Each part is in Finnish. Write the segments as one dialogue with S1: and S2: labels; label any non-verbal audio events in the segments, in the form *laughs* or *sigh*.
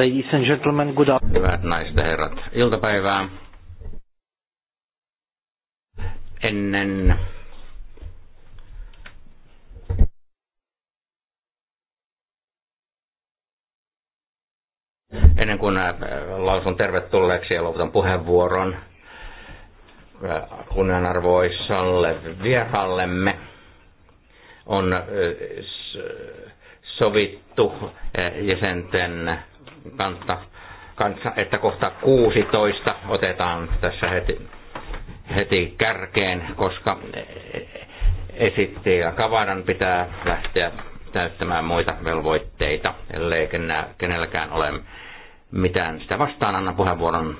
S1: Ladies and gentlemen, good afternoon. Hyvät naiset ja herrat,
S2: iltapäivää. Ennen Ennen kuin äh, lausun tervetulleeksi ja luovutan puheenvuoron äh, kunnianarvoisalle vierallemme, on äh, sovittu jäsenten kanta, kanssa, että kohta 16 otetaan tässä heti, heti kärkeen, koska esitti ja kavaran pitää lähteä täyttämään muita velvoitteita, ellei kenelläkään ole mitään sitä vastaan. Anna puheenvuoron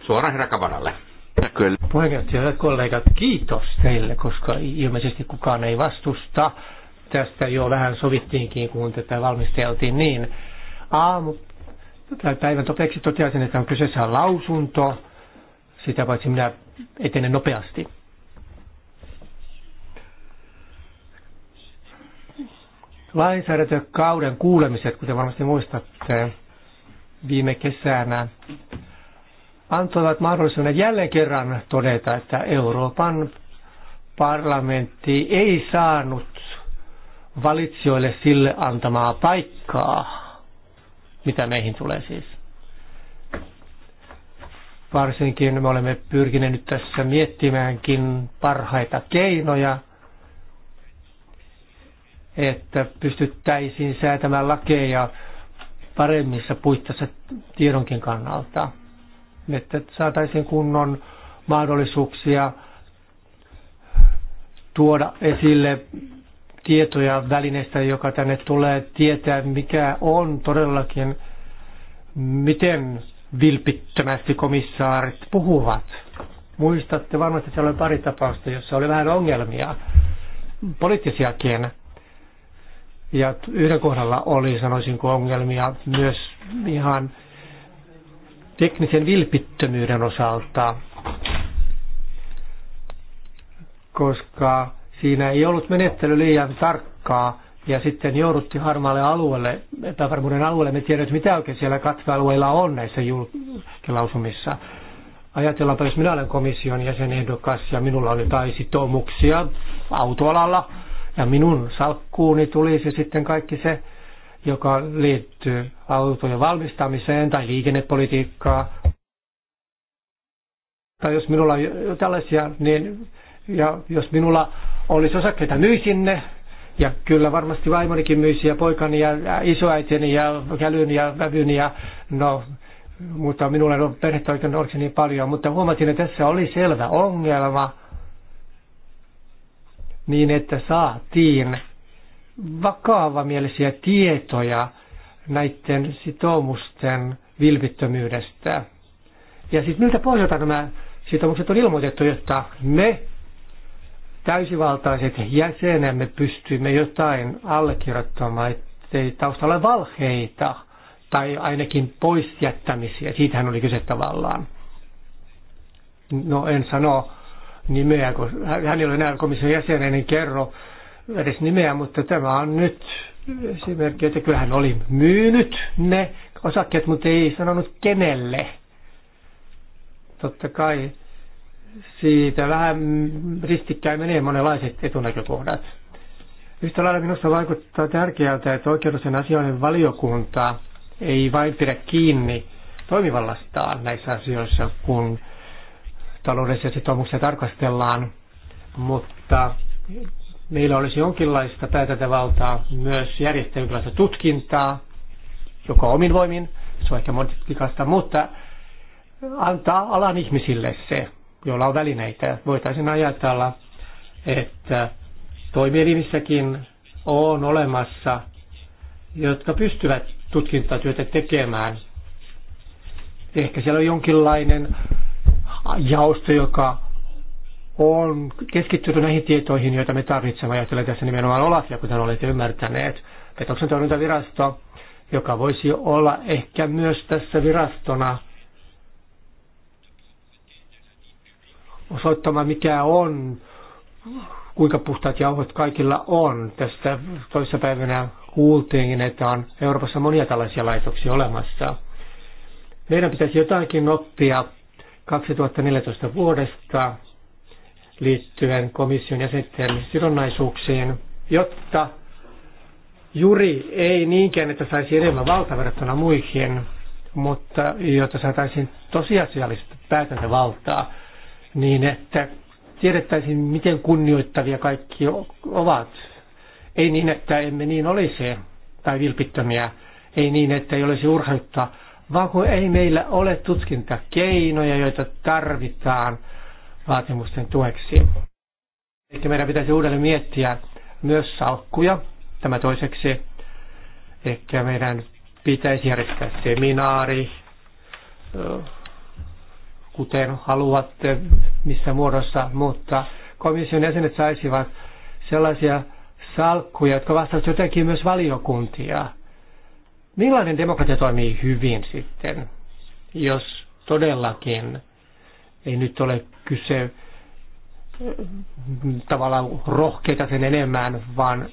S2: suoraan herra Kavadalle.
S3: Puheenjohtaja ja kollegat, kiitos teille, koska ilmeisesti kukaan ei vastusta. Tästä jo vähän sovittiinkin, kun tätä valmisteltiin niin. Aamu päivän topeksi toteaisin, että on kyseessä lausunto, sitä paitsi minä etenen nopeasti. Lainsäädäntökauden kuulemiset, kuten varmasti muistatte, viime kesänä antoivat mahdollisuuden jälleen kerran todeta, että Euroopan parlamentti ei saanut valitsijoille sille antamaa paikkaa mitä meihin tulee siis. Varsinkin me olemme pyrkineet nyt tässä miettimäänkin parhaita keinoja, että pystyttäisiin säätämään lakeja paremmissa puitteissa tiedonkin kannalta. Että saataisiin kunnon mahdollisuuksia tuoda esille tietoja välineistä, joka tänne tulee, tietää mikä on todellakin, miten vilpittömästi komissaarit puhuvat. Muistatte varmasti, että siellä oli pari tapausta, jossa oli vähän ongelmia, poliittisiakin. Ja yhden kohdalla oli, sanoisinko, ongelmia myös ihan teknisen vilpittömyyden osalta, koska Siinä ei ollut menettely liian tarkkaa ja sitten jouduttiin harmaalle alueelle, epävarmuuden alueelle. Me tiedämme mitä oikein siellä katvealueilla on näissä julkilausumissa. Ajatellaanpa, jos minä olen komission jäsenehdokas ja minulla oli tai sitoumuksia autoalalla ja minun salkkuuni tulisi sitten kaikki se, joka liittyy autojen valmistamiseen tai liikennepolitiikkaa. Tai jos minulla on tällaisia, niin ja jos minulla olisi osakkeita myisin ne, ja kyllä varmasti vaimonikin myisi ja poikani ja isoäitini ja kälyn ja vävyn ja no, mutta minulla ei ole perhettä oikein oliko niin paljon, mutta huomasin, että tässä oli selvä ongelma niin, että saatiin vakavamielisiä tietoja näiden sitoumusten vilpittömyydestä. Ja siis miltä pohjalta nämä sitoumukset on ilmoitettu, jotta me täysivaltaiset jäsenemme pystyimme jotain allekirjoittamaan, ettei taustalla valheita tai ainakin poisjättämisiä. Siitähän oli kyse tavallaan. No en sano nimeä, kun hän ei ole enää komission jäsenen, niin kerro edes nimeä, mutta tämä on nyt esimerkki, että kyllähän oli myynyt ne osakkeet, mutta ei sanonut kenelle. Totta kai siitä vähän ristikkäin menee monenlaiset etunäkökohdat. Yhtä lailla minusta vaikuttaa tärkeältä, että oikeudellisen asioiden valiokunta ei vain pidä kiinni toimivallastaan näissä asioissa, kun taloudellisia sitoumuksia tarkastellaan, mutta meillä olisi jonkinlaista päätäntävaltaa myös järjestää jonkinlaista tutkintaa, joko omin voimin, se on ehkä monikasta, mutta antaa alan ihmisille se jolla on välineitä. Voitaisiin ajatella, että toimielimissäkin on olemassa, jotka pystyvät tutkintatyötä tekemään. Ehkä siellä on jonkinlainen jaosto, joka on keskittynyt näihin tietoihin, joita me tarvitsemme. Ajattelen tässä nimenomaan Olafia, kuten olette ymmärtäneet. Petoksen torjuntavirasto, joka voisi olla ehkä myös tässä virastona – osoittamaan, mikä on, kuinka puhtaat jauhot kaikilla on. Tästä toisessa päivänä kuultiinkin, että on Euroopassa monia tällaisia laitoksia olemassa. Meidän pitäisi jotakin oppia 2014 vuodesta liittyen komission jäsenten sidonnaisuuksiin, jotta juuri ei niinkään, että saisi enemmän valtaa verrattuna muihin, mutta jotta saataisiin tosiasiallista päätäntävaltaa niin että tiedettäisiin, miten kunnioittavia kaikki ovat. Ei niin, että emme niin olisi, tai vilpittömiä, ei niin, että ei olisi urheutta, vaan kun ei meillä ole tutkintakeinoja, joita tarvitaan vaatimusten tueksi. Ehkä meidän pitäisi uudelleen miettiä myös salkkuja, tämä toiseksi. Ehkä meidän pitäisi järjestää seminaari kuten haluatte, missä muodossa, mutta komission jäsenet saisivat sellaisia salkkuja, jotka vastaavat jotenkin myös valiokuntia. Millainen demokratia toimii hyvin sitten, jos todellakin ei nyt ole kyse mm, tavallaan rohkeita sen enemmän, vaan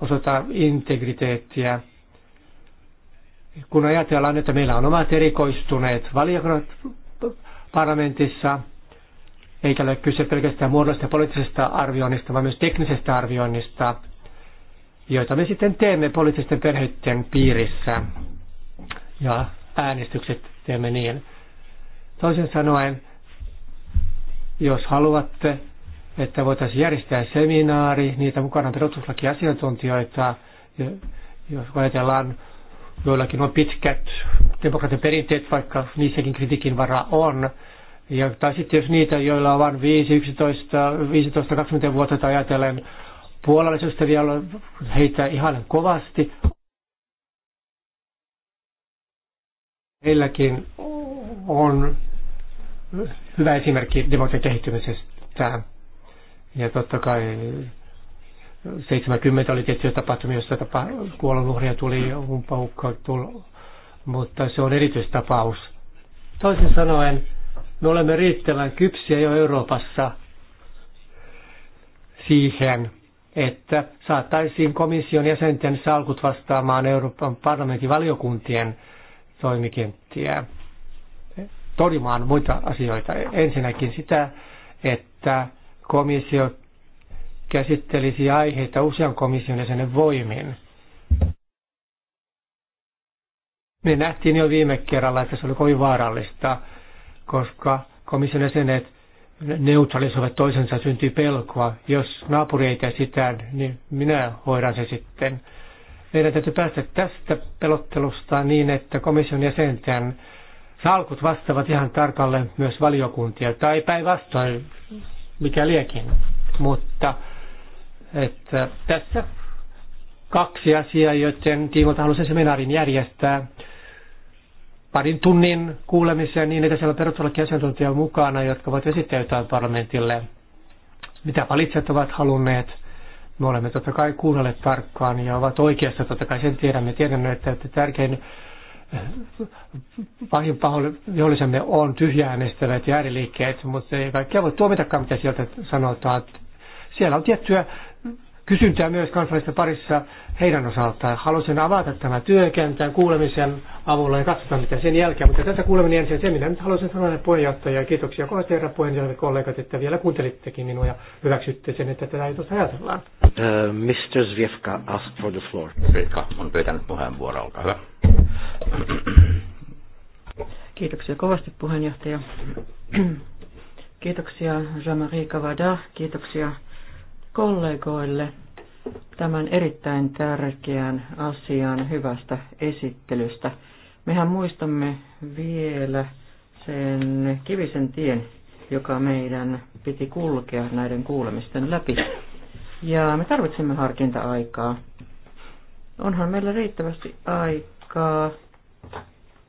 S3: osoittaa integriteettiä. Kun ajatellaan, että meillä on omat erikoistuneet valiokunnat, parlamentissa, eikä ole kyse pelkästään muodollisesta poliittisesta arvioinnista, vaan myös teknisestä arvioinnista, joita me sitten teemme poliittisten perheiden piirissä. Ja äänestykset teemme niin. Toisin sanoen, jos haluatte, että voitaisiin järjestää seminaari, niitä mukana perustuslakiasiantuntijoita, jos ajatellaan joillakin on pitkät demokratian perinteet, vaikka niissäkin kritiikin vara on. Ja, tai sitten jos niitä, joilla on vain 5, 11, 15, 20 vuotta tai ajatellen puolallisuutta vielä heitä ihan kovasti. Heilläkin on hyvä esimerkki demokratian kehittymisestä. Ja totta kai 70 oli tiettyjä tapahtumia, joissa tapa, kuolonuhria tuli umpaukka, mutta se on erityistapaus. Toisin sanoen, me olemme riittävän kypsiä jo Euroopassa siihen, että saataisiin komission jäsenten salkut vastaamaan Euroopan parlamentin valiokuntien toimikenttiä torjumaan muita asioita. Ensinnäkin sitä, että komissio käsittelisi aiheita usean komission jäsenen voimin. Me nähtiin jo viime kerralla, että se oli kovin vaarallista, koska komission jäsenet neutralisoivat toisensa, syntyy pelkoa. Jos naapuri ei tee sitä, niin minä hoidan se sitten. Meidän täytyy päästä tästä pelottelusta niin, että komission jäsenten salkut vastaavat ihan tarkalleen myös valiokuntia, tai päinvastoin, mikä liekin. Mutta että tässä kaksi asiaa, joiden tiimoilta halusin seminaarin järjestää. Parin tunnin kuulemisen niin, että siellä on perustuslaki asiantuntija mukana, jotka voivat esittää jotain parlamentille, mitä valitset ovat halunneet. Me olemme totta kai kuunnelleet tarkkaan ja ovat oikeassa, totta kai sen tiedämme. Tiedämme, että tärkein eh, pahin vihollisemme on tyhjäänestävät ja ääriliikkeet, mutta ei kaikkea voi tuomitakaan, mitä sieltä sanotaan. Siellä on tiettyä kysyntää myös kansalaisten parissa heidän osaltaan. Haluaisin avata tämän työkentän kuulemisen avulla ja katsotaan mitä sen jälkeen. Mutta tässä kuuleminen ensin se, mitä nyt haluaisin sanoa puheenjohtaja ja kiitoksia kovasti herra puheenjohtaja kollegat, että vielä kuuntelittekin minua ja hyväksytte sen, että tätä ajatusta ajatellaan.
S1: Uh, Mr. Zviefka ask for the floor. Zviefka on pyytänyt
S2: puheenvuoro, olkaa hyvä.
S4: Kiitoksia kovasti puheenjohtaja. Kiitoksia Jean-Marie Kavada, kiitoksia kollegoille tämän erittäin tärkeän asian hyvästä esittelystä. Mehän muistamme vielä sen kivisen tien, joka meidän piti kulkea näiden kuulemisten läpi. Ja me tarvitsemme harkinta-aikaa. Onhan meillä riittävästi aikaa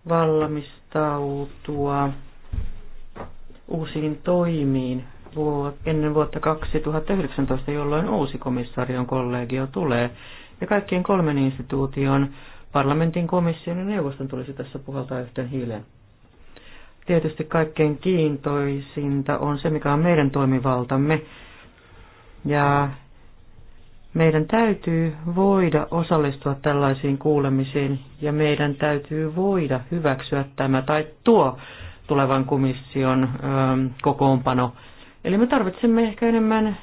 S4: valmistautua uusiin toimiin ennen vuotta 2019, jolloin uusi komissaarion kollegio tulee. Ja kaikkien kolmen instituution, parlamentin, komission ja neuvoston tulisi tässä puhaltaa yhteen hiileen. Tietysti kaikkein kiintoisinta on se, mikä on meidän toimivaltamme. Ja meidän täytyy voida osallistua tällaisiin kuulemisiin ja meidän täytyy voida hyväksyä tämä tai tuo tulevan komission kokoonpano Eli me tarvitsemme ehkä enemmän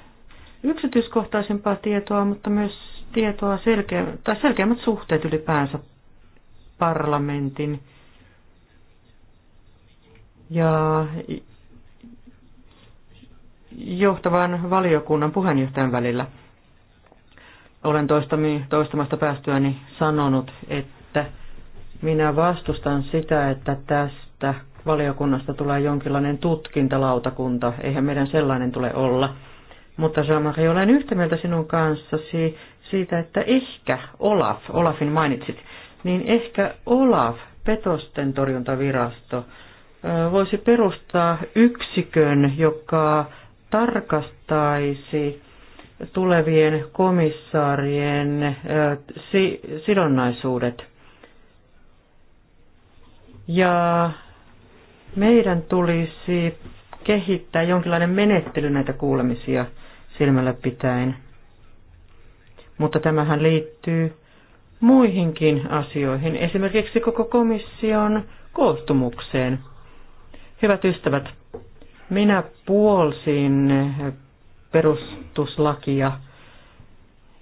S4: yksityiskohtaisempaa tietoa, mutta myös tietoa selkeä, tai selkeämmät suhteet ylipäänsä parlamentin ja johtavan valiokunnan puheenjohtajan välillä. Olen toistamasta päästyäni sanonut, että minä vastustan sitä, että tästä valiokunnasta tulee jonkinlainen tutkintalautakunta. Eihän meidän sellainen tule olla. Mutta Jean-Marie, olen yhtä mieltä sinun kanssasi siitä, että ehkä Olaf, Olafin mainitsit, niin ehkä Olaf, petosten torjuntavirasto, voisi perustaa yksikön, joka tarkastaisi tulevien komissaarien sidonnaisuudet. Ja meidän tulisi kehittää jonkinlainen menettely näitä kuulemisia silmällä pitäen. Mutta tämähän liittyy muihinkin asioihin, esimerkiksi koko komission koostumukseen. Hyvät ystävät, minä puolsin perustuslakia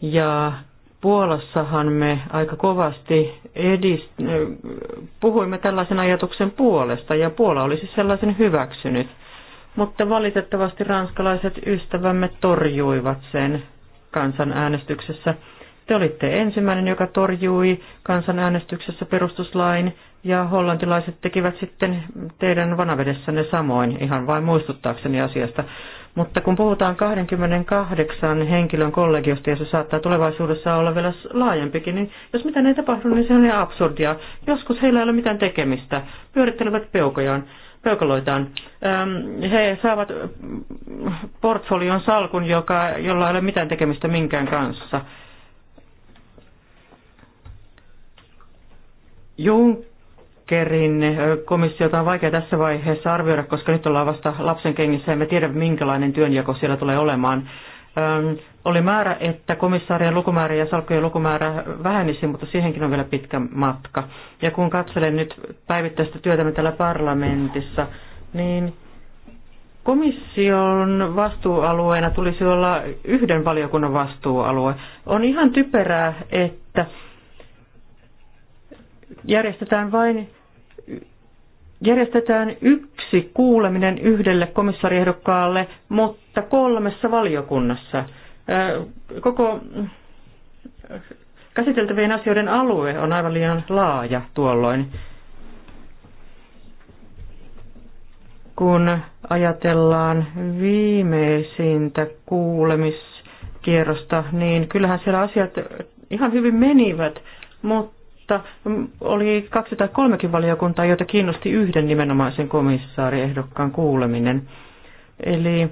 S4: ja Puolassahan me aika kovasti edist, puhuimme tällaisen ajatuksen puolesta ja Puola olisi siis sellaisen hyväksynyt. Mutta valitettavasti ranskalaiset ystävämme torjuivat sen kansanäänestyksessä. Te olitte ensimmäinen, joka torjui kansanäänestyksessä perustuslain, ja hollantilaiset tekivät sitten teidän vanavedessänne samoin, ihan vain muistuttaakseni asiasta. Mutta kun puhutaan 28 henkilön kollegiosta, ja se saattaa tulevaisuudessa olla vielä laajempikin, niin jos mitään ei tapahdu, niin se on ihan absurdia. Joskus heillä ei ole mitään tekemistä. Pyörittelevät peukojaan peukaloitaan. He saavat mm, portfolion salkun, joka, jolla ei ole mitään tekemistä minkään kanssa. Junk Junckerin komissiota on vaikea tässä vaiheessa arvioida, koska nyt ollaan vasta lapsen kengissä, emme tiedä minkälainen työnjako siellä tulee olemaan. Oli määrä, että komissaarien lukumäärä ja salkkujen lukumäärä vähenisi, mutta siihenkin on vielä pitkä matka. Ja kun katselen nyt päivittäistä työtämme täällä parlamentissa, niin komission vastuualueena tulisi olla yhden valiokunnan vastuualue. On ihan typerää, että järjestetään vain järjestetään yksi kuuleminen yhdelle komissariehdokkaalle, mutta kolmessa valiokunnassa. Koko käsiteltävien asioiden alue on aivan liian laaja tuolloin. Kun ajatellaan viimeisintä kuulemiskierrosta, niin kyllähän siellä asiat ihan hyvin menivät, mutta mutta oli kaksi tai kolmekin valiokuntaa, joita kiinnosti yhden nimenomaisen komissaariehdokkaan kuuleminen. Eli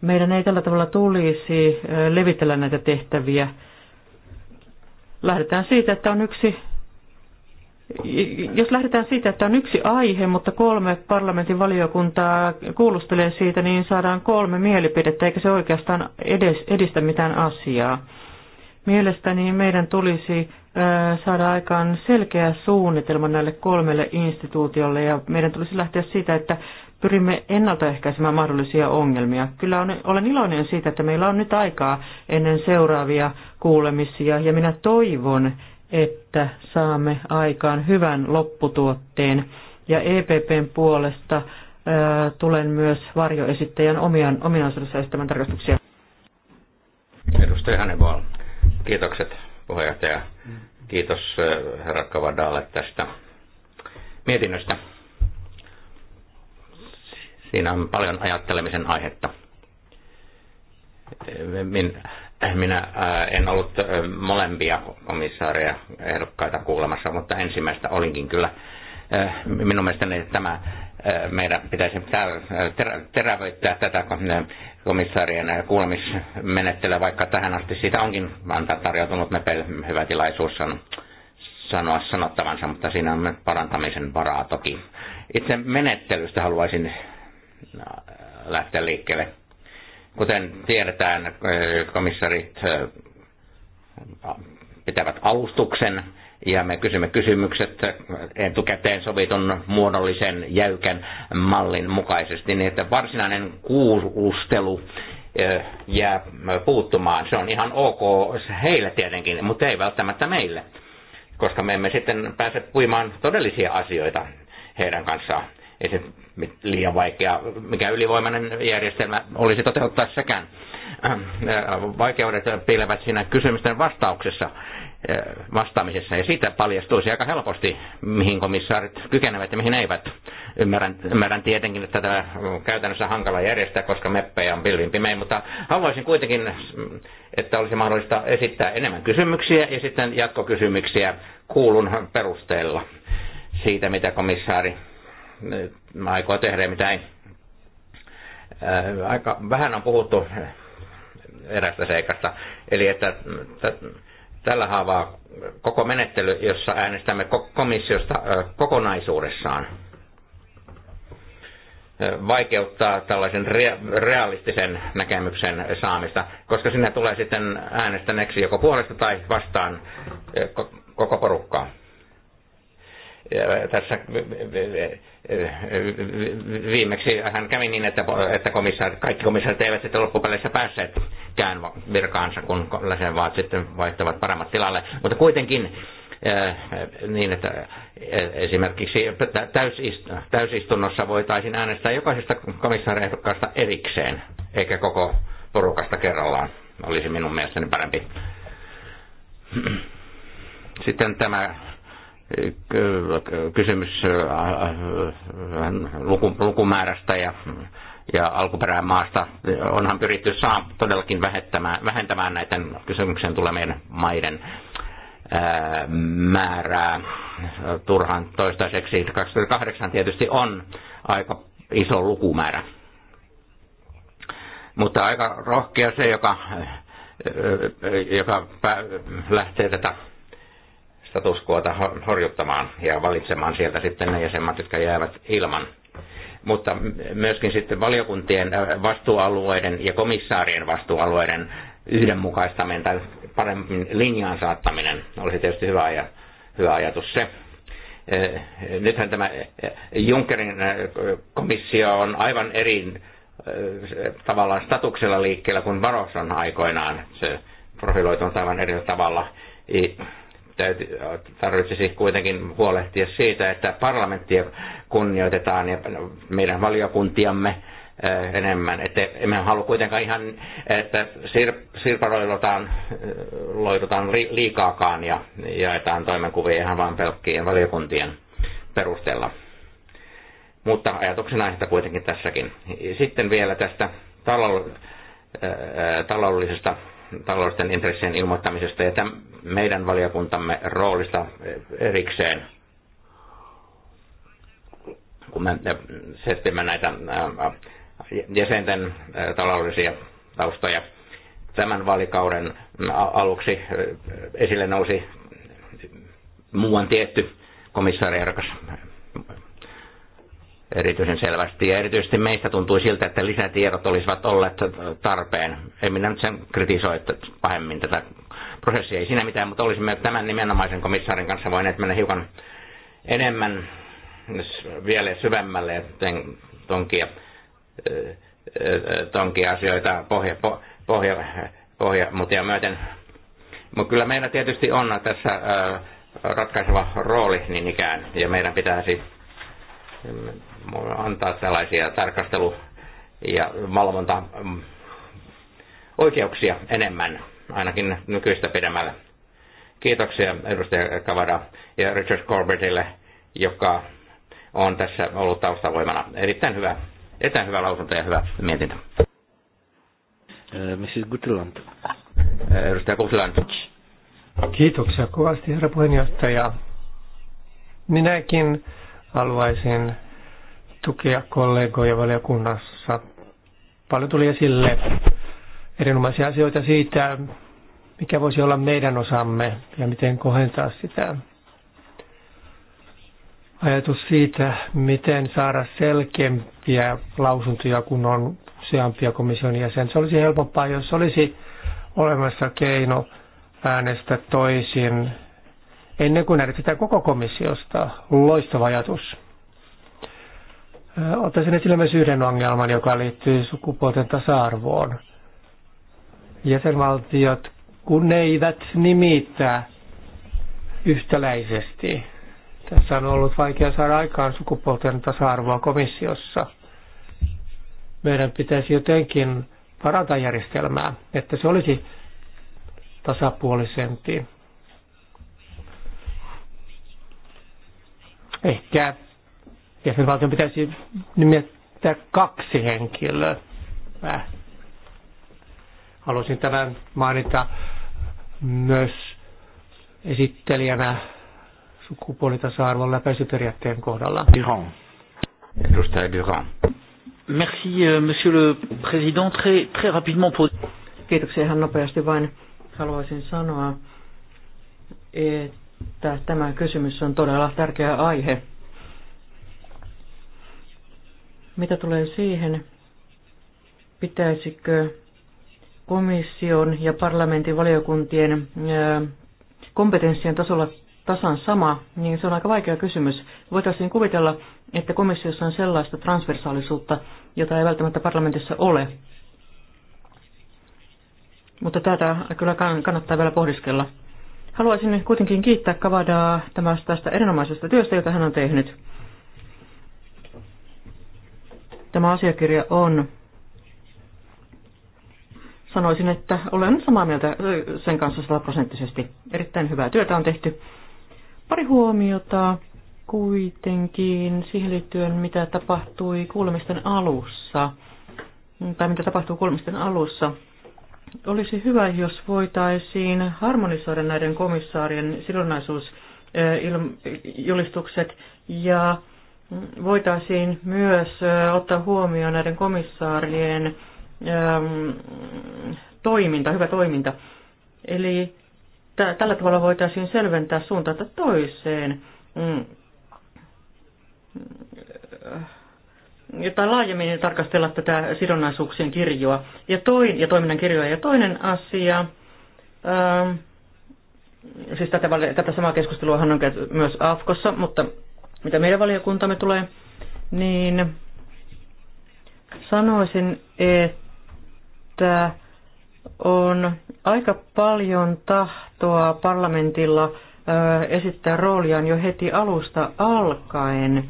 S4: meidän ei tällä tavalla tulisi levitellä näitä tehtäviä. Lähdetään siitä, että on yksi jos lähdetään siitä, että on yksi aihe, mutta kolme parlamentin valiokuntaa kuulustelee siitä, niin saadaan kolme mielipidettä, eikä se oikeastaan edes edistä mitään asiaa. Mielestäni meidän tulisi saada aikaan selkeä suunnitelma näille kolmelle instituutiolle ja meidän tulisi lähteä siitä, että pyrimme ennaltaehkäisemään mahdollisia ongelmia. Kyllä on, olen iloinen siitä, että meillä on nyt aikaa ennen seuraavia kuulemisia ja minä toivon, että saamme aikaan hyvän lopputuotteen ja EPPn puolesta ää, tulen myös varjoesittäjän omian, ominaisuudessa esittämään tarkastuksia.
S2: Edustaja Hänevaal, kiitokset puheenjohtaja. Kiitos eh, herra Kavadalle tästä mietinnöstä. Siinä on paljon ajattelemisen aihetta. minä eh, en ollut eh, molempia komissaareja ehdokkaita kuulemassa, mutta ensimmäistä olinkin kyllä. Minun mielestäni tämä meidän pitäisi terävöittää tätä komissaarien kuulemismenettelyä, vaikka tähän asti siitä onkin antaa tarjoutunut mepeille hyvä tilaisuus on sanoa sanottavansa, mutta siinä on parantamisen varaa toki. Itse menettelystä haluaisin äh, lähteä liikkeelle. Kuten tiedetään, äh, komissarit äh, pitävät alustuksen ja me kysymme kysymykset etukäteen sovitun muodollisen jäykän mallin mukaisesti, niin että varsinainen kuulustelu jää puuttumaan. Se on ihan ok heille tietenkin, mutta ei välttämättä meille, koska me emme sitten pääse puimaan todellisia asioita heidän kanssaan. Ei se liian vaikea, mikä ylivoimainen järjestelmä olisi toteuttaa sekään. Vaikeudet piilevät siinä kysymysten vastauksessa Eh, vastaamisessa. Ja siitä paljastuisi aika helposti, mihin komissaarit kykenevät ja mihin eivät. Ymmärrän, ymmärrän tietenkin, että tämä on käytännössä hankala järjestää, koska meppejä on pilvin pimein, mutta haluaisin kuitenkin, että olisi mahdollista esittää enemmän kysymyksiä ja sitten jatkokysymyksiä kuulun perusteella siitä, mitä komissaari eh, aikoo tehdä ja mitä ei. Eh, aika vähän on puhuttu erästä seikasta, eli että tällä haavaa koko menettely, jossa äänestämme komissiosta kokonaisuudessaan, vaikeuttaa tällaisen realistisen näkemyksen saamista, koska sinne tulee sitten äänestäneeksi joko puolesta tai vastaan koko porukkaa tässä viimeksi hän kävi niin, että, että komissaarit, kaikki komissaarit eivät sitten loppupeleissä kään virkaansa, kun jäsenvaat sitten vaihtavat paremmat tilalle. Mutta kuitenkin niin, että esimerkiksi täysistunnossa voitaisiin äänestää jokaisesta komissaariehdokkaasta erikseen, eikä koko porukasta kerrallaan. Olisi minun mielestäni parempi. *clears throat* Sitten tämä kysymys äh, äh, äh, lukumäärästä ja, ja alkuperämaasta. Onhan pyritty saa todellakin vähentämään, vähentämään näiden kysymykseen tulemien maiden määrää turhan toistaiseksi. 28 tietysti on aika iso lukumäärä. Mutta aika rohkea se, joka, joka lähtee tätä statuskoota horjuttamaan ja valitsemaan sieltä sitten ne jäsenmaat, jotka jäävät ilman. Mutta myöskin sitten valiokuntien äh, vastuualueiden ja komissaarien vastuualueiden yhdenmukaistaminen tai paremmin linjaan saattaminen olisi tietysti hyvä, aj- hyvä ajatus se. Äh, nythän tämä äh, Junckerin komissio on aivan eri tavallaan statuksella liikkeellä kuin Varoson aikoinaan. Se profiloitunut aivan eri tavalla tarvitsisi kuitenkin huolehtia siitä, että parlamenttia kunnioitetaan ja meidän valiokuntiamme eh, enemmän. Että e, emme halua kuitenkaan ihan, että sir, sirpaloidutaan eh, loidutaan liikaakaan ja jaetaan toimenkuvia ihan vain pelkkien valiokuntien perusteella. Mutta ajatuksena että kuitenkin tässäkin. Sitten vielä tästä talou- eh, taloudellisesta taloudellisten intressien ilmoittamisesta ja tämän meidän valiokuntamme roolista erikseen kun me settimme näitä äh, jäsenten äh, taloudellisia taustoja. Tämän vaalikauden aluksi äh, esille nousi muuan tietty komissaariehdokas erityisen selvästi. Ja erityisesti meistä tuntui siltä, että lisätiedot olisivat olleet tarpeen. En minä nyt sen kritisoi että pahemmin tätä prosessia, ei siinä mitään, mutta olisimme tämän nimenomaisen komissaarin kanssa voineet mennä hiukan enemmän vielä syvemmälle tonkia, eh, eh, tonkia asioita pohja, pohja, pohja, mutta ja myöten. Mutta kyllä meillä tietysti on tässä eh, ratkaiseva rooli niin ikään, ja meidän pitäisi antaa tällaisia tarkastelu- ja valvonta mm, oikeuksia enemmän, ainakin nykyistä pidemmälle. Kiitoksia edustaja Kavada ja Richard Corbettille, joka on tässä ollut taustavoimana. Erittäin hyvä, erittäin hyvä lausunto ja hyvä mietintö. Äh, Mrs. Gutland. Äh, edustaja Gutland.
S3: Kiitoksia kovasti, herra puheenjohtaja. Minäkin haluaisin tukea kollegoja valiokunnassa. Paljon tuli esille erinomaisia asioita siitä, mikä voisi olla meidän osamme ja miten kohentaa sitä. Ajatus siitä, miten saada selkeämpiä lausuntoja, kun on useampia komission jäsen. Se olisi helpompaa, jos olisi olemassa keino äänestä toisin ennen kuin äänestetään koko komissiosta. Loistava ajatus ottaisin esille myös yhden ongelman, joka liittyy sukupuolten tasa-arvoon. Jäsenvaltiot, kun ne eivät nimitä yhtäläisesti. Tässä on ollut vaikea saada aikaan sukupuolten tasa-arvoa komissiossa. Meidän pitäisi jotenkin parantaa järjestelmää, että se olisi tasapuolisempi. Ehkä jäsenvaltion pitäisi nimettää kaksi henkilöä. Mä halusin tämän mainita myös esittelijänä sukupuolitasa-arvon läpäisyperiaatteen kohdalla. Durand.
S2: Edustaja Durand.
S4: Merci, euh, monsieur le président. Très, très rapidement pour... Kiitoksia ihan nopeasti vain. Haluaisin sanoa, että tämä kysymys on todella tärkeä aihe mitä tulee siihen, pitäisikö komission ja parlamentin valiokuntien kompetenssien tasolla tasan sama, niin se on aika vaikea kysymys. Voitaisiin kuvitella, että komissiossa on sellaista transversaalisuutta, jota ei välttämättä parlamentissa ole. Mutta tätä kyllä kannattaa vielä pohdiskella. Haluaisin kuitenkin kiittää Kavadaa tästä erinomaisesta työstä, jota hän on tehnyt. Tämä asiakirja on, sanoisin, että olen samaa mieltä sen kanssa sataprosenttisesti. Erittäin hyvää työtä on tehty. Pari huomiota kuitenkin siihen liittyen, mitä tapahtui kuulemisten alussa, tai mitä tapahtuu kuulemisten alussa. Olisi hyvä, jos voitaisiin harmonisoida näiden komissaarien sidonnaisuusjulistukset ja voitaisiin myös ottaa huomioon näiden komissaarien toiminta, hyvä toiminta. Eli tällä tavalla voitaisiin selventää suuntaa toiseen. Mm. Jotain laajemmin tarkastella tätä sidonnaisuuksien kirjoa ja, toin, ja toiminnan kirjoa. Ja toinen asia, ää, siis tätä, tätä samaa keskustelua on käyty myös AFKossa, mutta mitä meidän valiokuntamme tulee, niin sanoisin, että on aika paljon tahtoa parlamentilla esittää rooliaan jo heti alusta alkaen.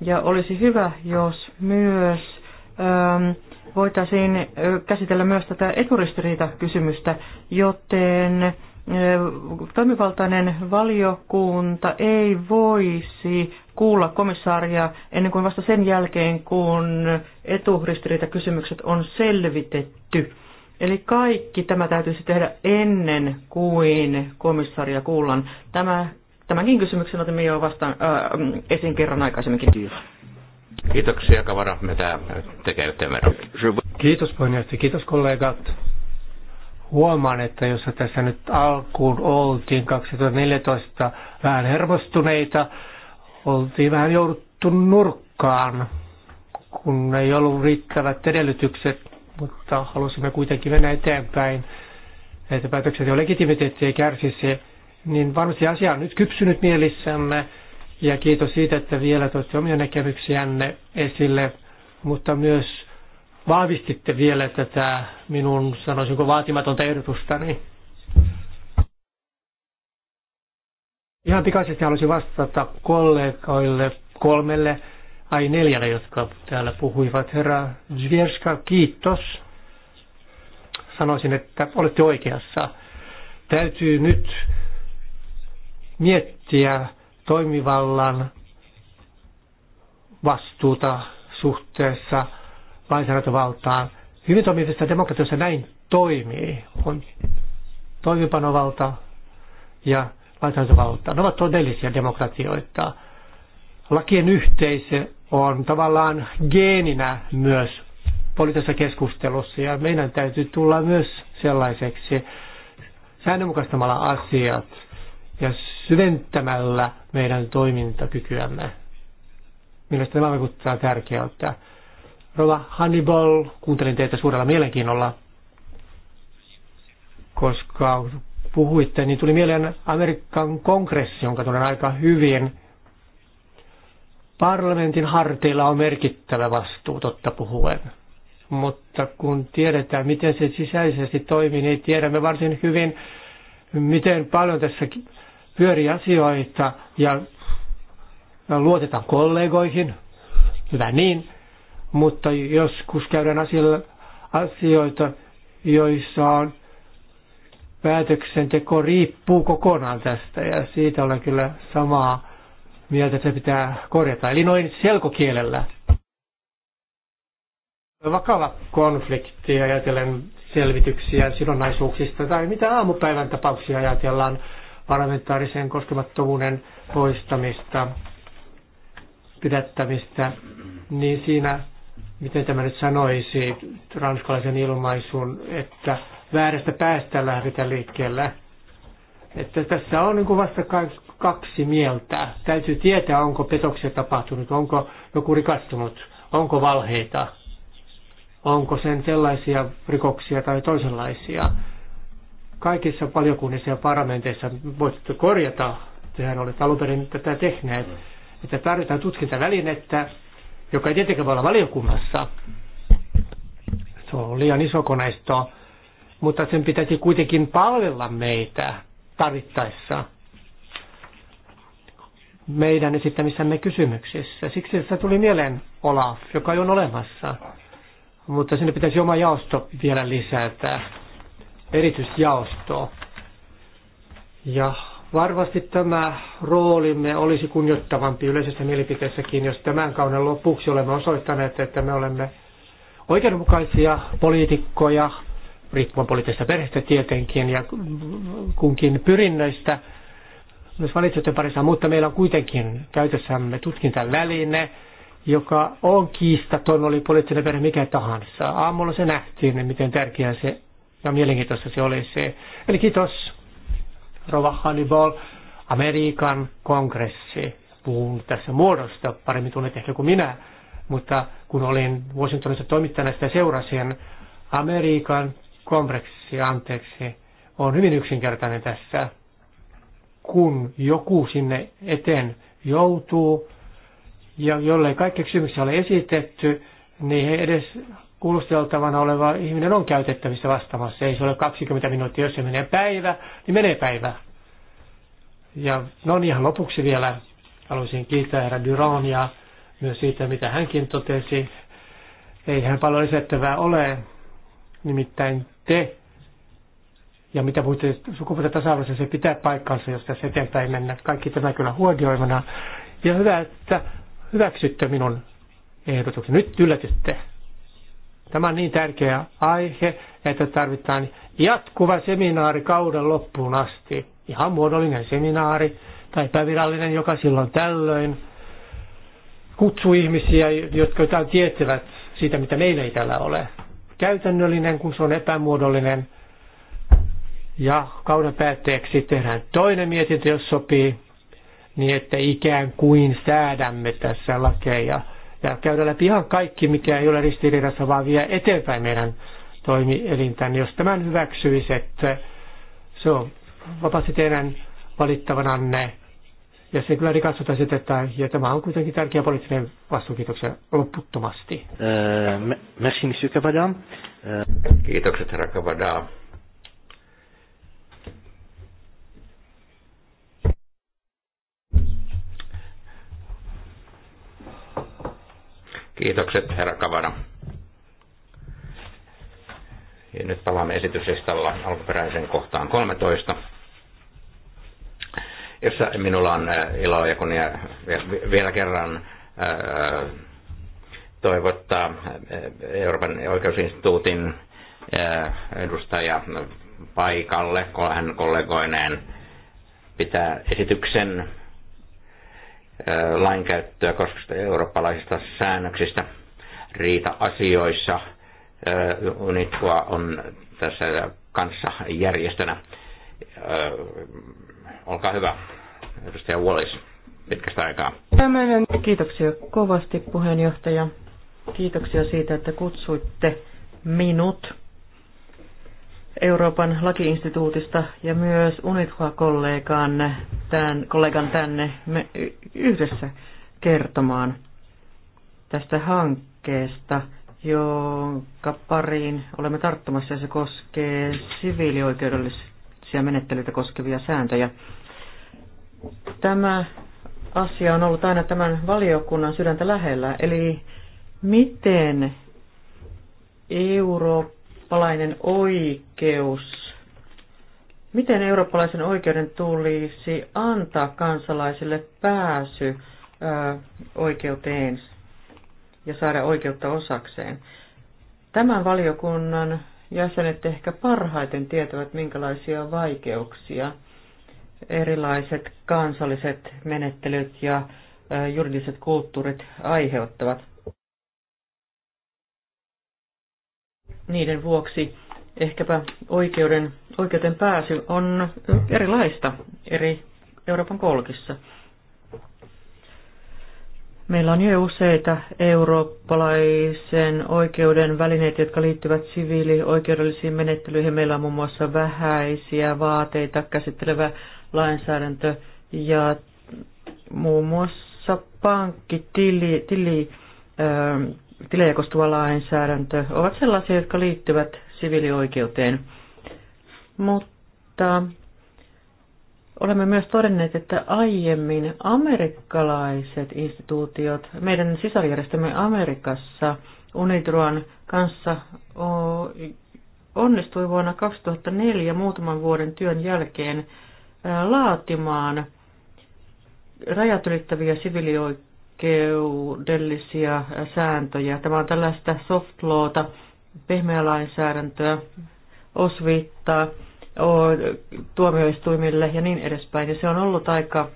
S4: Ja olisi hyvä, jos myös voitaisiin käsitellä myös tätä eturistiriitakysymystä, joten toimivaltainen valiokunta ei voisi kuulla komissaaria ennen kuin vasta sen jälkeen, kun kysymykset on selvitetty. Eli kaikki tämä täytyisi tehdä ennen kuin komissaria kuullaan. Tämä, tämänkin kysymyksen otimme jo vastaan äh, esiin kerran aikaisemminkin.
S2: Kiitoksia Kavara, tämä tekee yhteen Kiitos puheenjohtaja, kiitos kollegat.
S3: Huomaan, että jos tässä nyt alkuun oltiin 2014 vähän hermostuneita, oltiin vähän jouduttu nurkkaan, kun ei ollut riittävät edellytykset, mutta halusimme kuitenkin mennä eteenpäin, että päätökset ja legitimiteetti ei kärsisi, niin varmasti asia on nyt kypsynyt mielissämme, ja kiitos siitä, että vielä toitte omia näkemyksiänne esille, mutta myös vahvistitte vielä tätä minun, sanoisinko, vaatimatonta ehdotustani. Ihan pikaisesti haluaisin vastata kollegoille kolmelle ai neljälle, jotka täällä puhuivat. Herra Zvierska, kiitos. Sanoisin, että olette oikeassa. Täytyy nyt miettiä toimivallan vastuuta suhteessa lainsäädäntövaltaan. Hyvin toimivissa demokratiassa näin toimii. On toimipanovalta ja kansallisvaltaa. Ne ovat todellisia demokratioita. Lakien yhteisö on tavallaan geeninä myös poliittisessa keskustelussa ja meidän täytyy tulla myös sellaiseksi säännönmukaistamalla asiat ja syventämällä meidän toimintakykyämme. Mielestäni tämä vaikuttaa tärkeältä. Rova Hannibal, kuuntelin teitä suurella mielenkiinnolla, koska puhuitte, niin tuli mieleen Amerikan kongressi, jonka tunnen aika hyvin. Parlamentin harteilla on merkittävä vastuu, totta puhuen. Mutta kun tiedetään, miten se sisäisesti toimii, niin tiedämme varsin hyvin, miten paljon tässä pyörii asioita ja luotetaan kollegoihin, hyvä niin, mutta joskus käydään asioita, joissa on päätöksenteko riippuu kokonaan tästä ja siitä olen kyllä samaa mieltä, että se pitää korjata. Eli noin selkokielellä. Vakava konflikti ajatellen selvityksiä sidonnaisuuksista tai mitä aamupäivän tapauksia ajatellaan parlamentaarisen koskemattomuuden poistamista, pidättämistä, niin siinä, miten tämä nyt sanoisi ranskalaisen ilmaisun, että väärästä päästä lähdetä liikkeellä. Että tässä on niin vasta kaksi mieltä. Täytyy tietää, onko petoksia tapahtunut, onko joku rikastunut, onko valheita, onko sen sellaisia rikoksia tai toisenlaisia. Kaikissa valiokunnissa ja parlamenteissa voitte korjata, tehän olette alun perin tätä tehneet, että tarvitaan tutkintavälinettä, joka ei tietenkään voi olla valiokunnassa. Se on liian iso koneisto mutta sen pitäisi kuitenkin palvella meitä tarvittaessa meidän esittämissämme kysymyksissä. Siksi se tuli mieleen Olaf, joka on olemassa, mutta sinne pitäisi oma jaosto vielä lisätä, erityisjaosto. Ja varmasti tämä roolimme olisi kunnioittavampi yleisessä mielipiteessäkin, jos tämän kauden lopuksi olemme osoittaneet, että me olemme oikeudenmukaisia poliitikkoja, riippuen poliittisesta perheestä tietenkin ja kunkin pyrinnöistä myös valitsijoiden parissa, mutta meillä on kuitenkin käytössämme tutkintaväline, joka on kiistaton, oli poliittinen perhe mikä tahansa. Aamulla se nähtiin, miten tärkeää se ja mielenkiintoista se oli se. Eli kiitos Rova Hannibal, Amerikan kongressi. Puhun tässä muodosta, paremmin tunnet ehkä kuin minä, mutta kun olin Washingtonissa toimittajana sitä seurasin, Amerikan kompleksi, anteeksi, on hyvin yksinkertainen tässä. Kun joku sinne eteen joutuu, ja jollei kaikki kysymyksiä ole esitetty, niin edes kuulusteltavana oleva ihminen on käytettävissä vastaamassa. Ei se ole 20 minuuttia, jos se menee päivä, niin menee päivä. Ja no niin, ihan lopuksi vielä haluaisin kiittää herra Duronia myös siitä, mitä hänkin totesi. hän paljon lisättävää ole, nimittäin te ja mitä puhutte sukupuolten tasa-arvoista, se pitää paikkansa, jos tässä eteenpäin mennä. Kaikki tämä kyllä huodioimana. Ja hyvä, että hyväksytte minun ehdotuksen. Nyt yllätytte. Tämä on niin tärkeä aihe, että tarvitaan jatkuva seminaari kauden loppuun asti. Ihan muodollinen seminaari tai epävirallinen, joka silloin tällöin kutsuu ihmisiä, jotka jotain tietävät siitä, mitä meillä ei täällä ole käytännöllinen, kun se on epämuodollinen. Ja kauden päätteeksi tehdään toinen mietintö, jos sopii, niin että ikään kuin säädämme tässä lakeja. Ja käydään läpi ihan kaikki, mikä ei ole ristiriidassa, vaan vie eteenpäin meidän toimielintään. Jos tämän hyväksyisi, että se on vapaasti teidän valittavananne ja se kyllä katsotaan että ja tämä on kuitenkin tärkeä poliittinen vastuu, kiitoksia loputtomasti.
S1: Äh, merci, monsieur Cavada. Äh. Kiitokset, herra Kavada.
S2: Kiitokset, herra Kavada. Ja nyt palaamme esityslistalla alkuperäisen kohtaan 13 jossa minulla on äh, ilo ja kunnia vielä kerran äh, toivottaa äh, Euroopan oikeusinstituutin edustaja paikalle, kun hän kollegoineen pitää esityksen lainkäyttöä koskevista eurooppalaisista säännöksistä riita-asioissa. UNITUA on tässä kanssa järjestönä Äh, olkaa hyvä, edustaja Wallis, pitkästä aikaa.
S4: Tämmöinen kiitoksia kovasti puheenjohtaja. Kiitoksia siitä, että kutsuitte minut Euroopan lakiinstituutista ja myös UNITHA-kollegan tämän, kollegan tänne me yhdessä kertomaan tästä hankkeesta, jonka pariin olemme tarttumassa ja se koskee siviilioikeudellista eettisiä menettelyitä koskevia sääntöjä. Tämä asia on ollut aina tämän valiokunnan sydäntä lähellä, eli miten eurooppalainen oikeus, miten eurooppalaisen oikeuden tulisi antaa kansalaisille pääsy ö, oikeuteen ja saada oikeutta osakseen. Tämän valiokunnan jäsenet ehkä parhaiten tietävät, minkälaisia vaikeuksia erilaiset kansalliset menettelyt ja juridiset kulttuurit aiheuttavat. Niiden vuoksi ehkäpä oikeuden, oikeuden pääsy on erilaista eri Euroopan kolkissa. Meillä on jo useita eurooppalaisen oikeuden välineitä, jotka liittyvät siviilioikeudellisiin menettelyihin. Meillä on muun muassa vähäisiä vaateita käsittelevä lainsäädäntö ja muun muassa pankkitili, tili, tilejä koskeva lainsäädäntö ovat sellaisia, jotka liittyvät siviilioikeuteen. Mutta olemme myös todenneet, että aiemmin amerikkalaiset instituutiot, meidän sisarjärjestömme Amerikassa Unidruan kanssa onnistui vuonna 2004 muutaman vuoden työn jälkeen laatimaan rajat ylittäviä sivilioikeudellisia sääntöjä. Tämä on tällaista soft lawta, pehmeä lainsäädäntöä, osviittaa tuomioistuimille ja niin edespäin. Ja se on ollut aika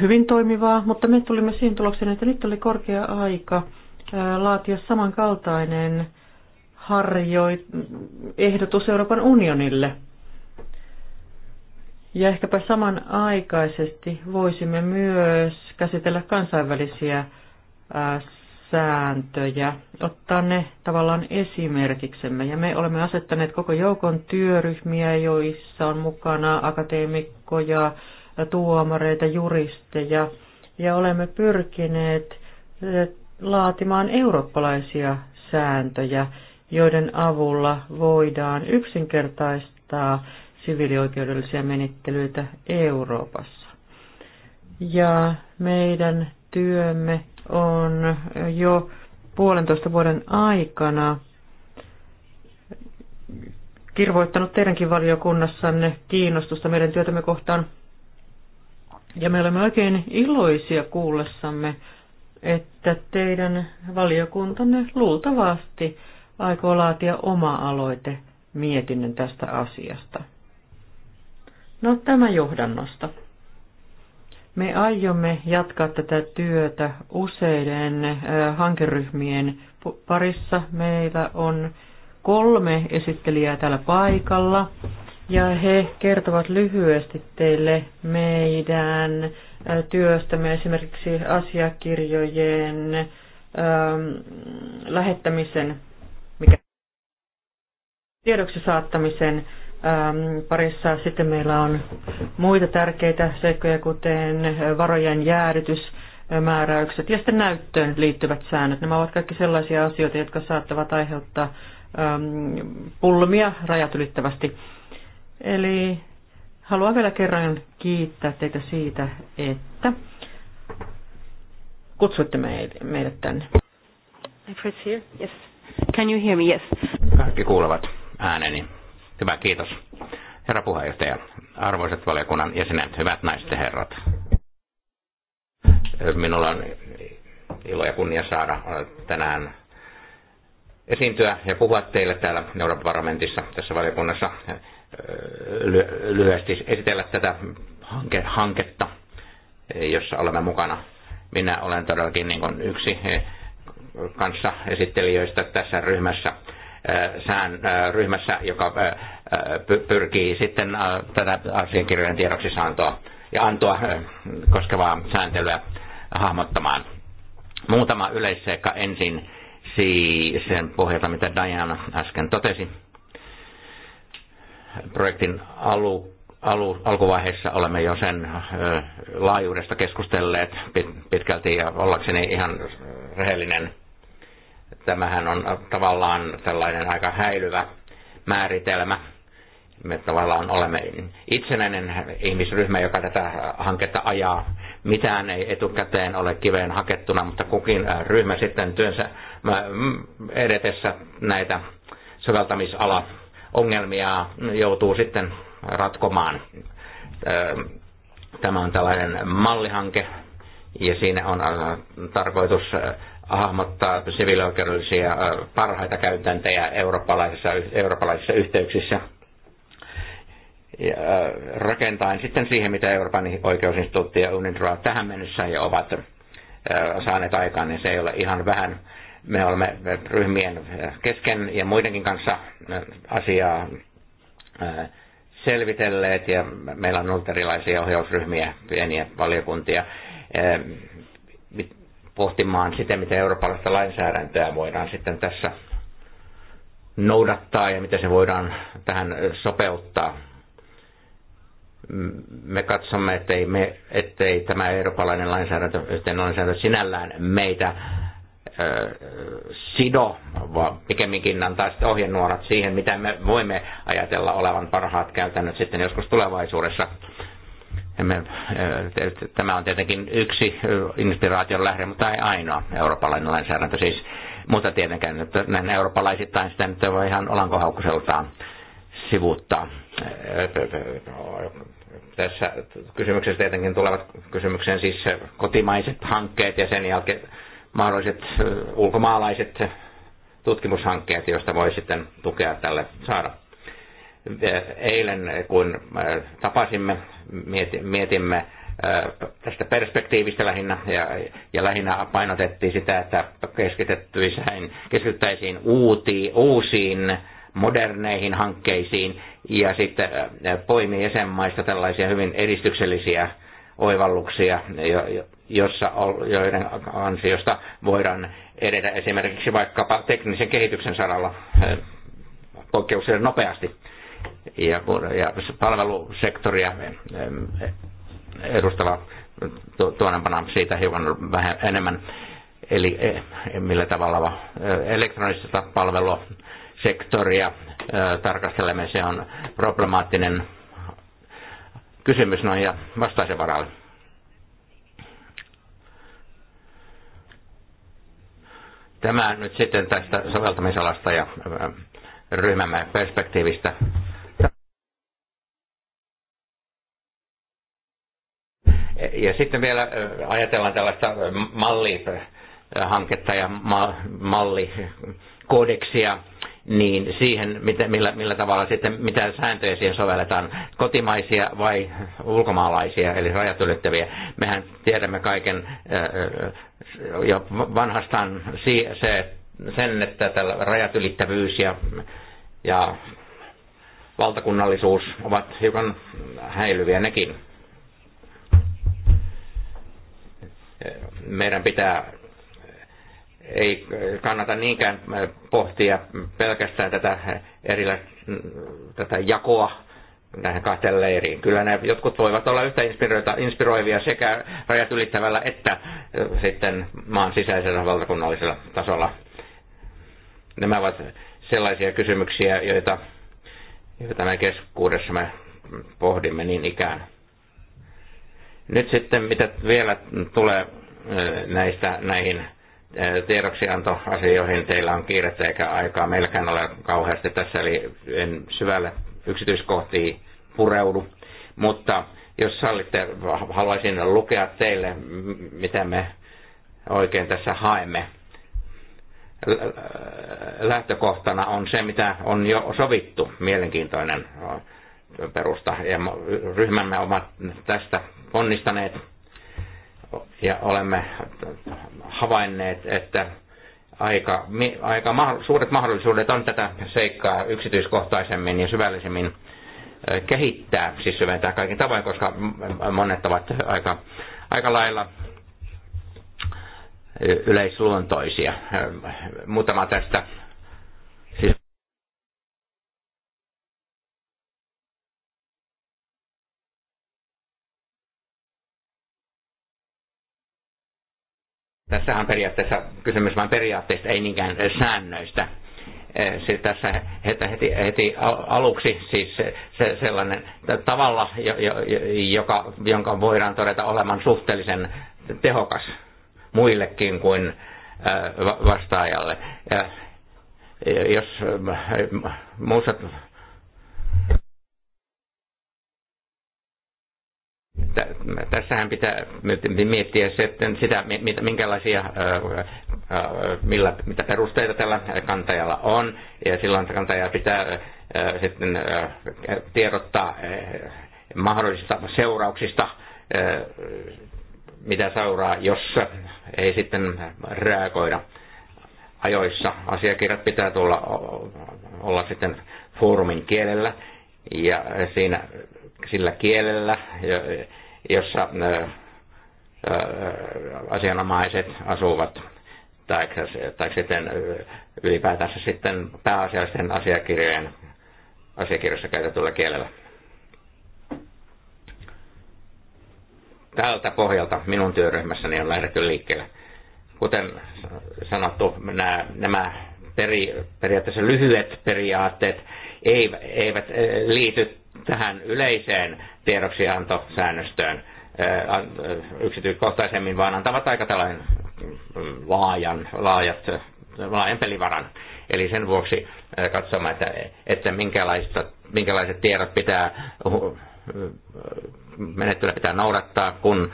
S4: hyvin toimivaa, mutta me tulimme siihen tulokseen, että nyt oli korkea aika laatia samankaltainen harjoit, ehdotus Euroopan unionille. Ja ehkäpä samanaikaisesti voisimme myös käsitellä kansainvälisiä sääntöjä, ottaa ne tavallaan esimerkiksemme. Ja me olemme asettaneet koko joukon työryhmiä, joissa on mukana akateemikkoja, tuomareita, juristeja, ja olemme pyrkineet eh, laatimaan eurooppalaisia sääntöjä, joiden avulla voidaan yksinkertaistaa siviilioikeudellisia menettelyitä Euroopassa. Ja meidän työmme on jo puolentoista vuoden aikana kirvoittanut teidänkin valiokunnassanne kiinnostusta meidän työtämme kohtaan. Ja me olemme oikein iloisia kuullessamme, että teidän valiokuntanne luultavasti aikoo laatia oma aloite mietinnön tästä asiasta. No tämä johdannosta. Me aiomme jatkaa tätä työtä useiden hankeryhmien parissa. Meillä on kolme esittelijää täällä paikalla ja he kertovat lyhyesti teille meidän työstämme esimerkiksi asiakirjojen lähettämisen, mikä tiedoksi saattamisen Ähm, parissa. Sitten meillä on muita tärkeitä seikkoja, kuten varojen jäädytys, määräykset ja sitten näyttöön liittyvät säännöt. Nämä ovat kaikki sellaisia asioita, jotka saattavat aiheuttaa ähm, pulmia rajat ylittävästi. Eli haluan vielä kerran kiittää teitä siitä, että kutsuitte meidät tänne. I press here. Yes. Can you hear me? Yes.
S2: Kaikki kuulevat ääneni. Hyvä, kiitos. Herra puheenjohtaja, arvoisat valiokunnan jäsenet, hyvät naiset ja herrat. Minulla on ilo ja kunnia saada tänään esiintyä ja puhua teille täällä Euroopan parlamentissa tässä valiokunnassa lyhyesti esitellä tätä hanke, hanketta, jossa olemme mukana. Minä olen todellakin niin kuin yksi kanssa esittelijöistä tässä ryhmässä sään ryhmässä, joka pyrkii sitten tätä asiakirjojen tiedoksisaantoa ja antoa koskevaa sääntelyä hahmottamaan. Muutama yleisseikka ensin sen pohjalta, mitä Diana äsken totesi. Projektin alu, alu, alkuvaiheessa olemme jo sen laajuudesta keskustelleet pitkälti ja ollakseni ihan rehellinen Tämähän on äh, tavallaan tällainen aika häilyvä määritelmä. Me tavallaan olemme itsenäinen ihmisryhmä, joka tätä äh, hanketta ajaa. Mitään ei etukäteen ole kiveen hakettuna, mutta kukin äh, ryhmä sitten työnsä mm, edetessä näitä soveltamisala ongelmia joutuu sitten ratkomaan. Ähm, tämä on tällainen mallihanke ja siinä on tarkoitus hahmottaa siviilioikeudellisia parhaita käytäntöjä eurooppalaisissa, eurooppalaisissa yhteyksissä ja rakentaen sitten siihen, mitä Euroopan oikeusinstituutti ja UNIDRA tähän mennessä jo ovat saaneet aikaan, niin se ei ole ihan vähän. Me olemme ryhmien kesken ja muidenkin kanssa asiaa selvitelleet ja meillä on ollut erilaisia ohjausryhmiä, pieniä valiokuntia pohtimaan sitä, miten eurooppalaista lainsäädäntöä voidaan sitten tässä noudattaa ja miten se voidaan tähän sopeuttaa. Me katsomme, ettei, me, ettei tämä eurooppalainen lainsäädäntö, yhteinen lainsäädäntö sinällään meitä sido, vaan pikemminkin antaa sitten ohjenuorat siihen, mitä me voimme ajatella olevan parhaat käytännöt sitten joskus tulevaisuudessa Eh, tämä on tietenkin yksi eh, inspiraation lähde, mutta ei ainoa eurooppalainen lainsäädäntö siis. Mutta tietenkään että näin eurooppalaisittain sitä nyt voi ihan olankohaukkuseltaan sivuuttaa. Eh, tässä kysymyksessä tietenkin tulevat kysymykseen siis kotimaiset hankkeet ja sen jälkeen mahdolliset ulkomaalaiset tutkimushankkeet, joista voi sitten tukea tälle saada. Eilen kun äh, tapasimme, mietimme äh, tästä perspektiivistä lähinnä ja, ja lähinnä painotettiin sitä, että keskityttäisiin uutiin, uusiin moderneihin hankkeisiin ja sitten äh, poimii jäsenmaista tällaisia hyvin edistyksellisiä oivalluksia, jossa, joiden ansiosta voidaan edetä esimerkiksi vaikkapa teknisen kehityksen saralla poikkeuksellisen nopeasti ja, ja palvelusektoria edustava tuonempana siitä hiukan vähän enemmän. Eli eh, millä tavalla eh, elektronista palvelusektoria eh, tarkastelemme, se on problemaattinen kysymys noin ja vastaisen varalle. Tämä nyt sitten tästä soveltamisalasta ja ryhmämme perspektiivistä Ja sitten vielä ajatellaan tällaista mallihanketta ja mallikodeksia, niin siihen, millä, millä tavalla sitten, mitä sääntöjä siihen sovelletaan, kotimaisia vai ulkomaalaisia, eli rajat ylittäviä. Mehän tiedämme kaiken jo vanhastaan se, sen, että tällä rajat ylittävyys ja, ja valtakunnallisuus ovat hiukan häilyviä nekin meidän pitää ei kannata niinkään pohtia pelkästään tätä, erillä, tätä jakoa näihin kahteen leiriin. Kyllä ne jotkut voivat olla yhtä inspiroivia sekä rajat ylittävällä että sitten maan sisäisellä valtakunnallisella tasolla. Nämä ovat sellaisia kysymyksiä, joita, joita me me pohdimme niin ikään. Nyt sitten mitä vielä tulee näistä näihin tiedoksiantoasioihin teillä on kiirettä eikä aikaa meilläkään ole kauheasti tässä, eli en syvälle yksityiskohtiin pureudu. Mutta jos sallitte, haluaisin lukea teille, mitä me oikein tässä haemme. Lähtökohtana on se, mitä on jo sovittu, mielenkiintoinen perusta. Ja ryhmämme ovat tästä onnistaneet ja olemme havainneet, että aika, aika suuret mahdollisuudet on tätä seikkaa yksityiskohtaisemmin ja syvällisemmin kehittää, siis syventää kaiken tavoin, koska monet ovat aika, aika lailla yleisluontoisia. Muutama tästä Tässä on periaatteessa kysymys vain periaatteista, ei niinkään säännöistä. Siis tässä heti, heti, heti aluksi siis se, se sellainen tavalla, joka, jonka voidaan todeta olevan suhteellisen tehokas muillekin kuin vastaajalle. Ja jos muussa tässähän pitää miettiä sitten sitä, minkälaisia, millä, mitä perusteita tällä kantajalla on, ja silloin kantaja pitää sitten tiedottaa mahdollisista seurauksista, mitä seuraa, jos ei sitten reagoida ajoissa. Asiakirjat pitää tulla olla sitten foorumin kielellä, ja siinä sillä kielellä, jossa asianomaiset asuvat, tai, tai sitten ylipäätänsä sitten pääasiallisten asiakirjojen asiakirjassa käytetyllä kielellä. Tältä pohjalta minun työryhmässäni on lähdetty liikkeelle. Kuten sanottu, nämä, nämä peri, periaatteessa lyhyet periaatteet eivät liity tähän yleiseen tiedoksiantosäännöstöön yksityiskohtaisemmin, vaan antavat aika tällainen mm, laajan, laajat, laajan pelivaran. Eli sen vuoksi katsomme, että, että minkälaiset minkälaiset tiedot pitää menettelyä pitää noudattaa, kun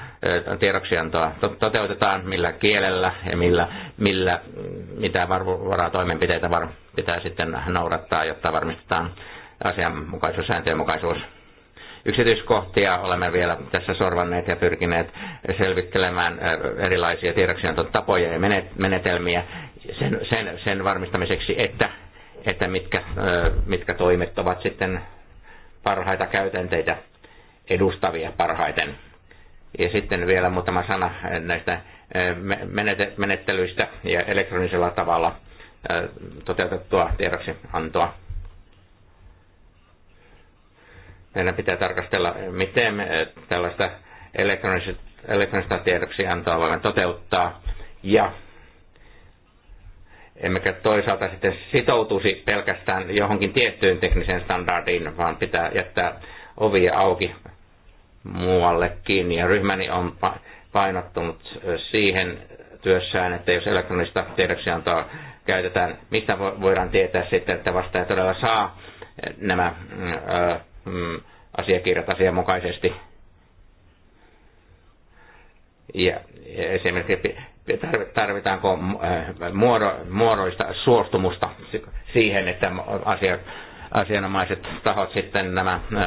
S2: tiedoksiantoa toteutetaan, millä kielellä ja millä, millä mitä toimenpiteitä var, pitää sitten noudattaa, jotta varmistetaan asianmukaisuus, sääntöjenmukaisuus. Yksityiskohtia olemme vielä tässä sorvanneet ja pyrkineet selvittelemään äh, erilaisia tiedoksiantotapoja ja menetelmiä sen, sen, sen varmistamiseksi, että, että mitkä, äh, mitkä toimet ovat sitten parhaita käytänteitä edustavia parhaiten. Ja sitten vielä muutama sana äh, näistä menettelyistä ja elektronisella tavalla toteutettua tiedoksiantoa. antoa Meidän pitää tarkastella, miten me eh, tällaista elektronista, elektronista tiedoksiantoa voimme toteuttaa. Ja emmekä toisaalta sitten sitoutuisi pelkästään johonkin tiettyyn tekniseen standardiin, vaan pitää jättää ovia auki muuallekin. Ja ryhmäni on painottunut eh, siihen työssään, että jos elektronista tiedoksiantoa käytetään, mistä voidaan tietää sitten, että vastaaja todella saa eh, nämä ö, mm, Mm, asiakirjat asianmukaisesti. Ja esimerkiksi tarvitaanko mm, äh, muodoista suostumusta siihen, että asiat, asianomaiset tahot sitten nämä äh,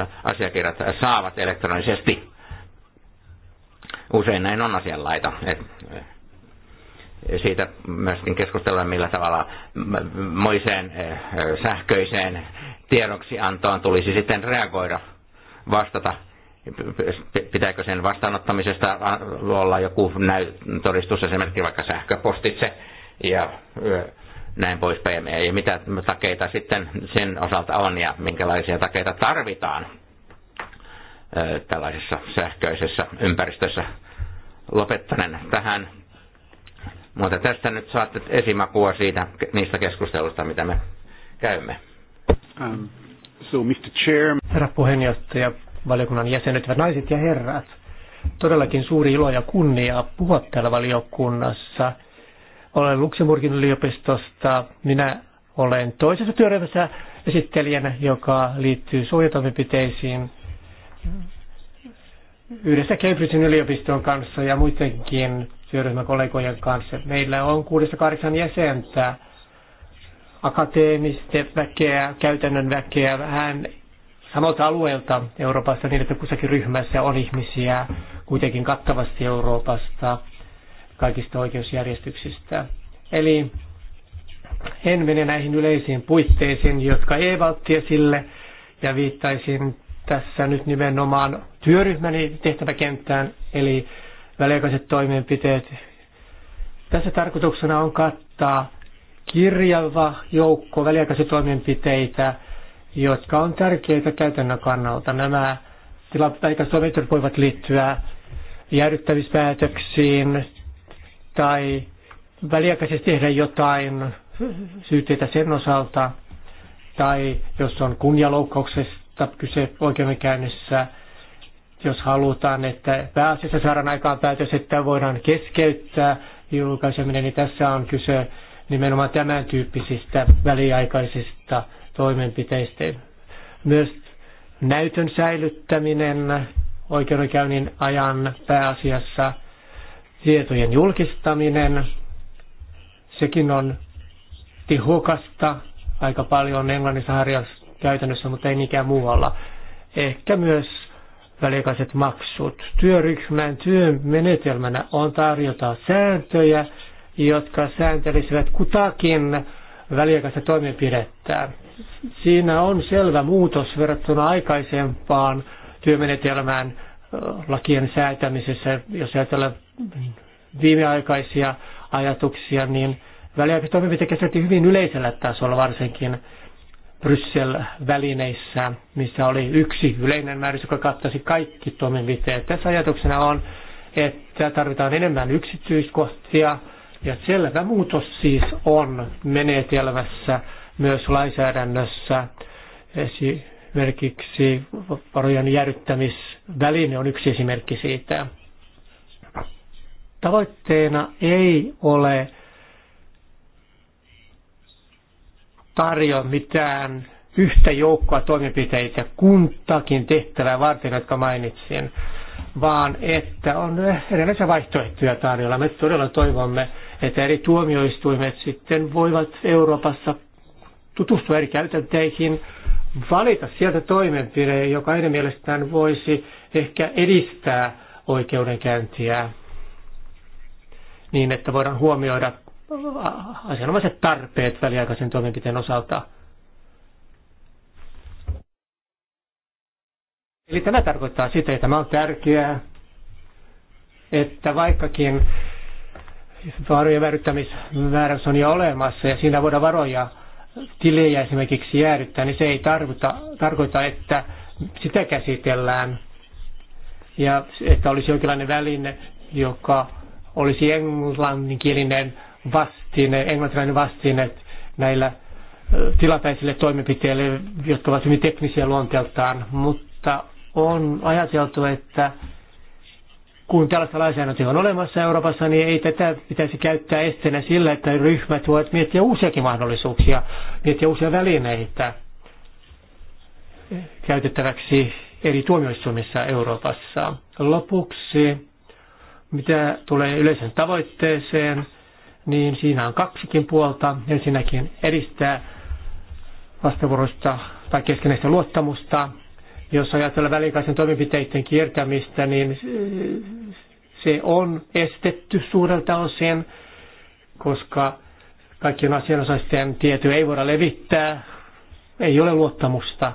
S2: äh, asiakirjat saavat elektronisesti. Usein näin on asianlaita. Et siitä myöskin keskustellaan, millä tavalla moiseen sähköiseen tiedoksiantoon tulisi sitten reagoida, vastata. Pitääkö sen vastaanottamisesta olla joku todistus esimerkiksi vaikka sähköpostitse ja näin poispäin. Ja mitä takeita sitten sen osalta on ja minkälaisia takeita tarvitaan tällaisessa sähköisessä ympäristössä. Lopettanen tähän. Mutta tästä nyt saatte esimakua siitä, niistä keskusteluista, mitä me käymme.
S3: Um, so Mr. Chair. Herra puheenjohtaja, valiokunnan jäsenet, hyvät naiset ja herrat. Todellakin suuri ilo ja kunnia puhua täällä valiokunnassa. Olen Luxemburgin yliopistosta. Minä olen toisessa työryhmässä esittelijänä, joka liittyy suojatoimenpiteisiin yhdessä Cambridgein yliopiston kanssa ja muidenkin työryhmäkollegojen kanssa. Meillä on 6-8 jäsentä akateemista väkeä, käytännön väkeä vähän samalta alueelta Euroopasta niin, että kussakin ryhmässä on ihmisiä kuitenkin kattavasti Euroopasta kaikista oikeusjärjestyksistä. Eli en mene näihin yleisiin puitteisiin, jotka eivät otti esille, ja viittaisin tässä nyt nimenomaan työryhmäni tehtäväkenttään, eli väliaikaiset toimenpiteet. Tässä tarkoituksena on kattaa kirjava joukko väliaikaisia toimenpiteitä, jotka on tärkeitä käytännön kannalta. Nämä toimenpiteet voivat liittyä jäädyttämispäätöksiin tai väliaikaisesti tehdä jotain syytteitä sen osalta, tai jos on kunnialoukkauksesta kyse oikeudenkäynnissä, jos halutaan, että pääasiassa saadaan aikaan päätös, että voidaan keskeyttää julkaiseminen, niin tässä on kyse nimenomaan tämän tyyppisistä väliaikaisista toimenpiteistä. Myös näytön säilyttäminen oikeudenkäynnin ajan pääasiassa, tietojen julkistaminen, sekin on tihukasta aika paljon Englannissa harjassa käytännössä, mutta ei niinkään muualla. Ehkä myös väliaikaiset maksut. Työryhmän työmenetelmänä on tarjota sääntöjä, jotka sääntelisivät kutakin väliaikaista toimenpidettä. Siinä on selvä muutos verrattuna aikaisempaan työmenetelmään lakien säätämisessä. Jos ajatellaan viimeaikaisia ajatuksia, niin väliaikaiset toimenpiteet käsiteltiin hyvin yleisellä tasolla, varsinkin Bryssel-välineissä, missä oli yksi yleinen määräys, joka kattaisi kaikki toimenpiteet. Tässä ajatuksena on, että tarvitaan enemmän yksityiskohtia, ja selvä muutos siis on menetelmässä myös lainsäädännössä. Esimerkiksi varojen jäädyttämisväline on yksi esimerkki siitä. Tavoitteena ei ole tarjoa mitään yhtä joukkoa toimenpiteitä kuntakin tehtävää varten, jotka mainitsin, vaan että on erilaisia vaihtoehtoja tarjolla. Me todella toivomme, että eri tuomioistuimet sitten voivat Euroopassa tutustua eri käytänteihin, valita sieltä toimenpide, joka heidän mielestään voisi ehkä edistää oikeudenkäyntiä niin, että voidaan huomioida asianomaiset tarpeet väliaikaisen toimenpiteen osalta. Eli tämä tarkoittaa sitä, että tämä on tärkeää, että vaikkakin varojen määrittämismääräys on jo olemassa ja siinä voidaan varoja tilejä esimerkiksi jäädyttää, niin se ei tarvita, tarkoita että sitä käsitellään ja että olisi jonkinlainen väline, joka olisi englanninkielinen vastine, englantilainen vastine näillä tilapäisille toimenpiteille, jotka ovat hyvin teknisiä luonteeltaan, mutta on ajateltu, että kun tällaista lainsäädäntöä on olemassa Euroopassa, niin ei tätä pitäisi käyttää esteenä sillä, että ryhmät voivat miettiä uusiakin mahdollisuuksia, miettiä uusia välineitä käytettäväksi eri tuomioistuimissa Euroopassa. Lopuksi, mitä tulee yleisen tavoitteeseen, niin siinä on kaksikin puolta. Ensinnäkin edistää vastavuoroista tai keskinäistä luottamusta jos ajatellaan väliaikaisen toimenpiteiden kiertämistä, niin se on estetty suurelta osin, koska kaikkien asianosaisten tietoja ei voida levittää, ei ole luottamusta.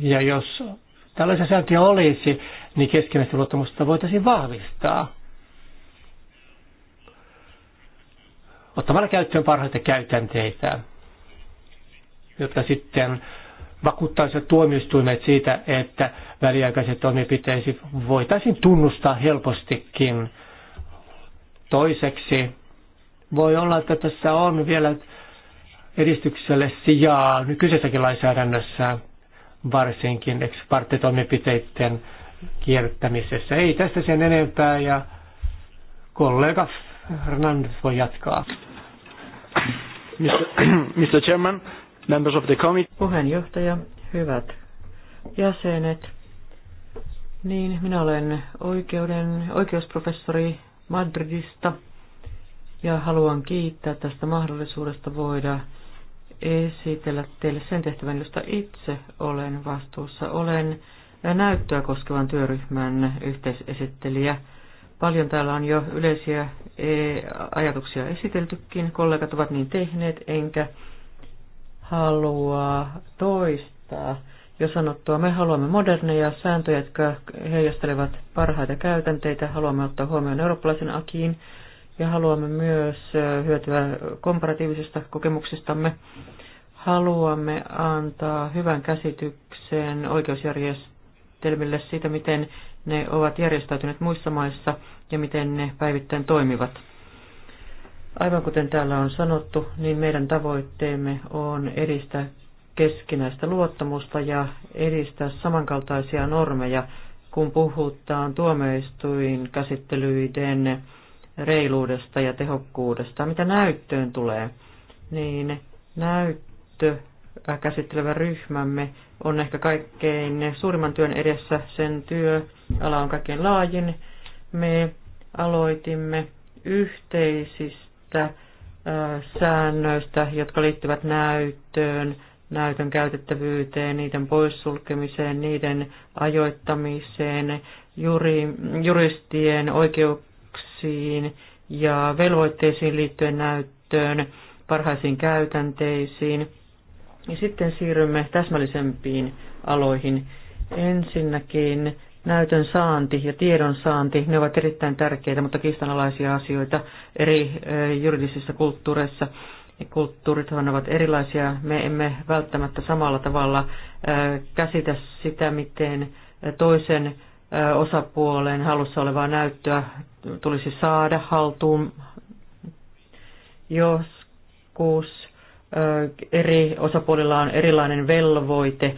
S3: Ja jos tällaisia sääntöjä olisi, niin keskinäistä luottamusta voitaisiin vahvistaa. Ottamalla käyttöön parhaita käytänteitä, jotka sitten vakuuttaisivat tuomioistuimet siitä, että väliaikaiset toimenpiteisiin voitaisiin tunnustaa helpostikin. Toiseksi voi olla, että tässä on vielä edistykselle sijaa nykyisessäkin lainsäädännössä, varsinkin ekspartitoimenpiteiden kiertämisessä. Ei tästä sen enempää ja kollega
S4: Fernandes voi jatkaa. Mr. *clears throat* Mr. Chairman, Members of the committee. Puheenjohtaja, hyvät jäsenet. Niin, minä olen oikeuden, oikeusprofessori Madridista ja haluan kiittää tästä mahdollisuudesta voida esitellä teille sen tehtävän, josta itse olen vastuussa. Olen näyttöä koskevan työryhmän yhteisesittelijä. Paljon täällä on jo yleisiä eh, ajatuksia esiteltykin, kollegat ovat niin tehneet, enkä haluaa toistaa jo sanottua. Me haluamme moderneja sääntöjä, jotka heijastelevat parhaita käytänteitä. Haluamme ottaa huomioon eurooppalaisen akiin ja haluamme myös hyötyä komparatiivisista kokemuksistamme. Haluamme antaa hyvän käsityksen oikeusjärjestelmille siitä, miten ne ovat järjestäytyneet muissa maissa ja miten ne päivittäin toimivat. Aivan kuten täällä on sanottu, niin meidän tavoitteemme on edistää keskinäistä luottamusta ja edistää samankaltaisia normeja, kun puhutaan tuomioistuin käsittelyiden reiluudesta ja tehokkuudesta. Mitä näyttöön tulee, niin näyttö äh, käsittelevä ryhmämme on ehkä kaikkein suurimman työn edessä. Sen työala on kaikkein laajin. Me aloitimme yhteisistä näistä säännöistä, jotka liittyvät näyttöön, näytön käytettävyyteen, niiden poissulkemiseen, niiden ajoittamiseen, juri, juristien oikeuksiin ja velvoitteisiin liittyen näyttöön, parhaisiin käytänteisiin. Ja sitten siirrymme täsmällisempiin aloihin. Ensinnäkin näytön saanti ja tiedon saanti, ne ovat erittäin tärkeitä, mutta kiistanalaisia asioita eri juridisissa kulttuureissa. Kulttuurithan ovat erilaisia. Me emme välttämättä samalla tavalla käsitä sitä, miten toisen osapuolen halussa olevaa näyttöä tulisi saada haltuun. Joskus eri osapuolilla on erilainen velvoite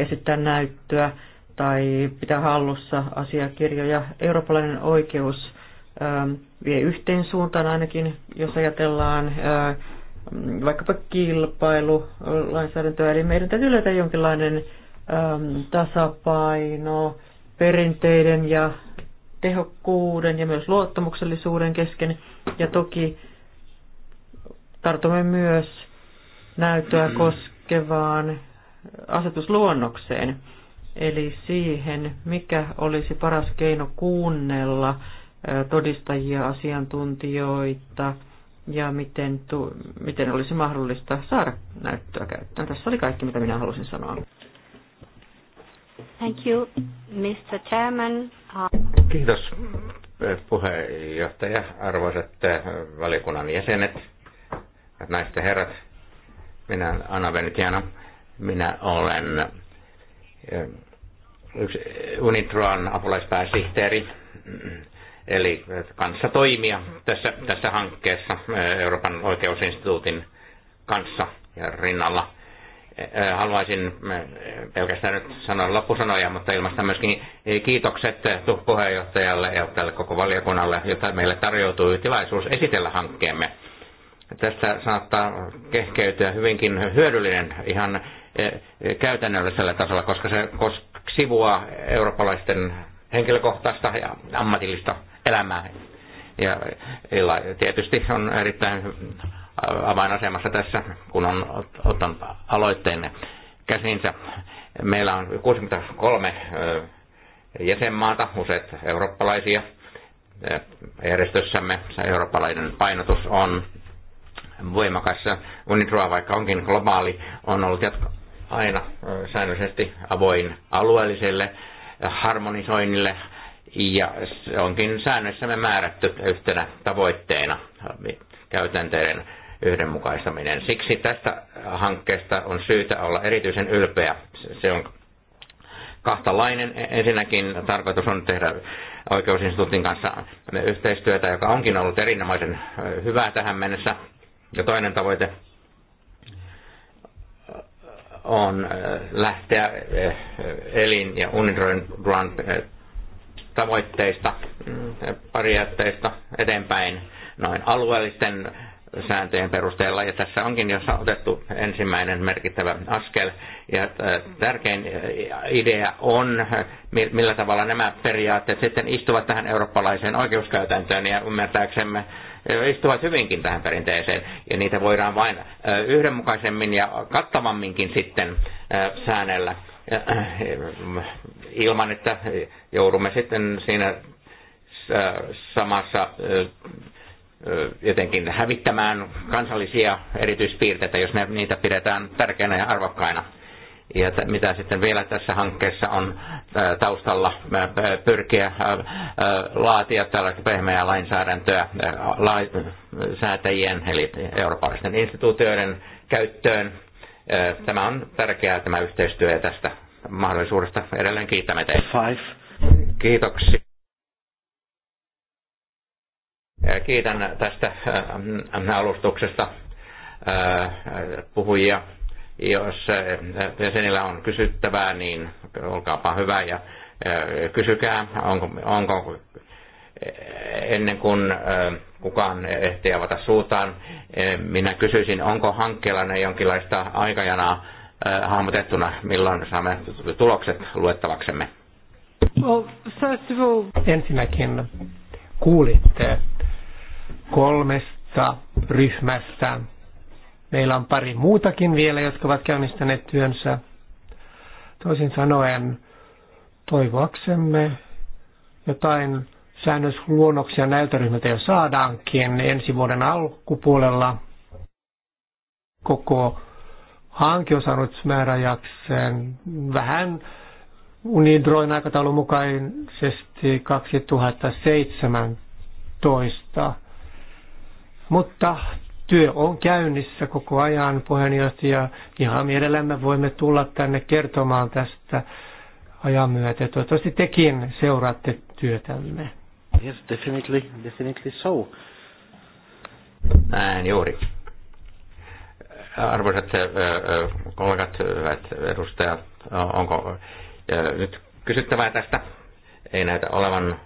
S4: esittää näyttöä tai pitää hallussa asiakirjoja. Eurooppalainen oikeus ähm, vie yhteen suuntaan ainakin, jos ajatellaan äh, vaikkapa kilpailulainsäädäntöä. Eli meidän täytyy löytää jonkinlainen ähm, tasapaino perinteiden ja tehokkuuden ja myös luottamuksellisuuden kesken. Ja toki tartumme myös näyttöä koskevaan asetusluonnokseen eli siihen, mikä olisi paras keino kuunnella todistajia, asiantuntijoita ja miten, tu, miten olisi mahdollista saada näyttöä
S2: käyttöön. Tässä oli kaikki, mitä minä halusin sanoa. Thank you, Mr. Chairman. Kiitos puheenjohtaja, arvoisat valiokunnan jäsenet, naiset ja herrat. Minä olen Anna Venetiana. Minä olen yksi Unitron apulaispääsihteeri, eli kanssa toimia tässä, tässä hankkeessa Euroopan oikeusinstituutin kanssa ja rinnalla. Haluaisin pelkästään nyt sanoa loppusanoja, mutta ilmaista myöskin kiitokset puheenjohtajalle ja tälle koko valiokunnalle, jota meille tarjoutui tilaisuus esitellä hankkeemme. Tästä saattaa kehkeytyä hyvinkin hyödyllinen ihan E, e, käytännöllisellä tasolla, koska se sivua eurooppalaisten henkilökohtaista ja ammatillista elämää. Ja e, tietysti on erittäin avainasemassa tässä, kun on ottanut aloitteen käsinsä. Meillä on 63 jäsenmaata, useat eurooppalaisia järjestössämme. Eurooppalainen painotus on voimakas. UNITROA, vaikka onkin globaali, on ollut aina säännöllisesti avoin alueelliselle harmonisoinnille, ja se onkin säännössämme määrätty yhtenä tavoitteena käytänteiden yhdenmukaistaminen. Siksi tästä hankkeesta on syytä olla erityisen ylpeä. Se on kahtalainen. E, ensinnäkin tarkoitus on tehdä oikeusinstituutin kanssa yhteistyötä, joka onkin ollut erinomaisen hyvää tähän mennessä. Ja toinen tavoite on äh, lähteä äh, elin- ja unidroin äh, tavoitteista, mm, pariaatteista eteenpäin noin alueellisten sääntöjen perusteella. Ja tässä onkin jo otettu ensimmäinen merkittävä askel. Ja tärkein idea on, millä tavalla nämä periaatteet sitten istuvat tähän eurooppalaiseen oikeuskäytäntöön. Ja ymmärtääksemme istuvat hyvinkin tähän perinteeseen, ja niitä voidaan vain yhdenmukaisemmin ja kattavamminkin sitten säännellä ilman, että joudumme sitten siinä samassa jotenkin hävittämään kansallisia erityispiirteitä, jos ne, niitä pidetään tärkeinä ja arvokkaina ja mitä sitten vielä tässä hankkeessa on taustalla pyrkiä laatia tällaista pehmeää lainsäädäntöä säätäjien eli eurooppalaisten instituutioiden käyttöön. Tämä on tärkeää tämä yhteistyö ja tästä mahdollisuudesta edelleen kiitämme teitä. Five. Kiitoksia. Kiitän tästä alustuksesta puhujia. Jos jäsenillä eh, on kysyttävää, niin olkaapa hyvä ja eh, kysykää, onko, onko eh, ennen kuin kukaan ehtii avata suutaan, minä kysyisin, onko hankkeella jonkinlaista aikajanaa hahmotettuna, milloin saamme tulokset luettavaksemme?
S3: Well, first of all... Ensinnäkin kuulitte kolmesta ryhmästä, Meillä on pari muutakin vielä, jotka ovat käynnistäneet työnsä. Toisin sanoen, toivoaksemme jotain säännösluonnoksia näytöryhmältä jo saadaankin ensi vuoden alkupuolella. Koko hanke on saanut määräjakseen vähän Unidroin aikataulun mukaisesti 2017. Mutta työ on käynnissä koko ajan puheenjohtaja. Ihan mielellämme voimme tulla tänne kertomaan tästä ajan myötä. Toivottavasti tekin seuraatte työtämme.
S1: Yes, definitely, definitely so.
S2: Näin juuri. Arvoisat kollegat, hyvät edustajat, onko nyt kysyttävää tästä? Ei näytä olevan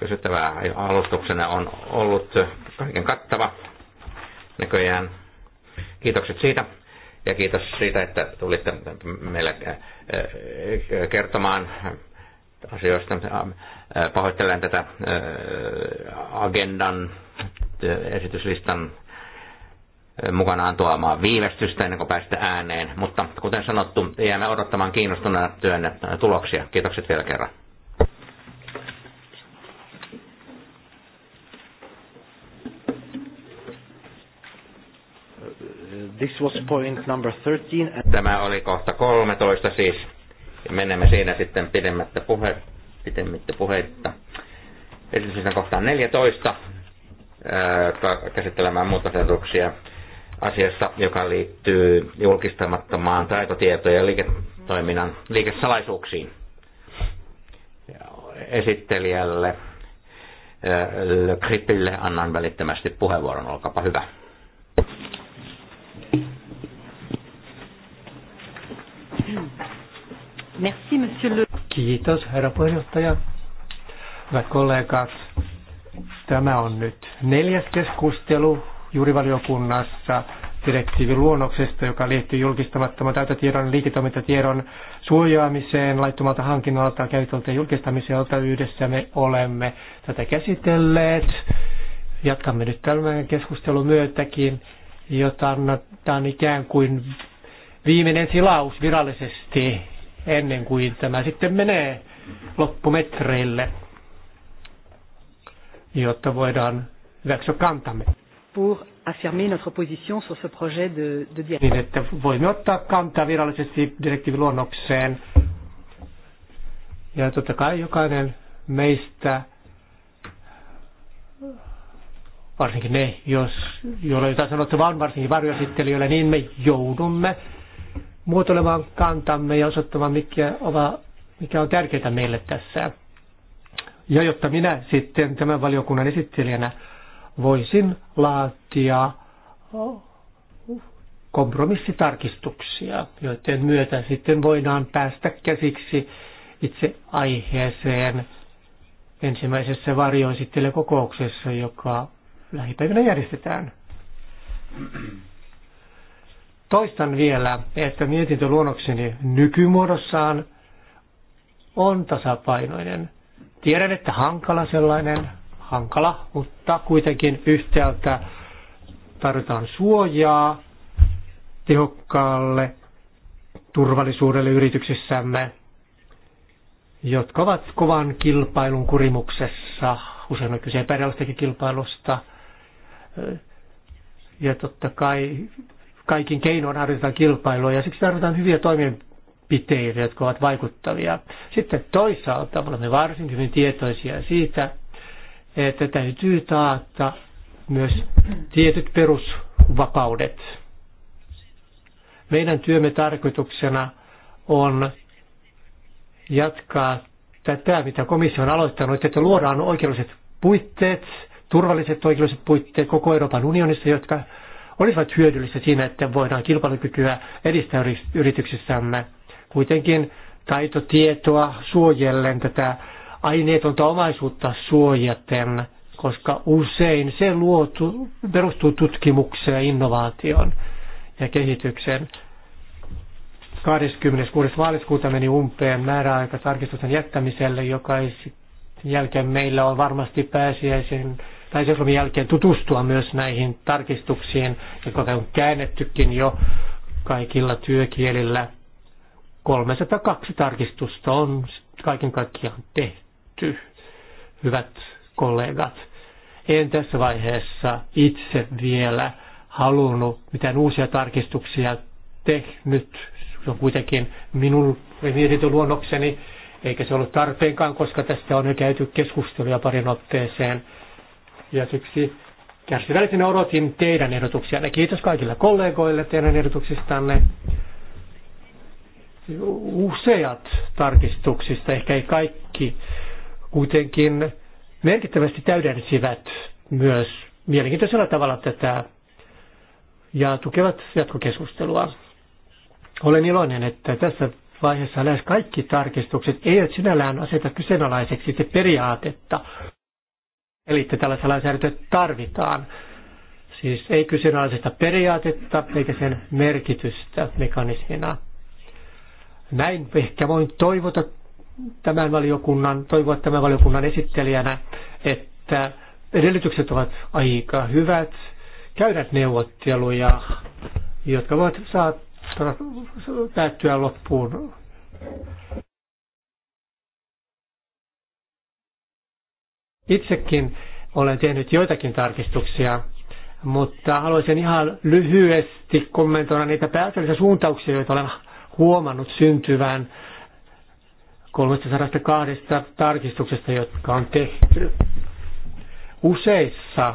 S2: kysyttävää alustuksena on ollut kaiken kattava näköjään. Kiitokset siitä ja kiitos siitä, että tulitte meille äh, äh, kertomaan asioista. Pahoittelen tätä äh, agendan esityslistan mukanaan tuomaan viivästystä ennen kuin päästä ääneen. Mutta kuten sanottu, jäämme odottamaan kiinnostuneena työn tuloksia. Kiitokset vielä kerran.
S1: This was point number 13.
S2: Tämä oli kohta 13 siis. Ja menemme siinä sitten pidemmättä puhe, pidemmittä puheitta. Esityksenä siis kohtaan 14 käsittelemään muutosehdotuksia asiasta, joka liittyy julkistamattomaan taitotietoja ja liiketoiminnan liikesalaisuuksiin. Esittelijälle Le annan välittömästi puheenvuoron, olkaapa hyvä.
S4: Merci, monsieur
S3: le... Kiitos, herra puheenjohtaja. Hyvät kollegat, tämä on nyt neljäs keskustelu juurivaliokunnassa direktiiviluonnoksesta, joka liittyy julkistamattoman täytätiedon liiketoimintatiedon suojaamiseen laittomalta hankinnalta, käytöltä ja julkistamiselta. Yhdessä me olemme tätä käsitelleet. Jatkamme nyt tämän keskustelun myötäkin, jota on ikään kuin viimeinen silaus virallisesti ennen kuin tämä sitten menee loppumetreille, jotta voidaan hyväksyä kantamme.
S4: Pour affirmer notre position sur ce projet de, de directive. Niin, että
S3: voimme ottaa kantaa virallisesti direktiiviluonnokseen. Ja totta kai jokainen meistä, varsinkin ne, jos, joilla jotain sanottavaa on, varsinkin varjoesittelijöillä, niin me joudumme muotoilemaan kantamme ja osoittamaan, mikä, ova, mikä on tärkeää meille tässä. Ja jotta minä sitten tämän valiokunnan esittelijänä voisin laatia kompromissitarkistuksia, joiden myötä sitten voidaan päästä käsiksi itse aiheeseen ensimmäisessä kokouksessa, joka lähipäivänä järjestetään. Toistan vielä, että mietintöluonnokseni nykymuodossaan on tasapainoinen. Tiedän, että hankala sellainen, hankala, mutta kuitenkin yhtäältä tarvitaan suojaa tehokkaalle turvallisuudelle yrityksissämme, jotka ovat kovan kilpailun kurimuksessa, usein on kyse kilpailusta. Ja totta kai kaikin keinoin harjoitetaan kilpailua ja siksi tarvitaan hyviä toimenpiteitä, jotka ovat vaikuttavia. Sitten toisaalta olemme varsin hyvin tietoisia siitä, että täytyy taata myös tietyt perusvapaudet. Meidän työmme tarkoituksena on jatkaa tätä, mitä komissio on aloittanut, että luodaan oikeudelliset puitteet, turvalliset oikeudelliset puitteet koko Euroopan unionissa, jotka olisivat hyödyllisiä siinä, että voidaan kilpailukykyä edistää yrityksissämme. Kuitenkin taitotietoa suojellen tätä aineetonta omaisuutta suojaten, koska usein se luotu, perustuu tutkimukseen ja innovaatioon ja kehitykseen. 26. maaliskuuta meni umpeen määräaika tarkistuksen jättämiselle, joka jälkeen meillä on varmasti pääsiäisen naisjärjestelmän jälkeen tutustua myös näihin tarkistuksiin, jotka on käännettykin jo kaikilla työkielillä. 302 tarkistusta on kaiken kaikkiaan tehty, hyvät kollegat. En tässä vaiheessa itse vielä halunnut mitään uusia tarkistuksia tehnyt. Se on kuitenkin minun mietintöluonnokseni, eikä se ollut tarpeenkaan, koska tästä on jo käyty keskustelua parin otteeseen – ja siksi kärsivällisenä odotin teidän ehdotuksianne. Kiitos kaikille kollegoille teidän ehdotuksistanne. Useat tarkistuksista, ehkä ei kaikki, kuitenkin merkittävästi täydensivät myös mielenkiintoisella tavalla tätä ja tukevat jatkokeskustelua. Olen iloinen, että tässä vaiheessa lähes kaikki tarkistukset eivät sinällään aseta kyseenalaiseksi sitä periaatetta, Eli tällaista lainsäädäntöä tarvitaan. Siis ei kyseenalaisesta periaatetta eikä sen merkitystä mekanismina. Näin ehkä voin toivota tämän valiokunnan, toivoa tämän valiokunnan esittelijänä, että edellytykset ovat aika hyvät, käydät neuvotteluja, jotka voivat saattaa päättyä loppuun Itsekin olen tehnyt joitakin tarkistuksia, mutta haluaisin ihan lyhyesti kommentoida niitä päätöllisiä suuntauksia, joita olen huomannut syntyvän 302 tarkistuksesta, jotka on tehty. Useissa,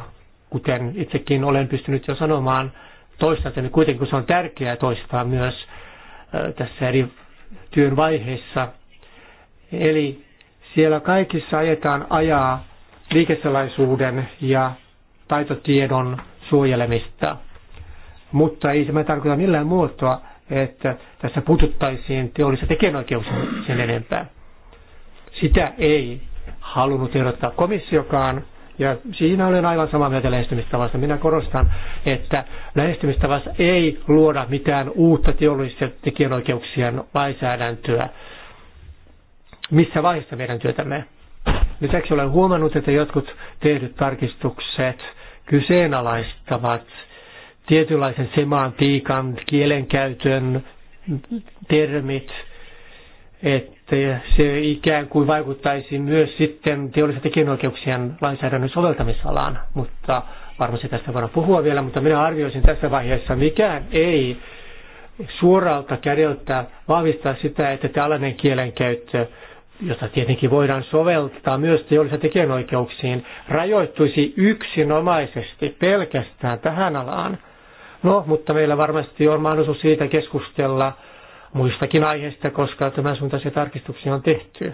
S3: kuten itsekin olen pystynyt jo sanomaan, toistan niin kuitenkin, kun se on tärkeää toistaa myös tässä eri työn vaiheissa. Eli siellä kaikissa ajetaan ajaa liikesalaisuuden ja taitotiedon suojelemista. Mutta ei se tarkoita millään muotoa, että tässä puututtaisiin teollisen tekijänoikeuksien sen enempää. Sitä ei halunnut ehdottaa komissiokaan, ja siinä olen aivan samaa mieltä lähestymistavasta. Minä korostan, että lähestymistavassa ei luoda mitään uutta teollisten tekijänoikeuksien lainsäädäntöä. Missä vaiheessa meidän työtämme? Lisäksi olen huomannut, että jotkut tehdyt tarkistukset kyseenalaistavat tietynlaisen semantiikan, kielenkäytön termit, että se ikään kuin vaikuttaisi myös sitten teollisen tekijänoikeuksien lainsäädännön soveltamisalaan, mutta varmasti tästä voidaan puhua vielä, mutta minä arvioisin tässä vaiheessa, mikään ei suoralta kädeltä vahvistaa sitä, että tällainen kielenkäyttö jota tietenkin voidaan soveltaa myös teollisen tekijänoikeuksiin, rajoittuisi yksinomaisesti pelkästään tähän alaan. No, mutta meillä varmasti on mahdollisuus siitä keskustella muistakin aiheista, koska tämän suuntaisia tarkistuksia on tehty.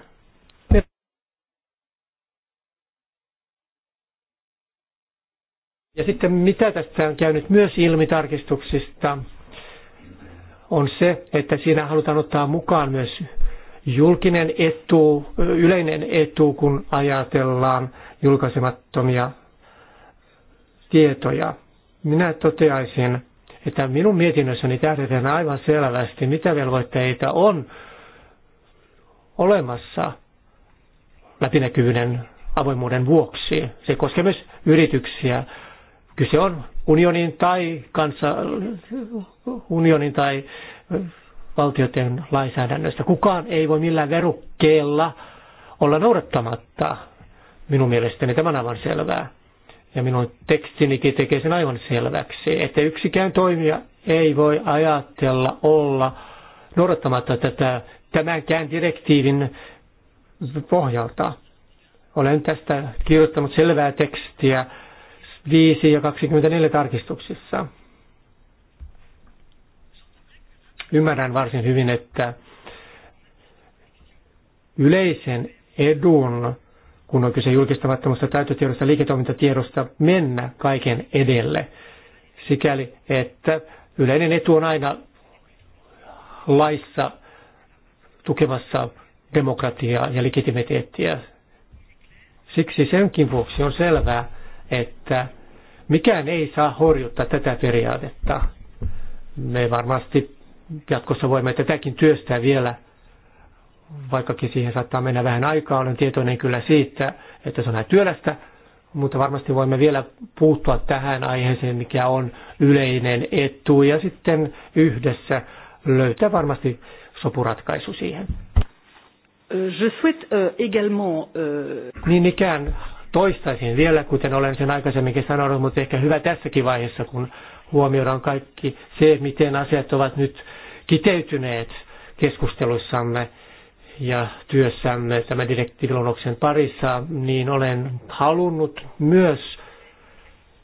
S3: Ja sitten mitä tästä on käynyt myös ilmi tarkistuksista, on se, että siinä halutaan ottaa mukaan myös julkinen etu, yleinen etu, kun ajatellaan julkaisemattomia tietoja. Minä toteaisin, että minun mietinnössäni tähdetään aivan selvästi, mitä velvoitteita on olemassa läpinäkyvyyden avoimuuden vuoksi. Se koskee myös yrityksiä. Kyse on unionin tai, kansa, unionin tai valtioiden lainsäädännöstä. Kukaan ei voi millään verukkeella olla noudattamatta minun mielestäni tämä on aivan selvää. Ja minun tekstinikin tekee sen aivan selväksi, että yksikään toimija ei voi ajatella olla noudattamatta tätä tämänkään direktiivin pohjalta. Olen tästä kirjoittanut selvää tekstiä 5 ja 24 tarkistuksissa. Ymmärrän varsin hyvin, että yleisen edun, kun on kyse julkistamattomasta täyttötiedosta, liiketoimintatiedosta, mennä kaiken edelle. Sikäli, että yleinen etu on aina laissa tukevassa demokratiaa ja legitimiteettiä. Siksi senkin vuoksi on selvää, että mikään ei saa horjuttaa tätä periaatetta. Me varmasti jatkossa voimme tätäkin työstää vielä, vaikkakin siihen saattaa mennä vähän aikaa. Olen tietoinen kyllä siitä, että se on näin työlästä, mutta varmasti voimme vielä puuttua tähän aiheeseen, mikä on yleinen etu, ja sitten yhdessä löytää varmasti sopuratkaisu siihen. Je souhaite euh, également... Euh, niin ikään toistaisin vielä, kuten olen sen aikaisemminkin sanonut, mutta ehkä hyvä tässäkin vaiheessa, kun huomioidaan kaikki se, miten asiat ovat nyt kiteytyneet keskusteluissamme ja työssämme tämän direktiiviluonnoksen parissa, niin olen halunnut myös,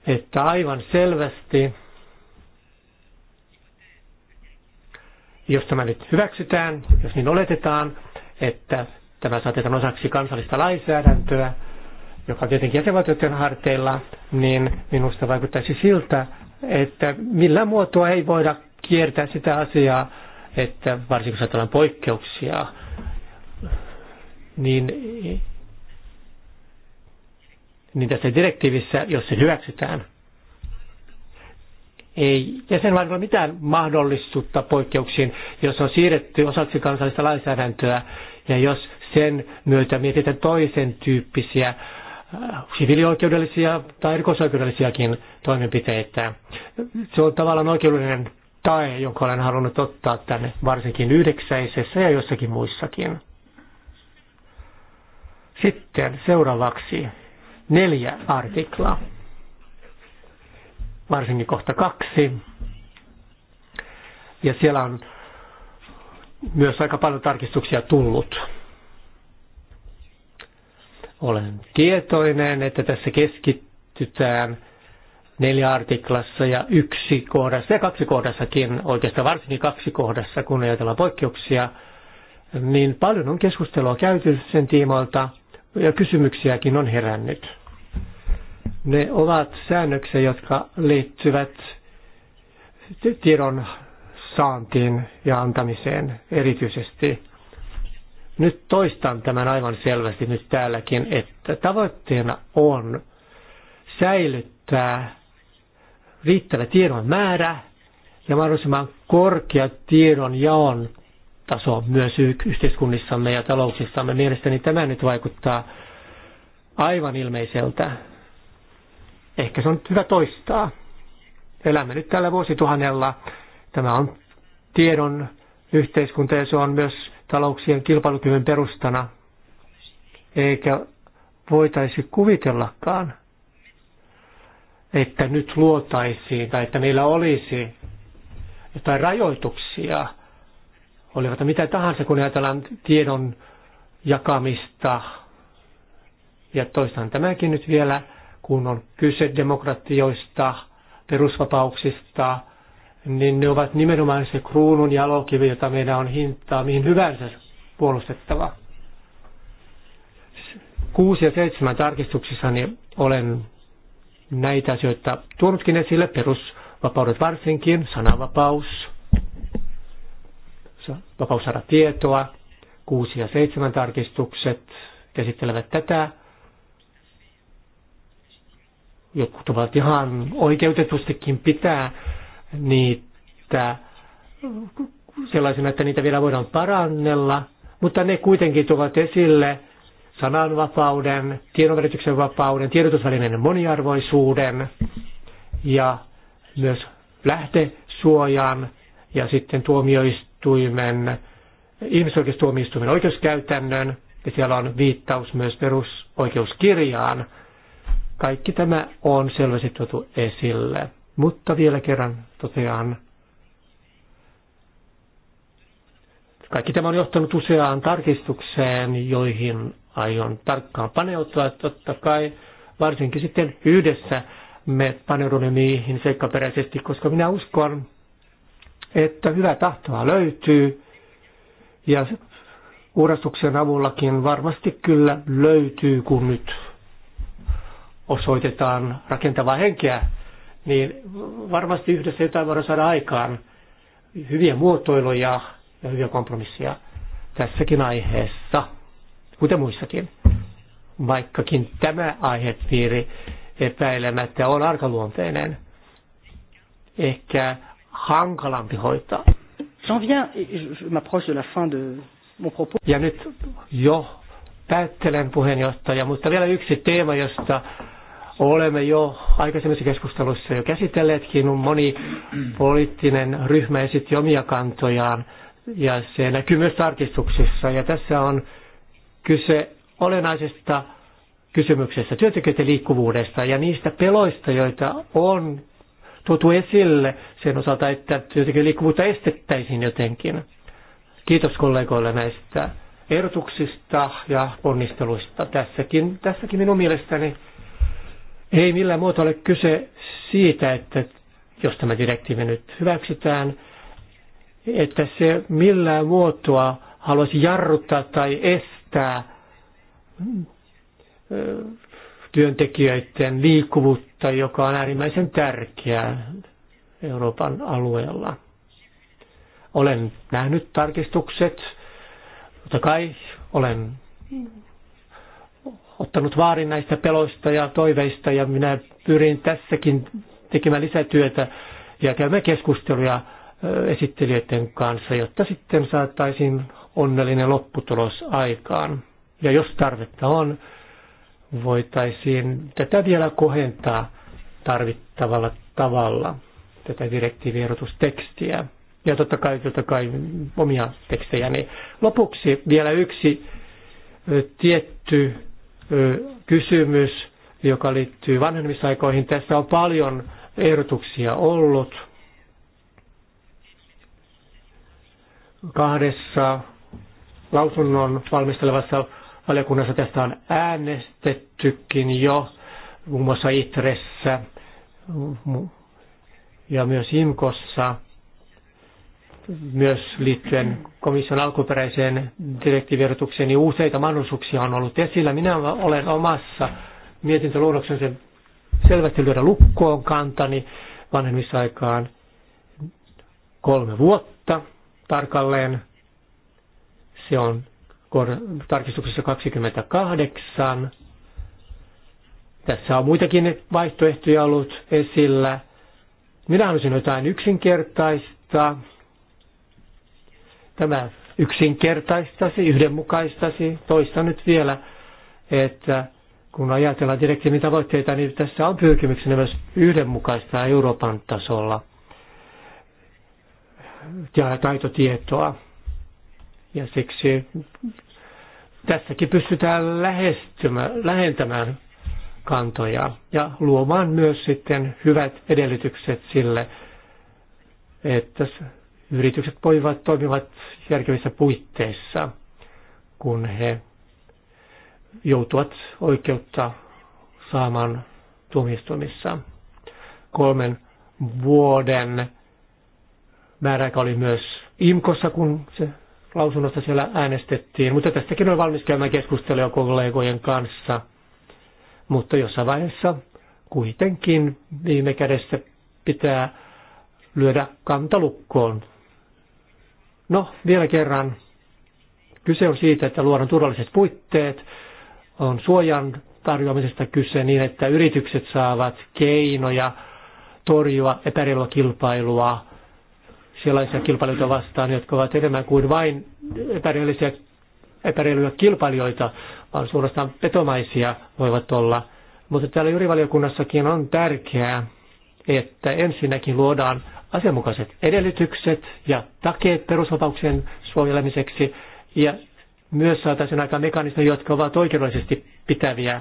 S3: että aivan selvästi, jos tämä nyt hyväksytään, jos niin oletetaan, että tämä saatetaan osaksi kansallista lainsäädäntöä, joka on tietenkin jäsenvaltioiden harteilla, niin minusta vaikuttaisi siltä, että millä muotoa ei voida kiertää sitä asiaa, että varsinkin kun ajatellaan poikkeuksia, niin, niin tässä direktiivissä, jos se hyväksytään, ei jäsenvaltiolla ole mitään mahdollisuutta poikkeuksiin, jos on siirretty osaksi kansallista lainsäädäntöä ja jos sen myötä mietitään toisen tyyppisiä
S1: äh,
S3: sivilioikeudellisia tai rikosoikeudellisiakin toimenpiteitä. Se on tavallaan oikeudellinen tae, jonka olen halunnut ottaa tänne, varsinkin yhdeksäisessä ja jossakin muissakin. Sitten seuraavaksi neljä artiklaa, varsinkin kohta kaksi. Ja siellä on myös aika paljon tarkistuksia tullut. Olen tietoinen, että tässä keskitytään neljä artiklassa ja yksi kohdassa ja kaksi kohdassakin, oikeastaan varsinkin kaksi kohdassa, kun ajatellaan poikkeuksia, niin paljon on keskustelua käyty sen tiimoilta ja kysymyksiäkin on herännyt. Ne ovat säännöksiä, jotka liittyvät tiedon saantiin ja antamiseen erityisesti. Nyt toistan tämän aivan selvästi nyt täälläkin, että tavoitteena on säilyttää riittävä tiedon määrä ja mahdollisimman korkea tiedon jaon taso myös yhteiskunnissamme ja talouksissamme. Mielestäni tämä nyt vaikuttaa aivan ilmeiseltä. Ehkä se on hyvä toistaa. Elämme nyt tällä vuosituhannella. Tämä on tiedon yhteiskunta ja se on myös talouksien kilpailukyvyn perustana. Eikä voitaisi kuvitellakaan, että nyt luotaisiin tai että meillä olisi jotain rajoituksia, olivat mitä tahansa, kun ajatellaan tiedon jakamista. Ja toistan tämäkin nyt vielä, kun on kyse demokratioista, perusvapauksista, niin ne ovat nimenomaan se kruunun jalokivi, jota meidän on hintaa mihin hyvänsä puolustettava. Kuusi ja seitsemän tarkistuksissani olen näitä asioita tuonutkin esille, perusvapaudet varsinkin, sananvapaus, vapaus saada tietoa, 6 ja 7 tarkistukset käsittelevät tätä. Jotkut ovat ihan oikeutetustikin pitää niitä sellaisena, että niitä vielä voidaan parannella, mutta ne kuitenkin tuovat esille sananvapauden, tiedonvälityksen vapauden, tiedotusvälineiden moniarvoisuuden ja myös lähtesuojan ja sitten tuomioistuimen, ihmisoikeustuomioistuimen oikeuskäytännön ja siellä on viittaus myös perusoikeuskirjaan. Kaikki tämä on selvästi tuotu esille. Mutta vielä kerran totean, kaikki tämä on johtanut useaan tarkistukseen, joihin aion tarkkaan paneutua. Totta kai varsinkin sitten yhdessä me paneudumme niihin seikkaperäisesti, koska minä uskon, että hyvä tahtoa löytyy ja uurastuksen avullakin varmasti kyllä löytyy, kun nyt osoitetaan rakentavaa henkeä, niin varmasti yhdessä jotain voidaan saada aikaan hyviä muotoiluja ja hyviä kompromisseja tässäkin aiheessa kuten muissakin. Vaikkakin tämä aihepiiri epäilemättä on arkaluonteinen, ehkä hankalampi hoitaa. Ja nyt jo päättelen puheenjohtaja, mutta vielä yksi teema, josta olemme jo aikaisemmissa keskustelussa jo käsitelleetkin, on moni poliittinen ryhmä esitti omia kantojaan ja se näkyy myös tarkistuksissa. Ja tässä on kyse olennaisesta kysymyksestä, työntekijöiden liikkuvuudesta ja niistä peloista, joita on tuotu esille sen osalta, että työntekijöiden liikkuvuutta estettäisiin jotenkin. Kiitos kollegoille näistä ehdotuksista ja ponnisteluista tässäkin, tässäkin minun mielestäni. Ei millään muuta ole kyse siitä, että jos tämä direktiivi nyt hyväksytään, että se millään muotoa haluaisi jarruttaa tai estää estää työntekijöiden liikkuvuutta, joka on äärimmäisen tärkeää Euroopan alueella. Olen nähnyt tarkistukset, mutta kai olen ottanut vaarin näistä peloista ja toiveista ja minä pyrin tässäkin tekemään lisätyötä ja käymään keskusteluja esittelijöiden kanssa, jotta sitten saataisiin onnellinen lopputulos aikaan. Ja jos tarvetta on, voitaisiin tätä vielä kohentaa tarvittavalla tavalla, tätä direktiivierotustekstiä. Ja totta kai, totta kai omia tekstejäni. Lopuksi vielä yksi tietty kysymys, joka liittyy vanhemmisaikoihin. Tässä on paljon ehdotuksia ollut. Kahdessa lausunnon valmistelevassa valiokunnassa tästä on äänestettykin jo, muun muassa ITRessä ja myös IMKossa, myös liittyen komission alkuperäiseen direktiivierotukseen, niin useita mahdollisuuksia on ollut esillä. Minä olen omassa mietintöluonnoksen sen selvästi lyödä lukkoon kantani vanhemmissa aikaan kolme vuotta tarkalleen se on tarkistuksessa 28. Tässä on muitakin vaihtoehtoja ollut esillä. Minä haluaisin jotain yksinkertaista. Tämä yksinkertaistasi, yhdenmukaistasi. toista nyt vielä, että kun ajatellaan direktiivin tavoitteita, niin tässä on pyrkimyksenä myös yhdenmukaistaa Euroopan tasolla ja taitotietoa. Ja siksi tässäkin pystytään lähentämään kantoja ja luomaan myös sitten hyvät edellytykset sille, että yritykset voivat toimivat järkevissä puitteissa, kun he joutuvat oikeutta saamaan tuomistumissa. Kolmen vuoden määräaika oli myös IMKossa, kun se lausunnosta siellä äänestettiin, mutta tästäkin on valmis käymään keskustelua kollegojen kanssa. Mutta jossain vaiheessa kuitenkin viime kädessä pitää lyödä kantalukkoon. No, vielä kerran. Kyse on siitä, että luodaan turvalliset puitteet, on suojan tarjoamisesta kyse niin, että yritykset saavat keinoja torjua epäreilua kilpailua sellaisia kilpailijoita vastaan, jotka ovat enemmän kuin vain epäreellisiä epäreiluja kilpailijoita, vaan suorastaan petomaisia voivat olla. Mutta täällä jurivaliokunnassakin on tärkeää, että ensinnäkin luodaan asianmukaiset edellytykset ja takeet perusvapauksien suojelemiseksi ja myös saataisiin aika mekanismeja, jotka ovat oikeudellisesti pitäviä,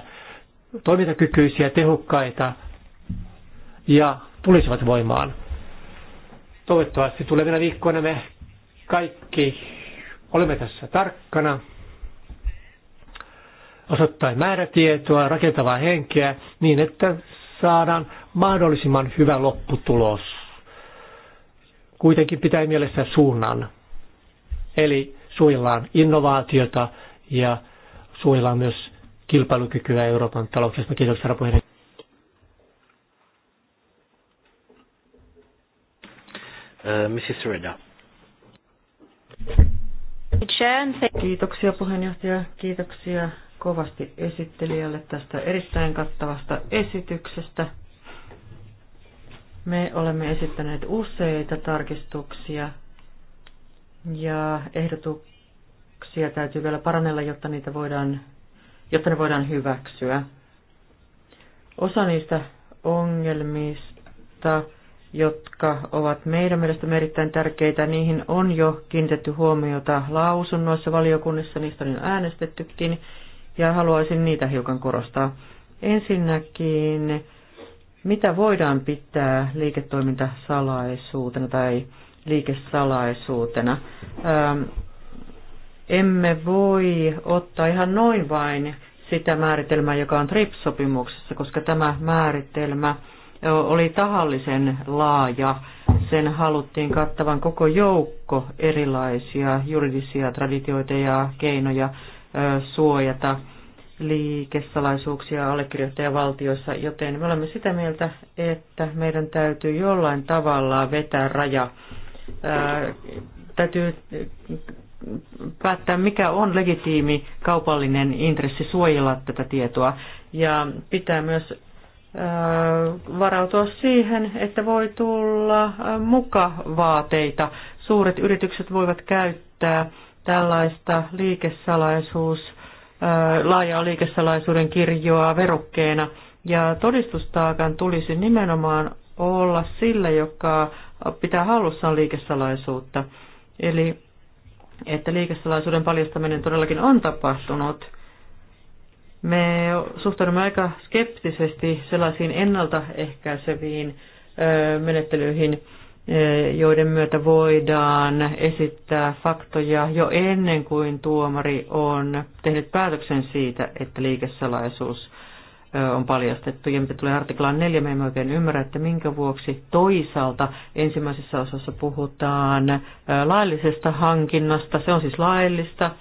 S3: toimintakykyisiä, tehokkaita ja tulisivat voimaan. Toivottavasti tulevina viikkoina me kaikki olemme tässä tarkkana osoittaa määrätietoa, rakentavaa henkeä, niin että saadaan mahdollisimman hyvä lopputulos. Kuitenkin pitää mielessä suunnan. Eli suojellaan innovaatiota ja suojellaan myös kilpailukykyä Euroopan talouksesta. Kiitos, herra puheenjohtaja.
S1: Uh, Mrs. Reda.
S4: Kiitoksia puheenjohtaja, kiitoksia kovasti esittelijälle tästä erittäin kattavasta esityksestä. Me olemme esittäneet useita tarkistuksia ja ehdotuksia täytyy vielä parannella, jotta, niitä voidaan, jotta ne voidaan hyväksyä. Osa niistä ongelmista jotka ovat meidän mielestämme erittäin tärkeitä. Niihin on jo kiinnitetty huomiota lausunnoissa valiokunnissa, niistä on jo äänestettykin, ja haluaisin niitä hiukan korostaa. Ensinnäkin, mitä voidaan pitää liiketoimintasalaisuutena tai liikesalaisuutena? Ähm, emme voi ottaa ihan noin vain sitä määritelmää, joka on TRIPS-sopimuksessa, koska tämä määritelmä – oli tahallisen laaja. Sen haluttiin kattavan koko joukko erilaisia juridisia traditioita ja keinoja suojata liikesalaisuuksia allekirjoittajavaltioissa, joten me olemme sitä mieltä, että meidän täytyy jollain tavalla vetää raja. Ää, täytyy päättää, mikä on legitiimi kaupallinen intressi suojella tätä tietoa ja pitää myös varautua siihen, että voi tulla mukavaateita. Suuret yritykset voivat käyttää tällaista liikesalaisuus, laajaa liikesalaisuuden kirjoa verukkeena. Ja todistustaakan tulisi nimenomaan olla sillä, joka pitää hallussaan liikesalaisuutta. Eli että liikesalaisuuden paljastaminen todellakin on tapahtunut – me suhtaudumme aika skeptisesti sellaisiin ennaltaehkäiseviin menettelyihin, joiden myötä voidaan esittää faktoja jo ennen kuin tuomari on tehnyt päätöksen siitä, että liikesalaisuus on paljastettu. Ja mitä tulee artiklaan 4, me emme oikein ymmärrä, että minkä vuoksi toisaalta ensimmäisessä osassa puhutaan laillisesta hankinnasta. Se on siis laillista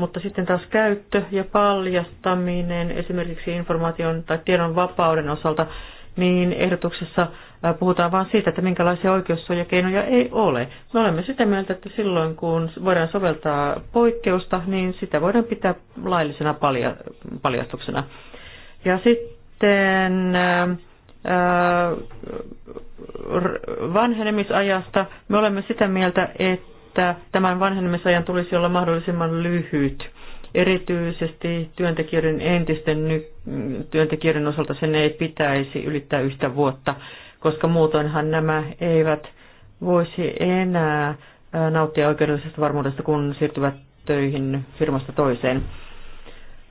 S4: mutta sitten taas käyttö ja paljastaminen esimerkiksi informaation tai tiedon vapauden osalta, niin ehdotuksessa puhutaan vain siitä, että minkälaisia oikeussuojakeinoja ei ole. Me olemme sitä mieltä, että silloin kun voidaan soveltaa poikkeusta, niin sitä voidaan pitää laillisena palja- paljastuksena. Ja sitten vanhenemisajasta me olemme sitä mieltä, että että tämän vanhenemisajan tulisi olla mahdollisimman lyhyt. Erityisesti työntekijöiden entisten ny- työntekijöiden osalta sen ei pitäisi ylittää yhtä vuotta, koska muutoinhan nämä eivät voisi enää nauttia oikeudellisesta varmuudesta, kun siirtyvät töihin firmasta toiseen.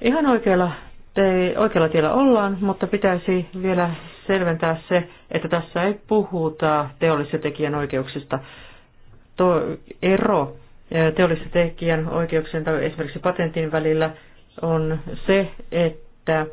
S4: Ihan oikealla, te, oikealla tiellä ollaan, mutta pitäisi vielä selventää se, että tässä ei puhuta teollis- tekijän oikeuksista to, ero teollisen tekijän oikeuksien tai esimerkiksi patentin välillä on se, että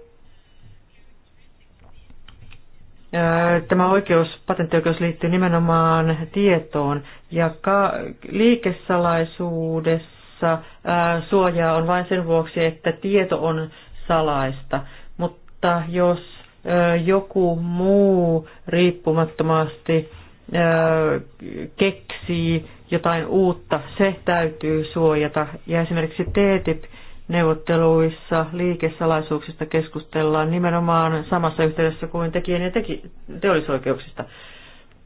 S4: Tämä oikeus, patenttioikeus liittyy nimenomaan tietoon ja ka- liikesalaisuudessa ää, suojaa on vain sen vuoksi, että tieto on salaista. Mutta jos ää, joku muu riippumattomasti ää, keksii jotain uutta, se täytyy suojata. Ja esimerkiksi TTIP e neuvotteluissa liikesalaisuuksista keskustellaan nimenomaan samassa yhteydessä kuin tekijän ja teki, teollisoikeuksista.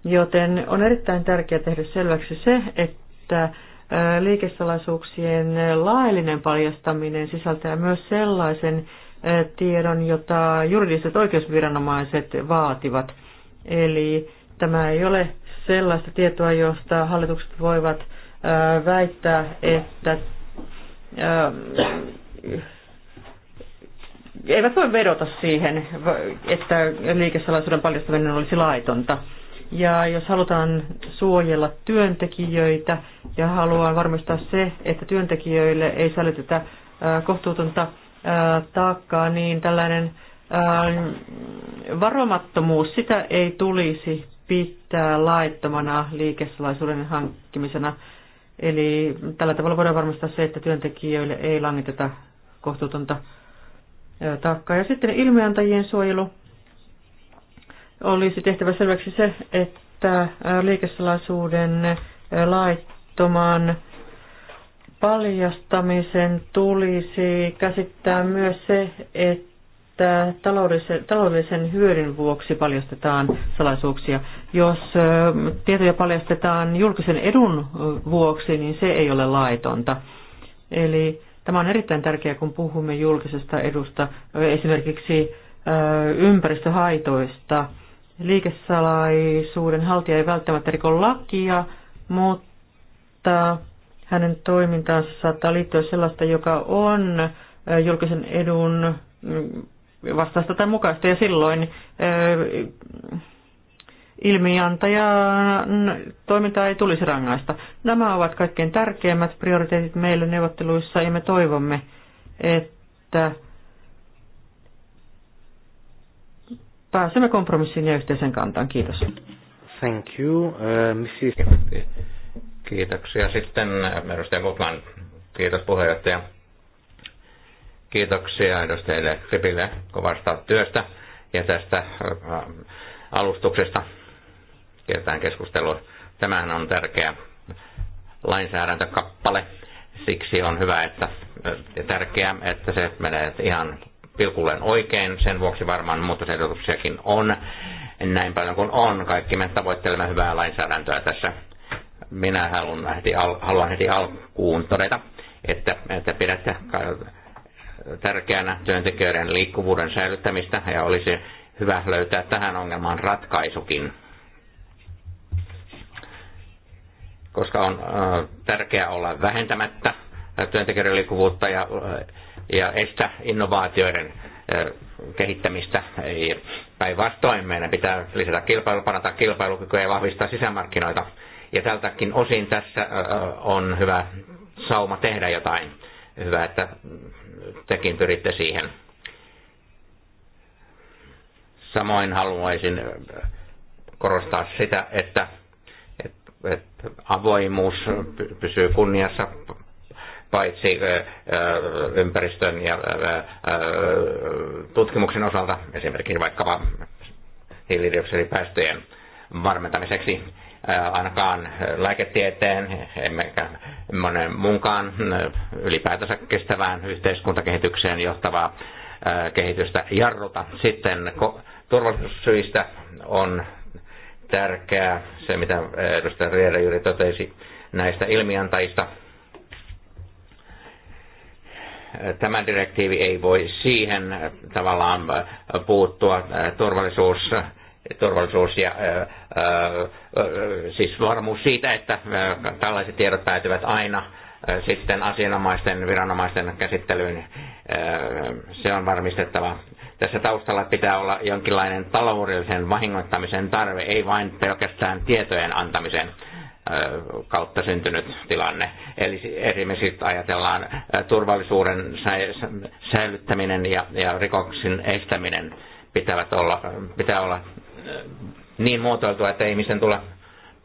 S4: Joten on erittäin tärkeää tehdä selväksi se, että liikesalaisuuksien laillinen paljastaminen sisältää myös sellaisen tiedon, jota juridiset oikeusviranomaiset vaativat. Eli tämä ei ole sellaista tietoa, josta hallitukset voivat väittää, että eivät voi vedota siihen, että liikesalaisuuden paljastaminen olisi laitonta. Ja jos halutaan suojella työntekijöitä ja haluan varmistaa se, että työntekijöille ei sälytetä kohtuutonta taakkaa, niin tällainen varomattomuus, sitä ei tulisi pitää laittomana liikesalaisuuden hankkimisena. Eli tällä tavalla voidaan varmistaa se, että työntekijöille ei langiteta kohtuutonta taakkaa. Ja sitten ilmiantajien suojelu olisi tehtävä selväksi se, että liikesalaisuuden laittoman paljastamisen tulisi käsittää myös se, että taloudellisen, taloudellisen hyödyn vuoksi paljastetaan salaisuuksia jos tietoja paljastetaan julkisen edun vuoksi, niin se ei ole laitonta. Eli tämä on erittäin tärkeää, kun puhumme julkisesta edusta, esimerkiksi ympäristöhaitoista. Liikesalaisuuden haltija ei välttämättä riko lakia, mutta hänen toimintaansa saattaa liittyä sellaista, joka on julkisen edun mm, vastaista tai mukaista, ja silloin ilmiantajan toimintaa ei tulisi rangaista. Nämä ovat kaikkein tärkeimmät prioriteetit meille neuvotteluissa ja me toivomme, että pääsemme kompromissiin ja yhteisen kantaan. Kiitos.
S1: Thank you, uh,
S2: Kiitoksia sitten uh, edustaja Gutman. Kiitos puheenjohtaja. Kiitoksia edustajille Kripille kovasta työstä ja tästä uh, alustuksesta kertaan keskustelua. Tämähän on tärkeä lainsäädäntökappale. Siksi on hyvä että, ja tärkeää, että se menee ihan pilkulleen oikein. Sen vuoksi varmaan muutosehdotuksiakin on näin paljon kuin on. Kaikki me tavoittelemme hyvää lainsäädäntöä tässä. Minä haluan heti, al, haluan heti alkuun todeta, että, että pidätte tärkeänä työntekijöiden liikkuvuuden säilyttämistä ja olisi hyvä löytää tähän ongelmaan ratkaisukin koska on äh, tärkeää olla vähentämättä äh, työntekijöiden liikkuvuutta ja, äh, ja estää innovaatioiden kehittämistä. Päinvastoin meidän pitää lisätä kilpailu, parantaa kilpailukykyä ja vahvistaa sisämarkkinoita. Ja tältäkin osin tässä on hyvä sauma tehdä jotain. Hyvä, että tekin pyritte siihen. Samoin haluaisin korostaa sitä, että avoimuus pysyy kunniassa paitsi ympäristön ja tutkimuksen osalta, esimerkiksi vaikkapa hiilidioksidipäästöjen varmentamiseksi, ainakaan lääketieteen, emmekä monen munkaan ylipäätänsä kestävään yhteiskuntakehitykseen johtavaa kehitystä jarruta. Sitten turvallisuussyistä on tärkeää, se mitä eh, edustaja Riere juuri totesi näistä ilmiantajista. Eh, Tämä direktiivi ei voi siihen eh, tavallaan puuttua turvallisuus turvallisuus ja siis varmuus siitä, että tällaiset tiedot päätyvät aina sitten asianomaisten viranomaisten käsittelyyn. Se on varmistettava. Tässä taustalla pitää olla jonkinlainen taloudellisen vahingoittamisen tarve, ei vain pelkästään tietojen antamisen kautta syntynyt tilanne. Eli esimerkiksi ajatellaan turvallisuuden säilyttäminen ja, ja rikoksen estäminen pitävät olla, pitää olla niin muotoiltua, että ihmisen tulee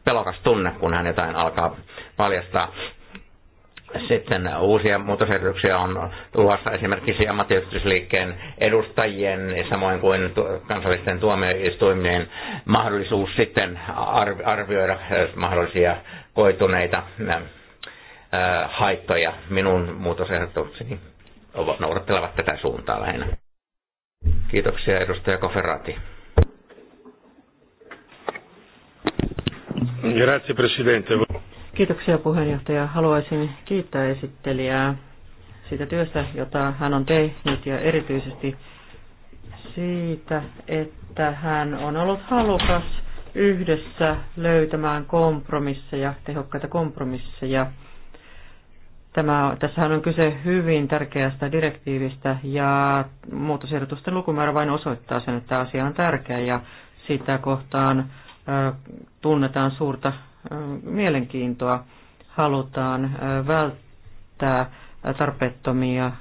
S2: pelokas tunne, kun hän jotain alkaa paljastaa. Sitten uusia muutosehdotuksia on tulossa esimerkiksi ammattiyhdistysliikkeen edustajien, samoin kuin kansallisten tuomioistuimien mahdollisuus sitten arvioida äh, mahdollisia koituneita äh, haittoja. Minun muutosehdotukseni noudattelevat tätä suuntaa lähinnä. Kiitoksia edustaja Koferati. Grazie Presidente.
S4: Kiitoksia puheenjohtaja. Haluaisin kiittää esittelijää siitä työstä, jota hän on tehnyt ja erityisesti siitä, että hän on ollut halukas yhdessä löytämään kompromisseja, tehokkaita kompromisseja. Tämä, tässähän on kyse hyvin tärkeästä direktiivistä ja muutosehdotusten lukumäärä vain osoittaa sen, että asia on tärkeä ja sitä kohtaan ö, tunnetaan suurta mielenkiintoa. Halutaan välttää tarpeettomia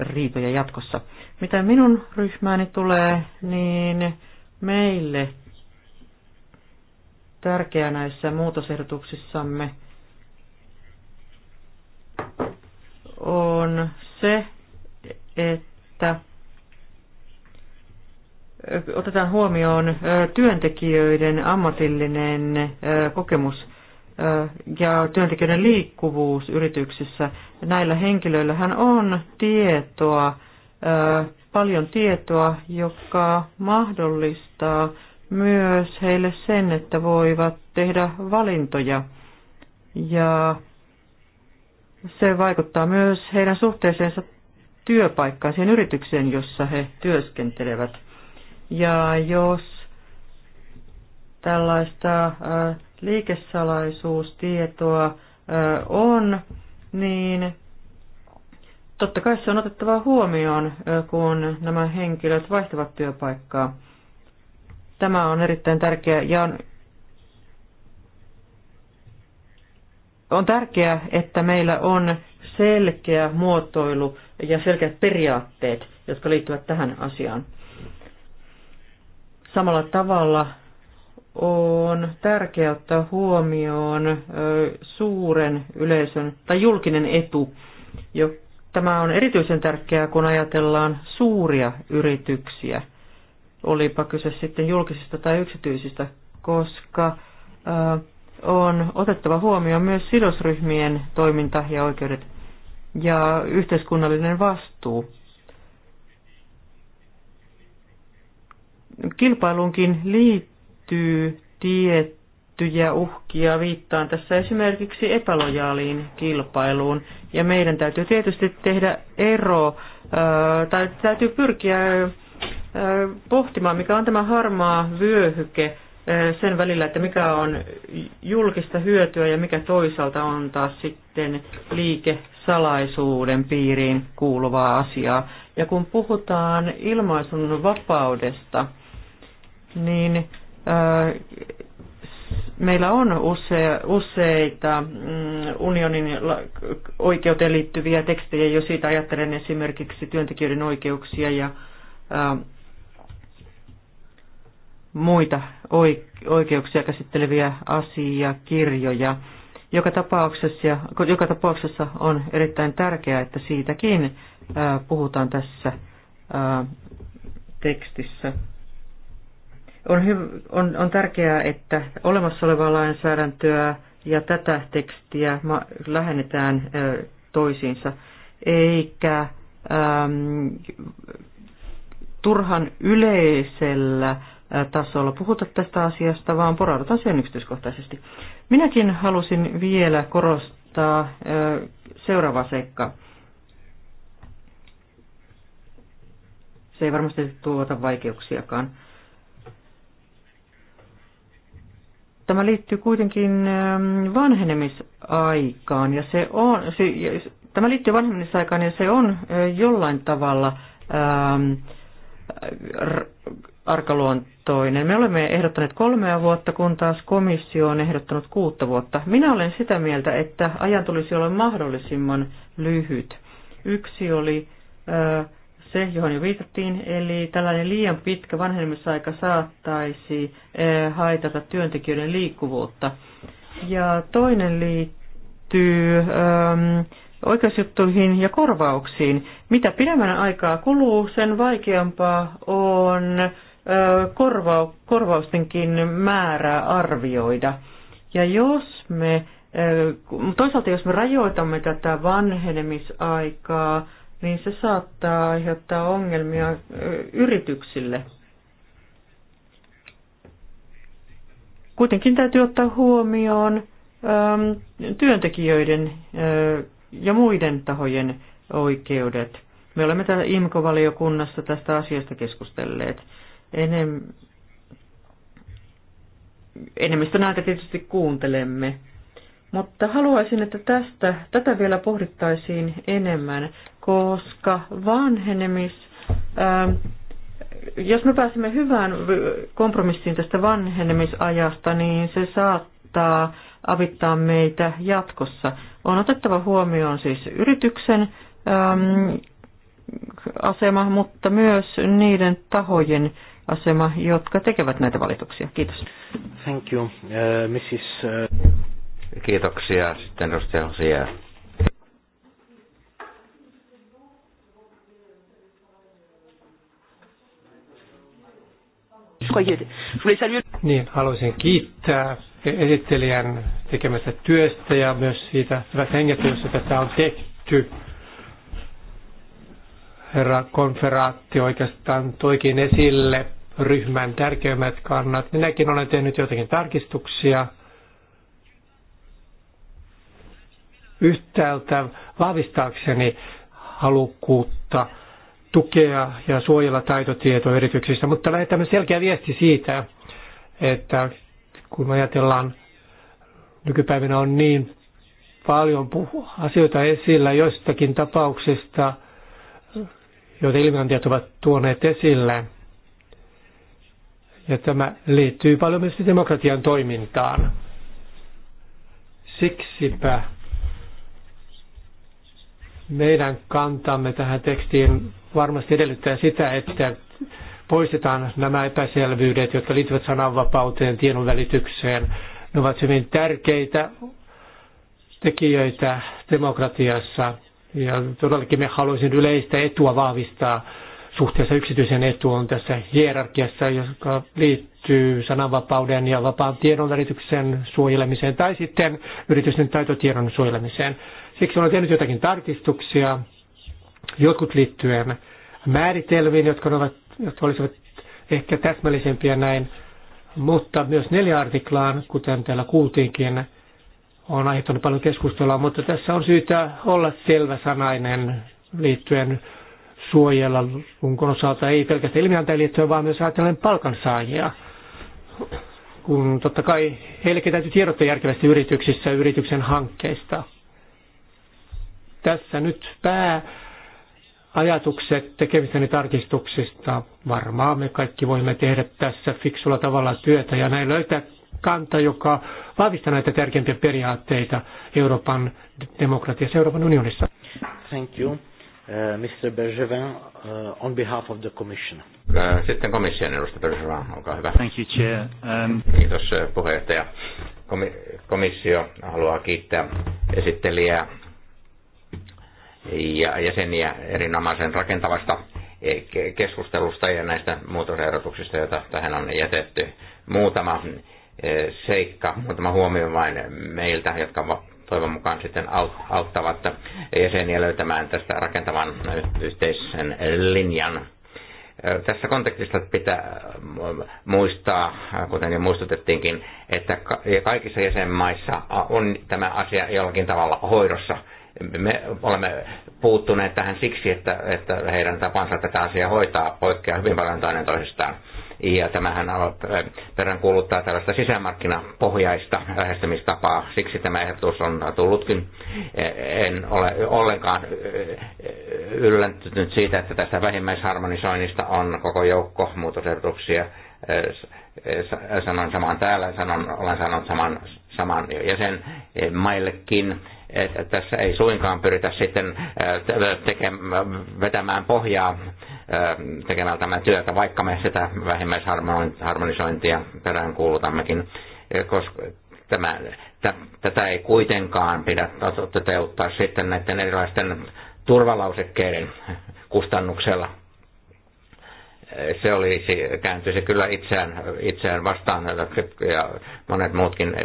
S4: riitoja jatkossa. Mitä minun ryhmääni tulee, niin meille tärkeää näissä muutosehdotuksissamme on se, että otetaan huomioon työntekijöiden ammatillinen kokemus ja työntekijöiden liikkuvuus yrityksissä. Näillä henkilöillähän on tietoa, paljon tietoa, joka mahdollistaa myös heille sen, että voivat tehdä valintoja. Ja se vaikuttaa myös heidän suhteeseensa työpaikkaan, siihen yritykseen, jossa he työskentelevät. Ja jos tällaista liikesalaisuustietoa on, niin totta kai se on otettava huomioon, kun nämä henkilöt vaihtavat työpaikkaa. Tämä on erittäin tärkeä ja on, on tärkeää, että meillä on selkeä muotoilu ja selkeät periaatteet, jotka liittyvät tähän asiaan. Samalla tavalla on tärkeää ottaa huomioon suuren yleisön tai julkinen etu. Tämä on erityisen tärkeää, kun ajatellaan suuria yrityksiä, olipa kyse sitten julkisista tai yksityisistä, koska on otettava huomioon myös sidosryhmien toiminta ja oikeudet ja yhteiskunnallinen vastuu. kilpailuunkin liittyy tiettyjä uhkia. Viittaan tässä esimerkiksi epälojaaliin kilpailuun. Ja meidän täytyy tietysti tehdä ero, äh, tai täytyy pyrkiä äh, pohtimaan, mikä on tämä harmaa vyöhyke äh, sen välillä, että mikä on julkista hyötyä ja mikä toisaalta on taas sitten liikesalaisuuden piiriin kuuluvaa asiaa. Ja kun puhutaan ilmaisun vapaudesta – niin meillä on useita mm, unionin oikeuteen liittyviä tekstejä, jos siitä ajattelen esimerkiksi työntekijöiden oikeuksia ja muita oikeuksia käsitteleviä asiakirjoja. Joka tapauksessa, joka tapauksessa on erittäin tärkeää, että siitäkin puhutaan tässä tekstissä. On, hyv- on, on tärkeää, että olemassa olevaa lainsäädäntöä ja tätä tekstiä ma- lähennetään ö, toisiinsa, eikä äm, turhan yleisellä tasolla puhuta tästä asiasta, vaan poraudutaan sen yksityiskohtaisesti. Minäkin halusin vielä korostaa ö, seuraavaa seikkaa. Se ei varmasti tuota vaikeuksiakaan. Tämä liittyy kuitenkin ähm, vanhenemisaikaan ja se on, se, tämä liittyy vanhenemisaikaan ja se on jollain tavalla ähm, arkaluontoinen. Me olemme ehdottaneet kolmea vuotta, kun taas komissio on ehdottanut kuutta vuotta. Minä olen sitä mieltä, että ajan tulisi olla mahdollisimman lyhyt. Yksi oli äh, se, johon jo viitattiin, eli tällainen liian pitkä vanhemmisaika saattaisi eh, haitata työntekijöiden liikkuvuutta. Ja toinen liittyy ehm, oikeusjuttuihin ja korvauksiin. Mitä pidemmän aikaa kuluu, sen vaikeampaa on eh, korva- korvaustenkin määrää arvioida. Ja jos me, eh, toisaalta jos me rajoitamme tätä vanhenemisaikaa, niin se saattaa aiheuttaa ongelmia yrityksille. Kuitenkin täytyy ottaa huomioon työntekijöiden ja muiden tahojen oikeudet. Me olemme täällä IMKO-valiokunnassa tästä asiasta keskustelleet. Enem... Enemmistö näitä tietysti kuuntelemme. Mutta haluaisin, että tästä, tätä vielä pohdittaisiin enemmän koska vanhenemis, ähm, jos me pääsemme hyvään kompromissiin tästä vanhenemisajasta, niin se saattaa avittaa meitä jatkossa. On otettava huomioon siis yrityksen ähm, asema, mutta myös niiden tahojen asema, jotka tekevät näitä valituksia. Kiitos.
S1: Thank you, uh, Mrs. Uh,
S2: Kiitoksia sitten edustaja
S3: Niin, haluaisin kiittää esittelijän tekemästä työstä ja myös siitä hyvät hengestä, jossa tätä on tehty. Herra konferaatti oikeastaan toikin esille ryhmän tärkeimmät kannat. Minäkin olen tehnyt jotakin tarkistuksia. Yhtäältä vahvistaakseni halukkuutta tukea ja suojella taitotietoa yrityksistä, mutta lähetämme selkeä viesti siitä, että kun ajatellaan, nykypäivinä on niin paljon asioita esillä joistakin tapauksista, joita ilmiantajat ovat tuoneet esille. Ja tämä liittyy paljon myös demokratian toimintaan. Siksipä meidän kantamme tähän tekstiin varmasti edellyttää sitä, että poistetaan nämä epäselvyydet, jotka liittyvät sananvapauteen, välitykseen. Ne ovat hyvin tärkeitä tekijöitä demokratiassa. Ja todellakin me haluaisin yleistä etua vahvistaa suhteessa yksityisen etuun tässä hierarkiassa, joka liittyy sananvapauden ja vapaan välityksen suojelemiseen tai sitten yritysten taitotiedon suojelemiseen. Siksi olen tehnyt jotakin tarkistuksia, jotkut liittyen määritelmiin, jotka, ovat, jotka olisivat ehkä täsmällisempiä näin, mutta myös neljä artiklaan, kuten täällä kuultiinkin, on aiheuttanut paljon keskustelua, mutta tässä on syytä olla selväsanainen liittyen suojella lunkon osalta, ei pelkästään ilmiantajien liittyen, vaan myös ajatellen palkansaajia. Kun totta kai heillekin täytyy tiedottaa järkevästi yrityksissä yrityksen hankkeista tässä nyt pää ajatukset tekemistäni tarkistuksista. Varmaan me kaikki voimme tehdä tässä fiksulla tavalla työtä ja näin löytää kanta, joka vahvistaa näitä tärkeimpiä periaatteita Euroopan demokratiassa, Euroopan unionissa.
S1: Thank you. Uh, Mr. Bergevin, uh, on behalf of the Commission.
S2: Uh, sitten komission edustaja Bergevin, olkaa hyvä.
S1: Thank you, Chair.
S2: Um... Kiitos uh, puheenjohtaja. Komi komissio haluaa kiittää esittelijää ja jäseniä erinomaisen rakentavasta eh, keskustelusta ja näistä muutosehdotuksista, joita tähän on jätetty. Muutama eh, seikka, muutama huomio vain meiltä, jotka toivon mukaan sitten auttavat jäseniä löytämään tästä rakentavan yhteisen linjan. Eh, tässä kontekstissa pitää muistaa, kuten jo muistutettiinkin, että kaikissa jäsenmaissa on tämä asia jollakin tavalla hoidossa me olemme puuttuneet tähän siksi, että, että heidän tapansa tätä asiaa hoitaa poikkeaa hyvin paljon toinen toisistaan. Ja tämähän kuuluttaa tällaista sisämarkkinapohjaista lähestymistapaa. Siksi tämä ehdotus on tullutkin. En ole ollenkaan eh, yllättynyt siitä, että tästä vähimmäisharmonisoinnista on koko joukko muutosehdotuksia. Eh, eh, sanon saman täällä, sanon, olen sanonut saman, saman jäsenmaillekin tässä ei suinkaan pyritä sitten äh, tekemään, vetämään pohjaa äh, tekemällä tämän työtä, vaikka me sitä vähimmäisharmonisointia peräänkuulutammekin, koska tämä, tätä ei kuitenkaan pidä toteuttaa sitten näiden erilaisten turvalausekkeiden kustannuksella se oli kääntyi se kyllä itseään, itseään vastaan, ja monet muutkin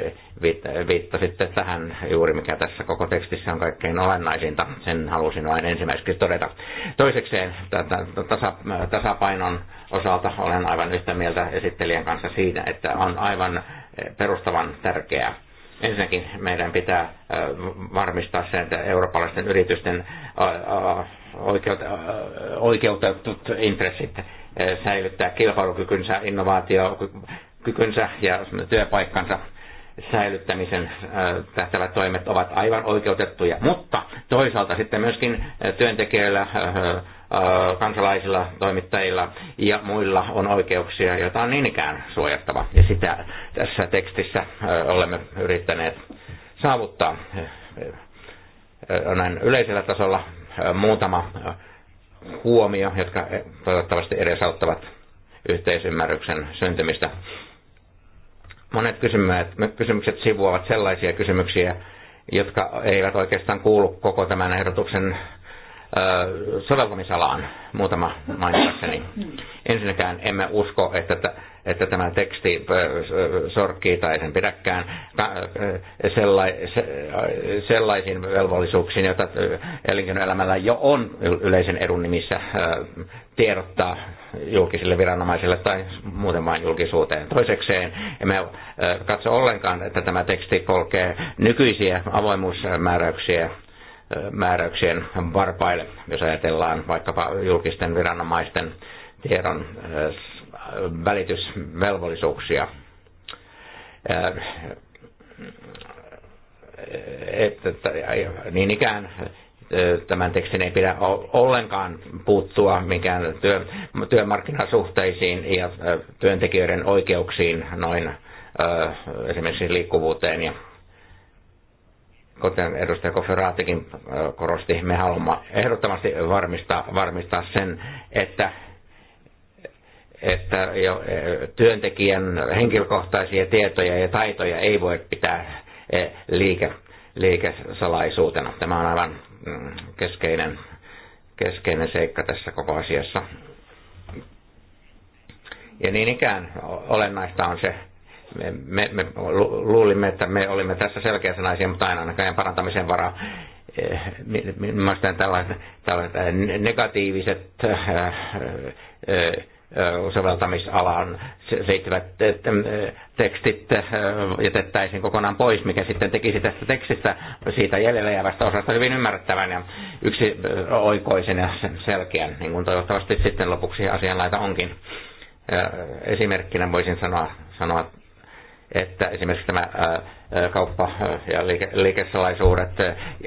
S2: viittasivat tähän juuri, mikä tässä koko tekstissä on kaikkein olennaisinta. Sen halusin vain ensimmäiseksi todeta. Toisekseen tasapainon osalta olen aivan yhtä mieltä esittelijän kanssa siitä, että on aivan perustavan tärkeää ensinnäkin meidän pitää varmistaa se, että eurooppalaisten yritysten oikeutetut intressit Eh, säilyttää kilpailukykynsä, innovaatiokykynsä ja työpaikkansa säilyttämisen eh, tähtävät toimet ovat aivan oikeutettuja, mutta toisaalta sitten myöskin eh, työntekijöillä, kansalaisilla, toimittajilla ja muilla on oikeuksia, joita on niin ikään suojattava. Ja sitä tässä tekstissä olemme yrittäneet saavuttaa näin yleisellä tasolla muutama huomio, jotka toivottavasti edesauttavat yhteisymmärryksen syntymistä. Monet kysymykset sivuavat sellaisia kysymyksiä, jotka eivät oikeastaan kuulu koko tämän ehdotuksen soveltamisalaan muutama mainitakseni. Ensinnäkään emme usko, että, että tämä teksti sorkkii tai sen pidäkään sellaisiin velvollisuuksiin, joita elinkeinoelämällä jo on yleisen edun nimissä tiedottaa julkisille viranomaisille tai muuten vain julkisuuteen. Toisekseen emme katso ollenkaan, että tämä teksti polkee nykyisiä avoimuusmääräyksiä määräyksien varpaille, jos ajatellaan vaikkapa julkisten viranomaisten tiedon äh, välitysvelvollisuuksia. Äh, Että, äh, niin ikään tämän tekstin ei pidä ollenkaan puuttua mikään työ, työmarkkinasuhteisiin ja työntekijöiden oikeuksiin noin esimerkiksi liikkuvuuteen ja kuten edustaja Koferaatikin korosti, me haluamme ehdottomasti varmistaa, varmistaa sen, että, että jo työntekijän henkilökohtaisia tietoja ja taitoja ei voi pitää liike, liikesalaisuutena. Tämä on aivan mm, keskeinen, keskeinen seikka tässä koko asiassa. Ja niin ikään olennaista on se, me, me luulimme, että me olimme tässä naisia, mutta aina ainakaan parantamisen varaa. Eh, Mielestäni tällaiset, tällaiset eh, negatiiviset eh, soveltamisalan liittyvät tekstit jätettäisiin kokonaan pois, mikä sitten tekisi tästä tekstistä siitä jäljellä jäävästä osasta hyvin ymmärrettävän ja yksi oikoisen ja selkeän, niin kuin toivottavasti sitten lopuksi asianlaita onkin. Esimerkkinä voisin sanoa, sanoa että esimerkiksi tämä kauppa- ja liikesalaisuudet,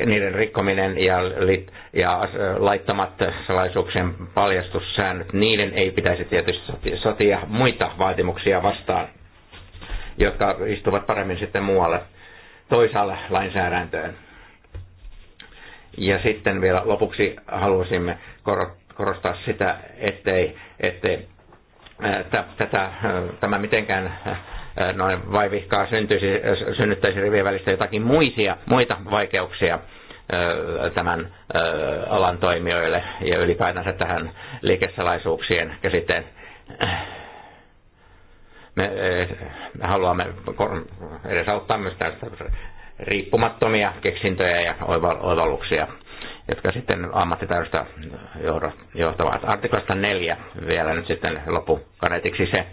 S2: niiden rikkominen ja, ja laittamat salaisuuksien paljastussäännöt, niiden ei pitäisi tietysti sotia muita vaatimuksia vastaan, jotka istuvat paremmin sitten muualle toisaalla lainsäädäntöön. Ja sitten vielä lopuksi haluaisimme korostaa sitä, ettei, ettei tätä, tämä mitenkään noin vaivihkaa syntyisi, synnyttäisi rivien välistä jotakin muisia, muita vaikeuksia tämän alan toimijoille ja ylipäätänsä tähän liikesalaisuuksien käsitteen. Me haluamme edesauttaa myös tästä riippumattomia keksintöjä ja oivalluksia, jotka sitten ammattitaidosta johtavat. Artiklasta neljä vielä nyt sitten lopukaneetiksi se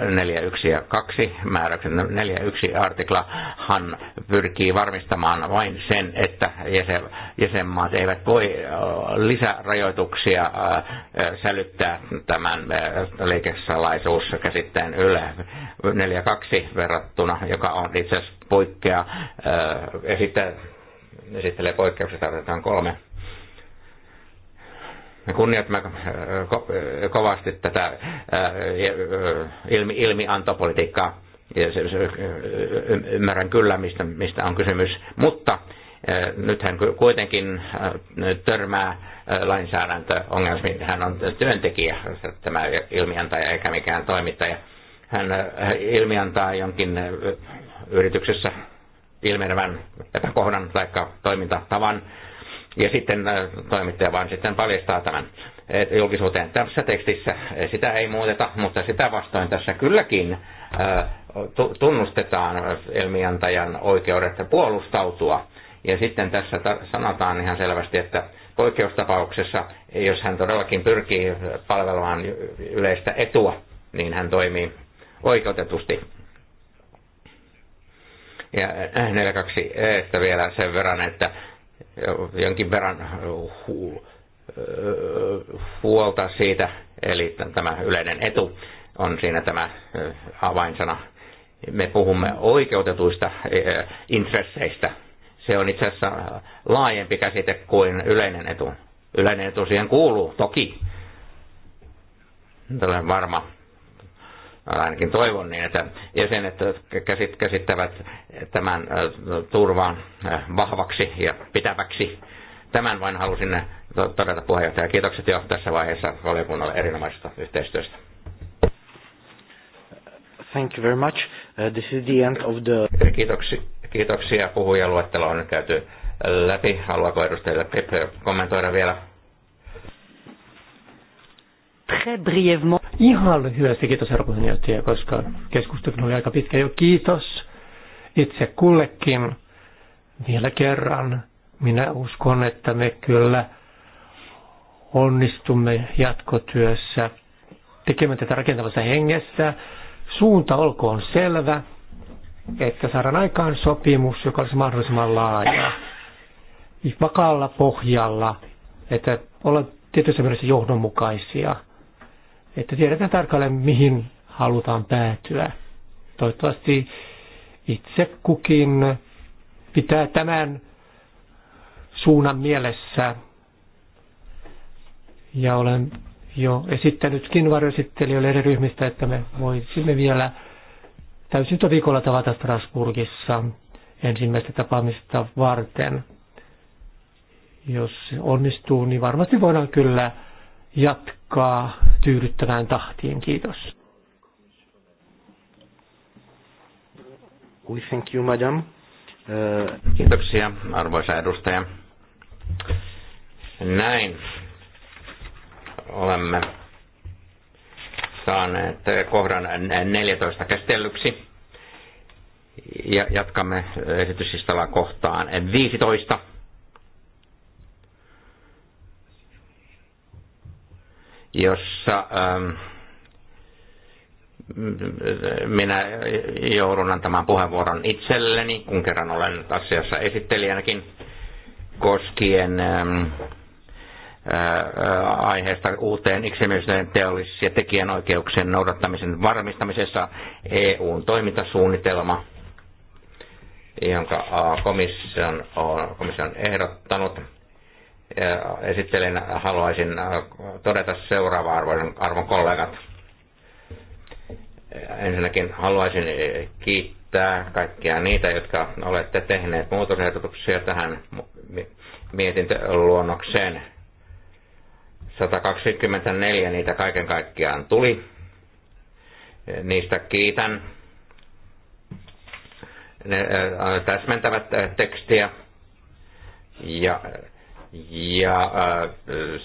S2: 41 ja 2 määräyksen 41 artiklahan pyrkii varmistamaan vain sen, että jäsen, jäsenmaat eivät voi lisärajoituksia sälyttää tämän liikesalaisuuskäsitteen yle 42 verrattuna, joka on itse asiassa poikkea, esittelee poikkeuksia, tarvitaan kolme me kunnioitamme äh, äh, kovasti tätä äh, ilmiantopolitiikkaa. Ymmärrän kyllä, mistä, mistä on kysymys. Mutta nythän kuitenkin törmää lainsäädäntöongelmiin. Hän on työntekijä, tämä ilmiantaja eikä mikään toimittaja. Hän ilmiantaa jonkin yrityksessä ilmenevän epäkohdan tai toimintatavan ja sitten äh, toimittaja vaan sitten paljastaa tämän julkisuuteen. Tässä tekstissä sitä ei muuteta, mutta sitä vastoin tässä kylläkin äh, tunnustetaan ilmiantajan oikeudet puolustautua. Ja sitten tässä sanotaan ihan selvästi, että poikkeustapauksessa, jos hän todellakin pyrkii palvelemaan yleistä etua, niin hän toimii oikeutetusti. Ja 42 äh, että vielä sen verran, että jonkin verran äh, äh, huolta siitä, eli tämä yleinen etu on siinä tämä äh, avainsana. Me puhumme oikeutetuista intresseistä. Se on itse asiassa laajempi käsite kuin yleinen etu. Yleinen etu siihen kuuluu, toki. Olen varma, ainakin toivon niin, että jäsenet käsittävät tämän turvan vahvaksi ja pitäväksi. Tämän vain halusin todeta puheenjohtaja. Kiitokset jo tässä vaiheessa valiokunnalle erinomaisesta yhteistyöstä.
S1: Thank you very much. Uh, this is the end of the... Kiitoksi,
S2: kiitoksia. Puhujaluettelo on nyt käyty läpi. Haluaako edustajille Pip kommentoida vielä?
S3: Très brièvement. Ihan lyhyesti kiitos herra puheenjohtaja, koska keskustelu oli aika pitkä jo. Kiitos itse kullekin vielä kerran. Minä uskon, että me kyllä onnistumme jatkotyössä tekemään tätä rakentavassa hengessä. Suunta olkoon selvä, että saadaan aikaan sopimus, joka olisi mahdollisimman laaja, vakaalla pohjalla, että olla tietyissä mielessä johdonmukaisia – että tiedetään tarkalleen, mihin halutaan päätyä. Toivottavasti itse kukin pitää tämän suunnan mielessä. Ja olen jo esittänytkin varjoesittelijöille eri ryhmistä, että me voisimme vielä viikolla tavata Strasburgissa ensimmäistä tapaamista varten. Jos onnistuu, niin varmasti voidaan kyllä jatkaa jatkaa tyydyttävään tahtiin. Kiitos.
S1: We thank you, madam. Uh, Kiitoksia,
S2: arvoisa edustaja. Näin olemme saaneet kohdan 14 käsitellyksi. Ja jatkamme esityslistalla kohtaan 15. jossa ähm, minä joudun antamaan puheenvuoron itselleni, kun kerran olen asiassa esittelijänäkin, koskien ähm, äh, aiheesta uuteen yksimielisyyden teollis- ja tekijänoikeuksien noudattamisen varmistamisessa EUn toimintasuunnitelma, jonka äh, komission on, äh, komission on ehdottanut – esittelen, haluaisin äh, todeta seuraava arvon, arvon kollegat. Ensinnäkin haluaisin äh, kiittää kaikkia niitä, jotka olette tehneet muutosehdotuksia tähän mietintöluonnokseen. 124 niitä kaiken kaikkiaan tuli. Niistä kiitän. Ne äh, täsmentävät tekstiä ja ja äh,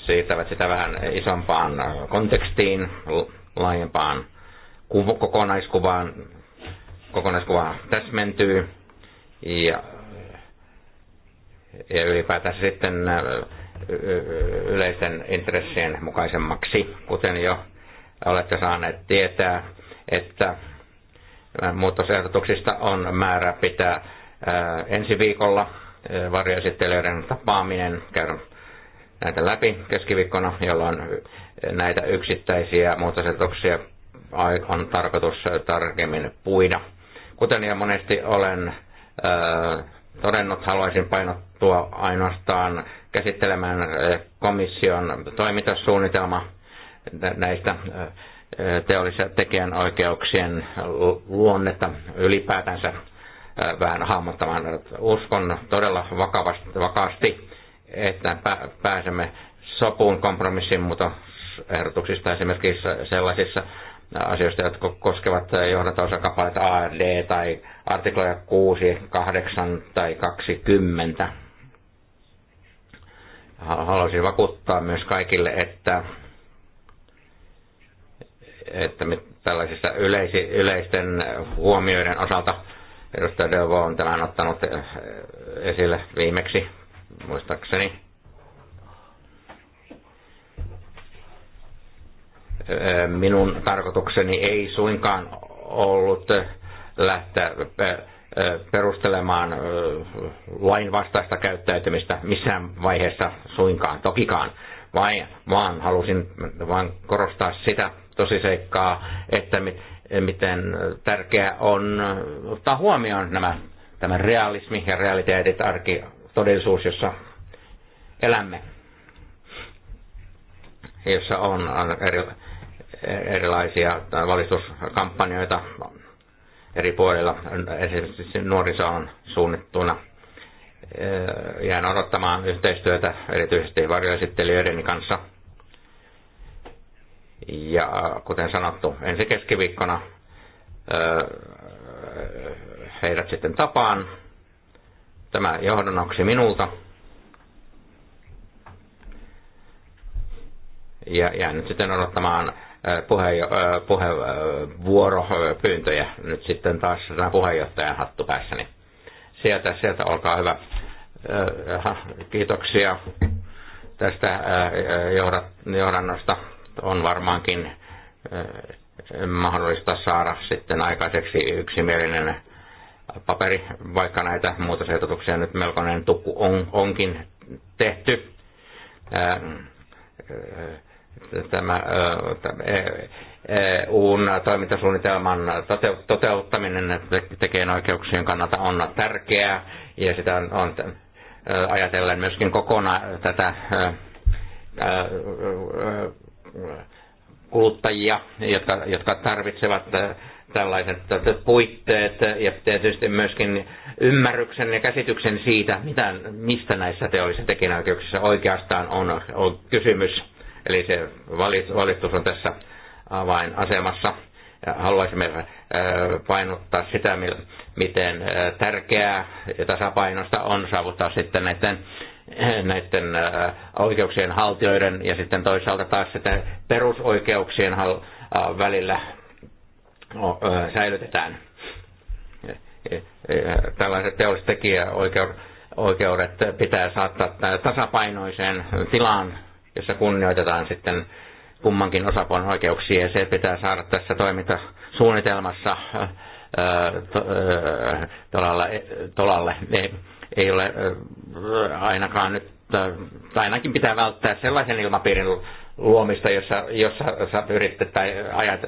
S2: siirtävät sitä vähän isompaan äh, kontekstiin, laajempaan kokonaiskuvaan, kokonaiskuvaan täsmentyy ja, ja ylipäätään sitten äh, yleisten intressien mukaisemmaksi, kuten jo olette saaneet tietää, että muutosehdotuksista on määrä pitää ensi viikolla Eh, varjoesittelijöiden tapaaminen, käydä näitä läpi keskiviikkona, jolloin eh, näitä yksittäisiä muutosetuksia on tarkoitus tarkemmin puida. Kuten ja monesti olen eh, todennut, haluaisin painottua ainoastaan käsittelemään komission toimintasuunnitelma näistä teollisen oikeuksien luonnetta ylipäätänsä vähän hahmottamaan. Uskon todella vakavasti, vakaasti, että pääsemme sopuun kompromissin, mutta ehdotuksista esimerkiksi sellaisissa asioista, jotka koskevat johdanto-osakappaleita ARD tai artikloja 6, 8 tai 20. Haluaisin vakuuttaa myös kaikille, että, että me tällaisista yleisi, yleisten huomioiden osalta – Edustaja Delvo on tämän ottanut eh, esille viimeksi, muistaakseni. Eh, minun tarkoitukseni ei suinkaan ollut lähteä eh, perustelemaan lainvastaista käyttäytymistä missään vaiheessa suinkaan, tokikaan, Vain vaan halusin vain korostaa sitä tosiseikkaa, että Eh, miten tärkeää on ottaa huomioon nämä, tämä realismi ja realiteetit, arki, todellisuus, jossa elämme, jossa on eri, erilaisia valistuskampanjoita eri puolilla, esimerkiksi nuorisoon suunnittuna. Eh, jään odottamaan yhteistyötä erityisesti varjoesittelijöiden kanssa – ja äh, kuten sanottu, ensi keskiviikkona äh, heidät sitten tapaan. Tämä johdonnoksi minulta. Ja jään nyt sitten odottamaan äh, puheenvuoropyyntöjä nyt sitten taas tämä puheenjohtajan hattu päässäni. Sieltä, sieltä, olkaa hyvä. Kiitoksia tästä johdannosta on varmaankin mahdollista saada sitten aikaiseksi yksimielinen paperi, vaikka näitä muutosehdotuksia nyt melkoinen tukku on, onkin tehty. Tämä EUn e toimintasuunnitelman toteuttaminen oikeuksien kannalta on tärkeää ja sitä on, ajatellen myöskin kokona tätä kuluttajia, jotka, jotka tarvitsevat tällaiset puitteet ja tietysti myöskin ymmärryksen ja käsityksen siitä, mitä, mistä näissä teollisissa tekijänoikeuksissa oikeastaan on, on kysymys. Eli se valitus on tässä avainasemassa. Ja haluaisimme painottaa sitä, miten tärkeää ja tasapainosta on saavuttaa sitten näiden näiden äh, oikeuksien haltijoiden ja sitten toisaalta taas sitten perusoikeuksien äh, välillä äh, säilytetään. Tällaiset teollistekijäoikeudet pitää saattaa tasapainoiseen tilaan, jossa kunnioitetaan sitten kummankin osapuolen oikeuksia ja se pitää saada tässä toimintasuunnitelmassa tolalle, tolalle ei ole ainakaan nyt, tai ainakin pitää välttää sellaisen ilmapiirin luomista, jossa, jossa, jossa tai ajat,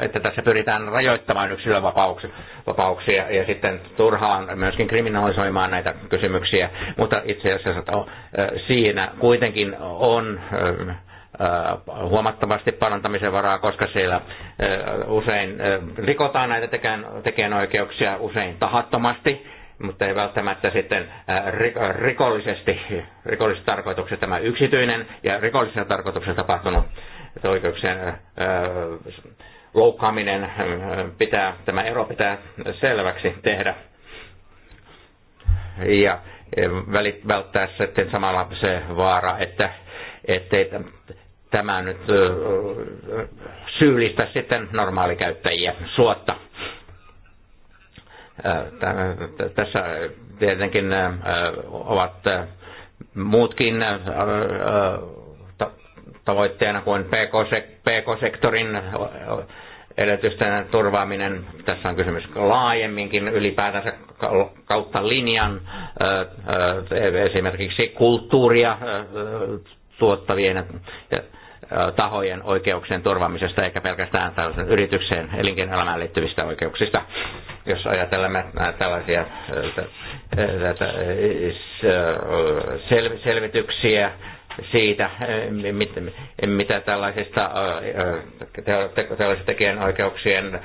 S2: että tässä pyritään rajoittamaan yksilönvapauksia ja sitten turhaan myöskin kriminalisoimaan näitä kysymyksiä. Mutta itse asiassa siinä kuitenkin on huomattavasti parantamisen varaa, koska siellä usein rikotaan näitä tekijänoikeuksia usein tahattomasti mutta ei välttämättä sitten äh, äh, rikollisesti, *laughs* rikollisessa tarkoituksessa tämä yksityinen ja rikollisessa tarkoituksessa tapahtunut oikeuksien äh, loukkaaminen pitää, tämä ero pitää selväksi tehdä. Ja välttää sitten samalla se vaara, että ettei tämä nyt syyllistä sitten normaalikäyttäjiä suotta tässä tietenkin ovat muutkin tavoitteena kuin PK-sektorin edellytysten turvaaminen. Tässä on kysymys laajemminkin ylipäätänsä kautta linjan esimerkiksi kulttuuria tuottavien tahojen oikeuksien turvaamisesta eikä pelkästään tällaisen yritykseen elinkeinoelämään liittyvistä oikeuksista jos ajatellaan äh, tällaisia äh, äh, selvityksiä siitä, mitä tällaisista tällaisista tekijänoikeuksien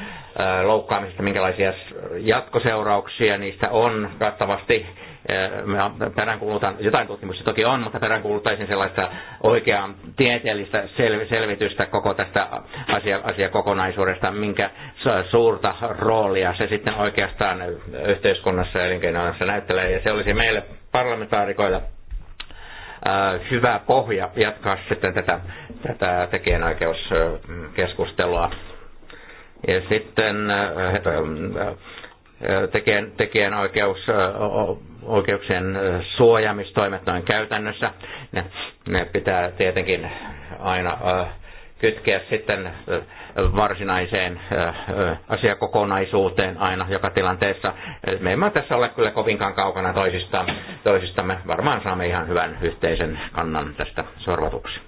S2: loukkaamisesta, minkälaisia jatkoseurauksia niistä on kattavasti Mä peräänkuulutan, jotain tutkimusta toki on, mutta peräänkuuluttaisin sellaista oikeaa tieteellistä sel, selvitystä koko tästä asia, asiakokonaisuudesta, minkä suurta roolia se sitten oikeastaan yhteiskunnassa ja elinkeinoissa näyttelee. Ja se olisi meille parlamentaarikoille hyvä pohja jatkaa sitten tätä, tätä tekijänoikeuskeskustelua. Ja sitten tekijän, tekijänoikeus oikeuksien suojaamistoimet noin käytännössä. Ne, ne pitää tietenkin aina kytkeä sitten varsinaiseen asiakokonaisuuteen aina joka tilanteessa. Me emme tässä ole kyllä kovinkaan kaukana toisista, toisistamme. Varmaan saamme ihan hyvän yhteisen kannan tästä sorvatuksi.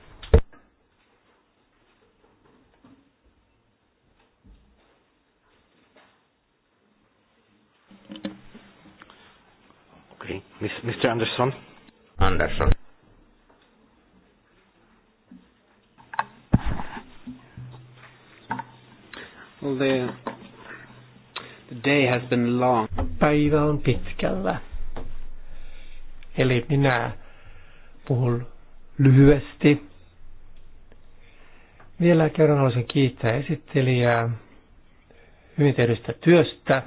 S1: Mr. Anderson. Anderson. Well, the, the day has been long.
S3: Päivä on pitkällä. Eli minä puhun lyhyesti. Vielä kerran haluaisin kiittää esittelijää hyvin tehdystä työstä.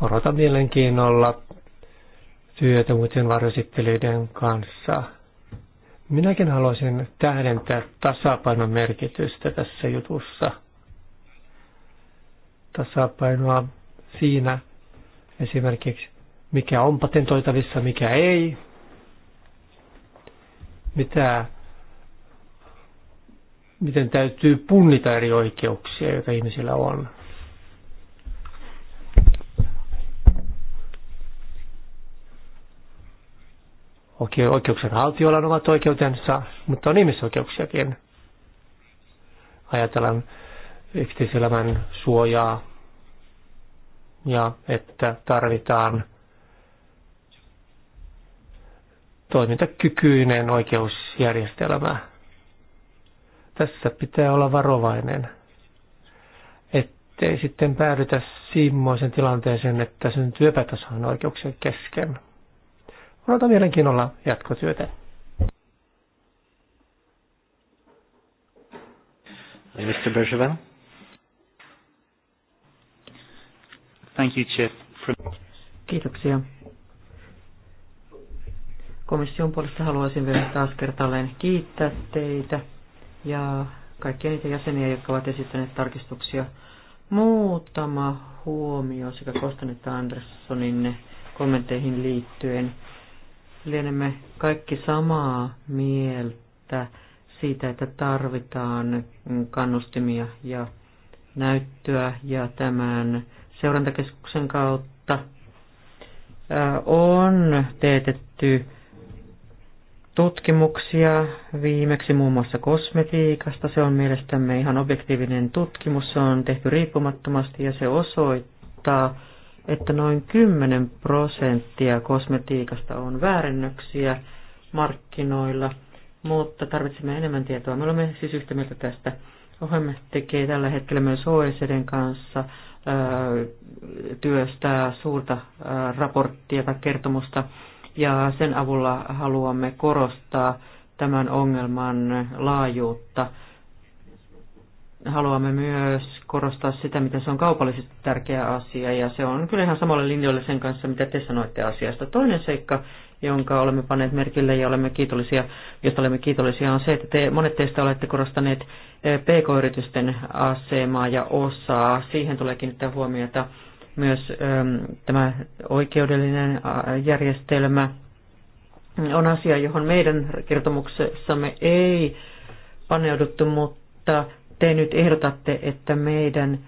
S3: Odotan mielenkiinnolla työtä muiden varjosittelyiden kanssa. Minäkin haluaisin tähdentää tasapainon merkitystä tässä jutussa. Tasapainoa siinä esimerkiksi, mikä on patentoitavissa, mikä ei, mitä, miten täytyy punnita eri oikeuksia, joita ihmisillä on. Oikeuksien haltijoilla on omat oikeutensa, mutta on ihmisoikeuksiakin. Ajatellaan yksityiselämän suojaa ja että tarvitaan toimintakykyinen oikeusjärjestelmä. Tässä pitää olla varovainen, ettei sitten päädytä simmoisen tilanteeseen, että syntyy epätasa oikeuksien kesken. Odotan mielenkiinnolla jatkotyötä.
S1: Mr. Bergevin. Thank you, Chief.
S4: Kiitoksia. Komission puolesta haluaisin vielä taas kertaalleen kiittää teitä ja kaikkia niitä jäseniä, jotka ovat esittäneet tarkistuksia. Muutama huomio sekä Kostan että Anderssonin kommentteihin liittyen lienemme kaikki samaa mieltä siitä, että tarvitaan kannustimia ja näyttöä ja tämän seurantakeskuksen kautta on teetetty tutkimuksia viimeksi muun muassa kosmetiikasta. Se on mielestämme ihan objektiivinen tutkimus, se on tehty riippumattomasti ja se osoittaa, että noin 10 prosenttia kosmetiikasta on väärennöksiä markkinoilla, mutta tarvitsemme enemmän tietoa. Me olemme siis yhtä mieltä tästä. Ohjelma tekee tällä hetkellä myös OECDn kanssa työstää suurta raporttia tai kertomusta, ja sen avulla haluamme korostaa tämän ongelman laajuutta – haluamme myös korostaa sitä, miten se on kaupallisesti tärkeä asia, ja se on kyllä ihan samalla linjoilla sen kanssa, mitä te sanoitte asiasta. Toinen seikka, jonka olemme panneet merkille ja olemme kiitollisia, josta olemme kiitollisia, on se, että te, monet teistä olette korostaneet eh, PK-yritysten asemaa ja osaa. Siihen tulee kiinnittää huomiota myös äm, ehm, tämä oikeudellinen järjestelmä on asia, johon meidän kertomuksessamme ei paneuduttu, mutta te nyt ehdotatte, että meidän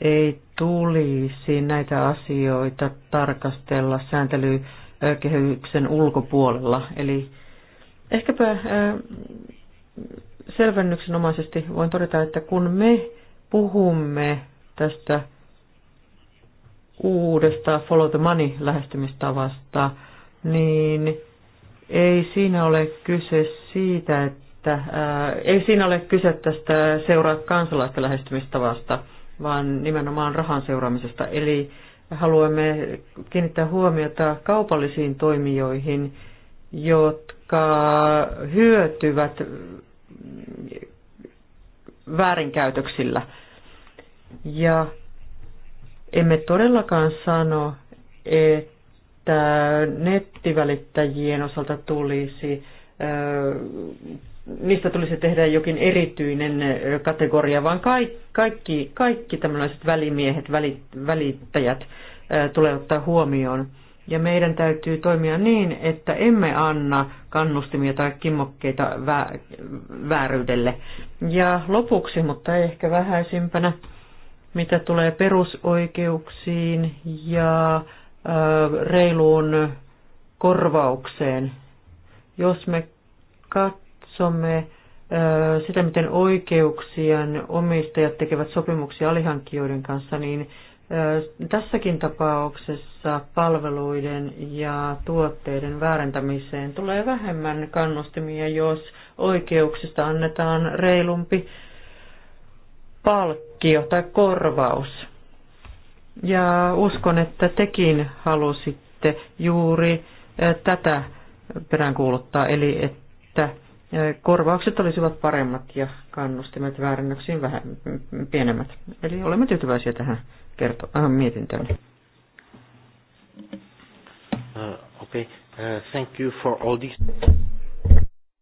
S4: ei tulisi näitä asioita tarkastella sääntelykehyksen ulkopuolella. Eli ehkäpä äh, selvennyksenomaisesti voin todeta, että kun me puhumme tästä uudesta follow the money lähestymistavasta, niin ei siinä ole kyse siitä, että että ää, ei siinä ole kyse tästä seuraa kansalaisten lähestymistavasta, vaan nimenomaan rahan seuraamisesta. Eli haluamme kiinnittää huomiota kaupallisiin toimijoihin, jotka hyötyvät väärinkäytöksillä. Ja emme todellakaan sano, että nettivälittäjien osalta tulisi niistä tulisi tehdä jokin erityinen kategoria, vaan kaikki, kaikki, kaikki tämmöiset välimiehet, välit, välittäjät tulee ottaa huomioon. Ja meidän täytyy toimia niin, että emme anna kannustimia tai kimmokkeita vä- vääryydelle. Ja lopuksi, mutta ehkä vähäisimpänä, mitä tulee perusoikeuksiin ja reiluun korvaukseen. Jos me kat- katsomme sitä, miten oikeuksien omistajat tekevät sopimuksia alihankkijoiden kanssa, niin tässäkin tapauksessa palveluiden ja tuotteiden väärentämiseen tulee vähemmän kannustimia, jos oikeuksista annetaan reilumpi palkkio tai korvaus. Ja uskon, että tekin halusitte juuri tätä peräänkuuluttaa, eli että korvaukset olisivat paremmat ja kannustimet väärännöksiin vähän pienemmät. Eli olemme tyytyväisiä tähän kerto- äh, mietintöön.
S1: Uh, okay. uh, thank you for all this.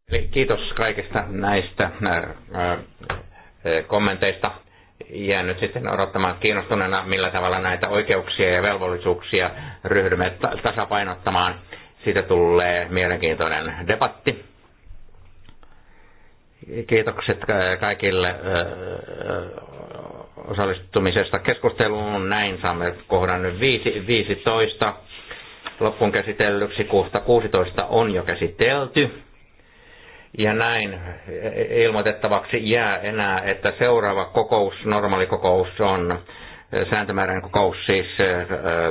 S2: Eli kiitos kaikista näistä uh, kommenteista. Jään nyt sitten odottamaan kiinnostuneena, millä tavalla näitä oikeuksia ja velvollisuuksia ryhdymme tasapainottamaan. Siitä tulee mielenkiintoinen debatti Kiitokset kaikille osallistumisesta keskusteluun. Näin saamme kohdan nyt 15. Loppuun käsitellyksi kohta 16 on jo käsitelty. Ja näin ilmoitettavaksi jää enää, että seuraava kokous, normaali kokous on sääntömääräinen kokous siis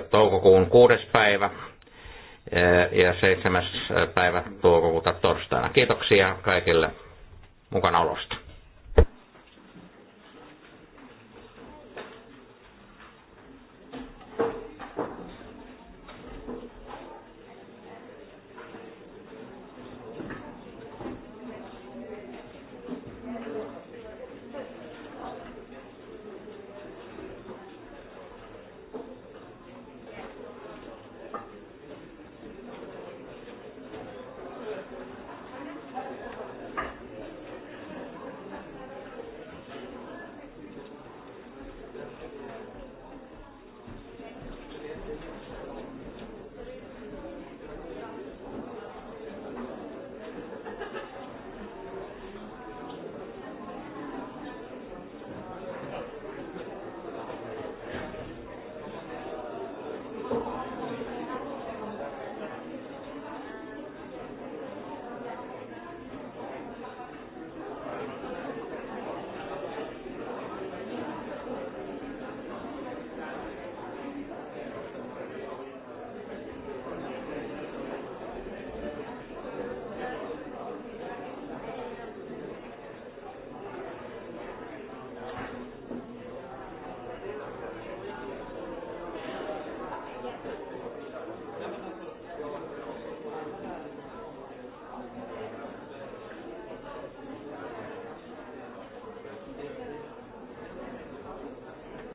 S2: toukokuun kuudes päivä ja seitsemäs päivä toukokuuta torstaina. Kiitoksia kaikille mukanaolosta.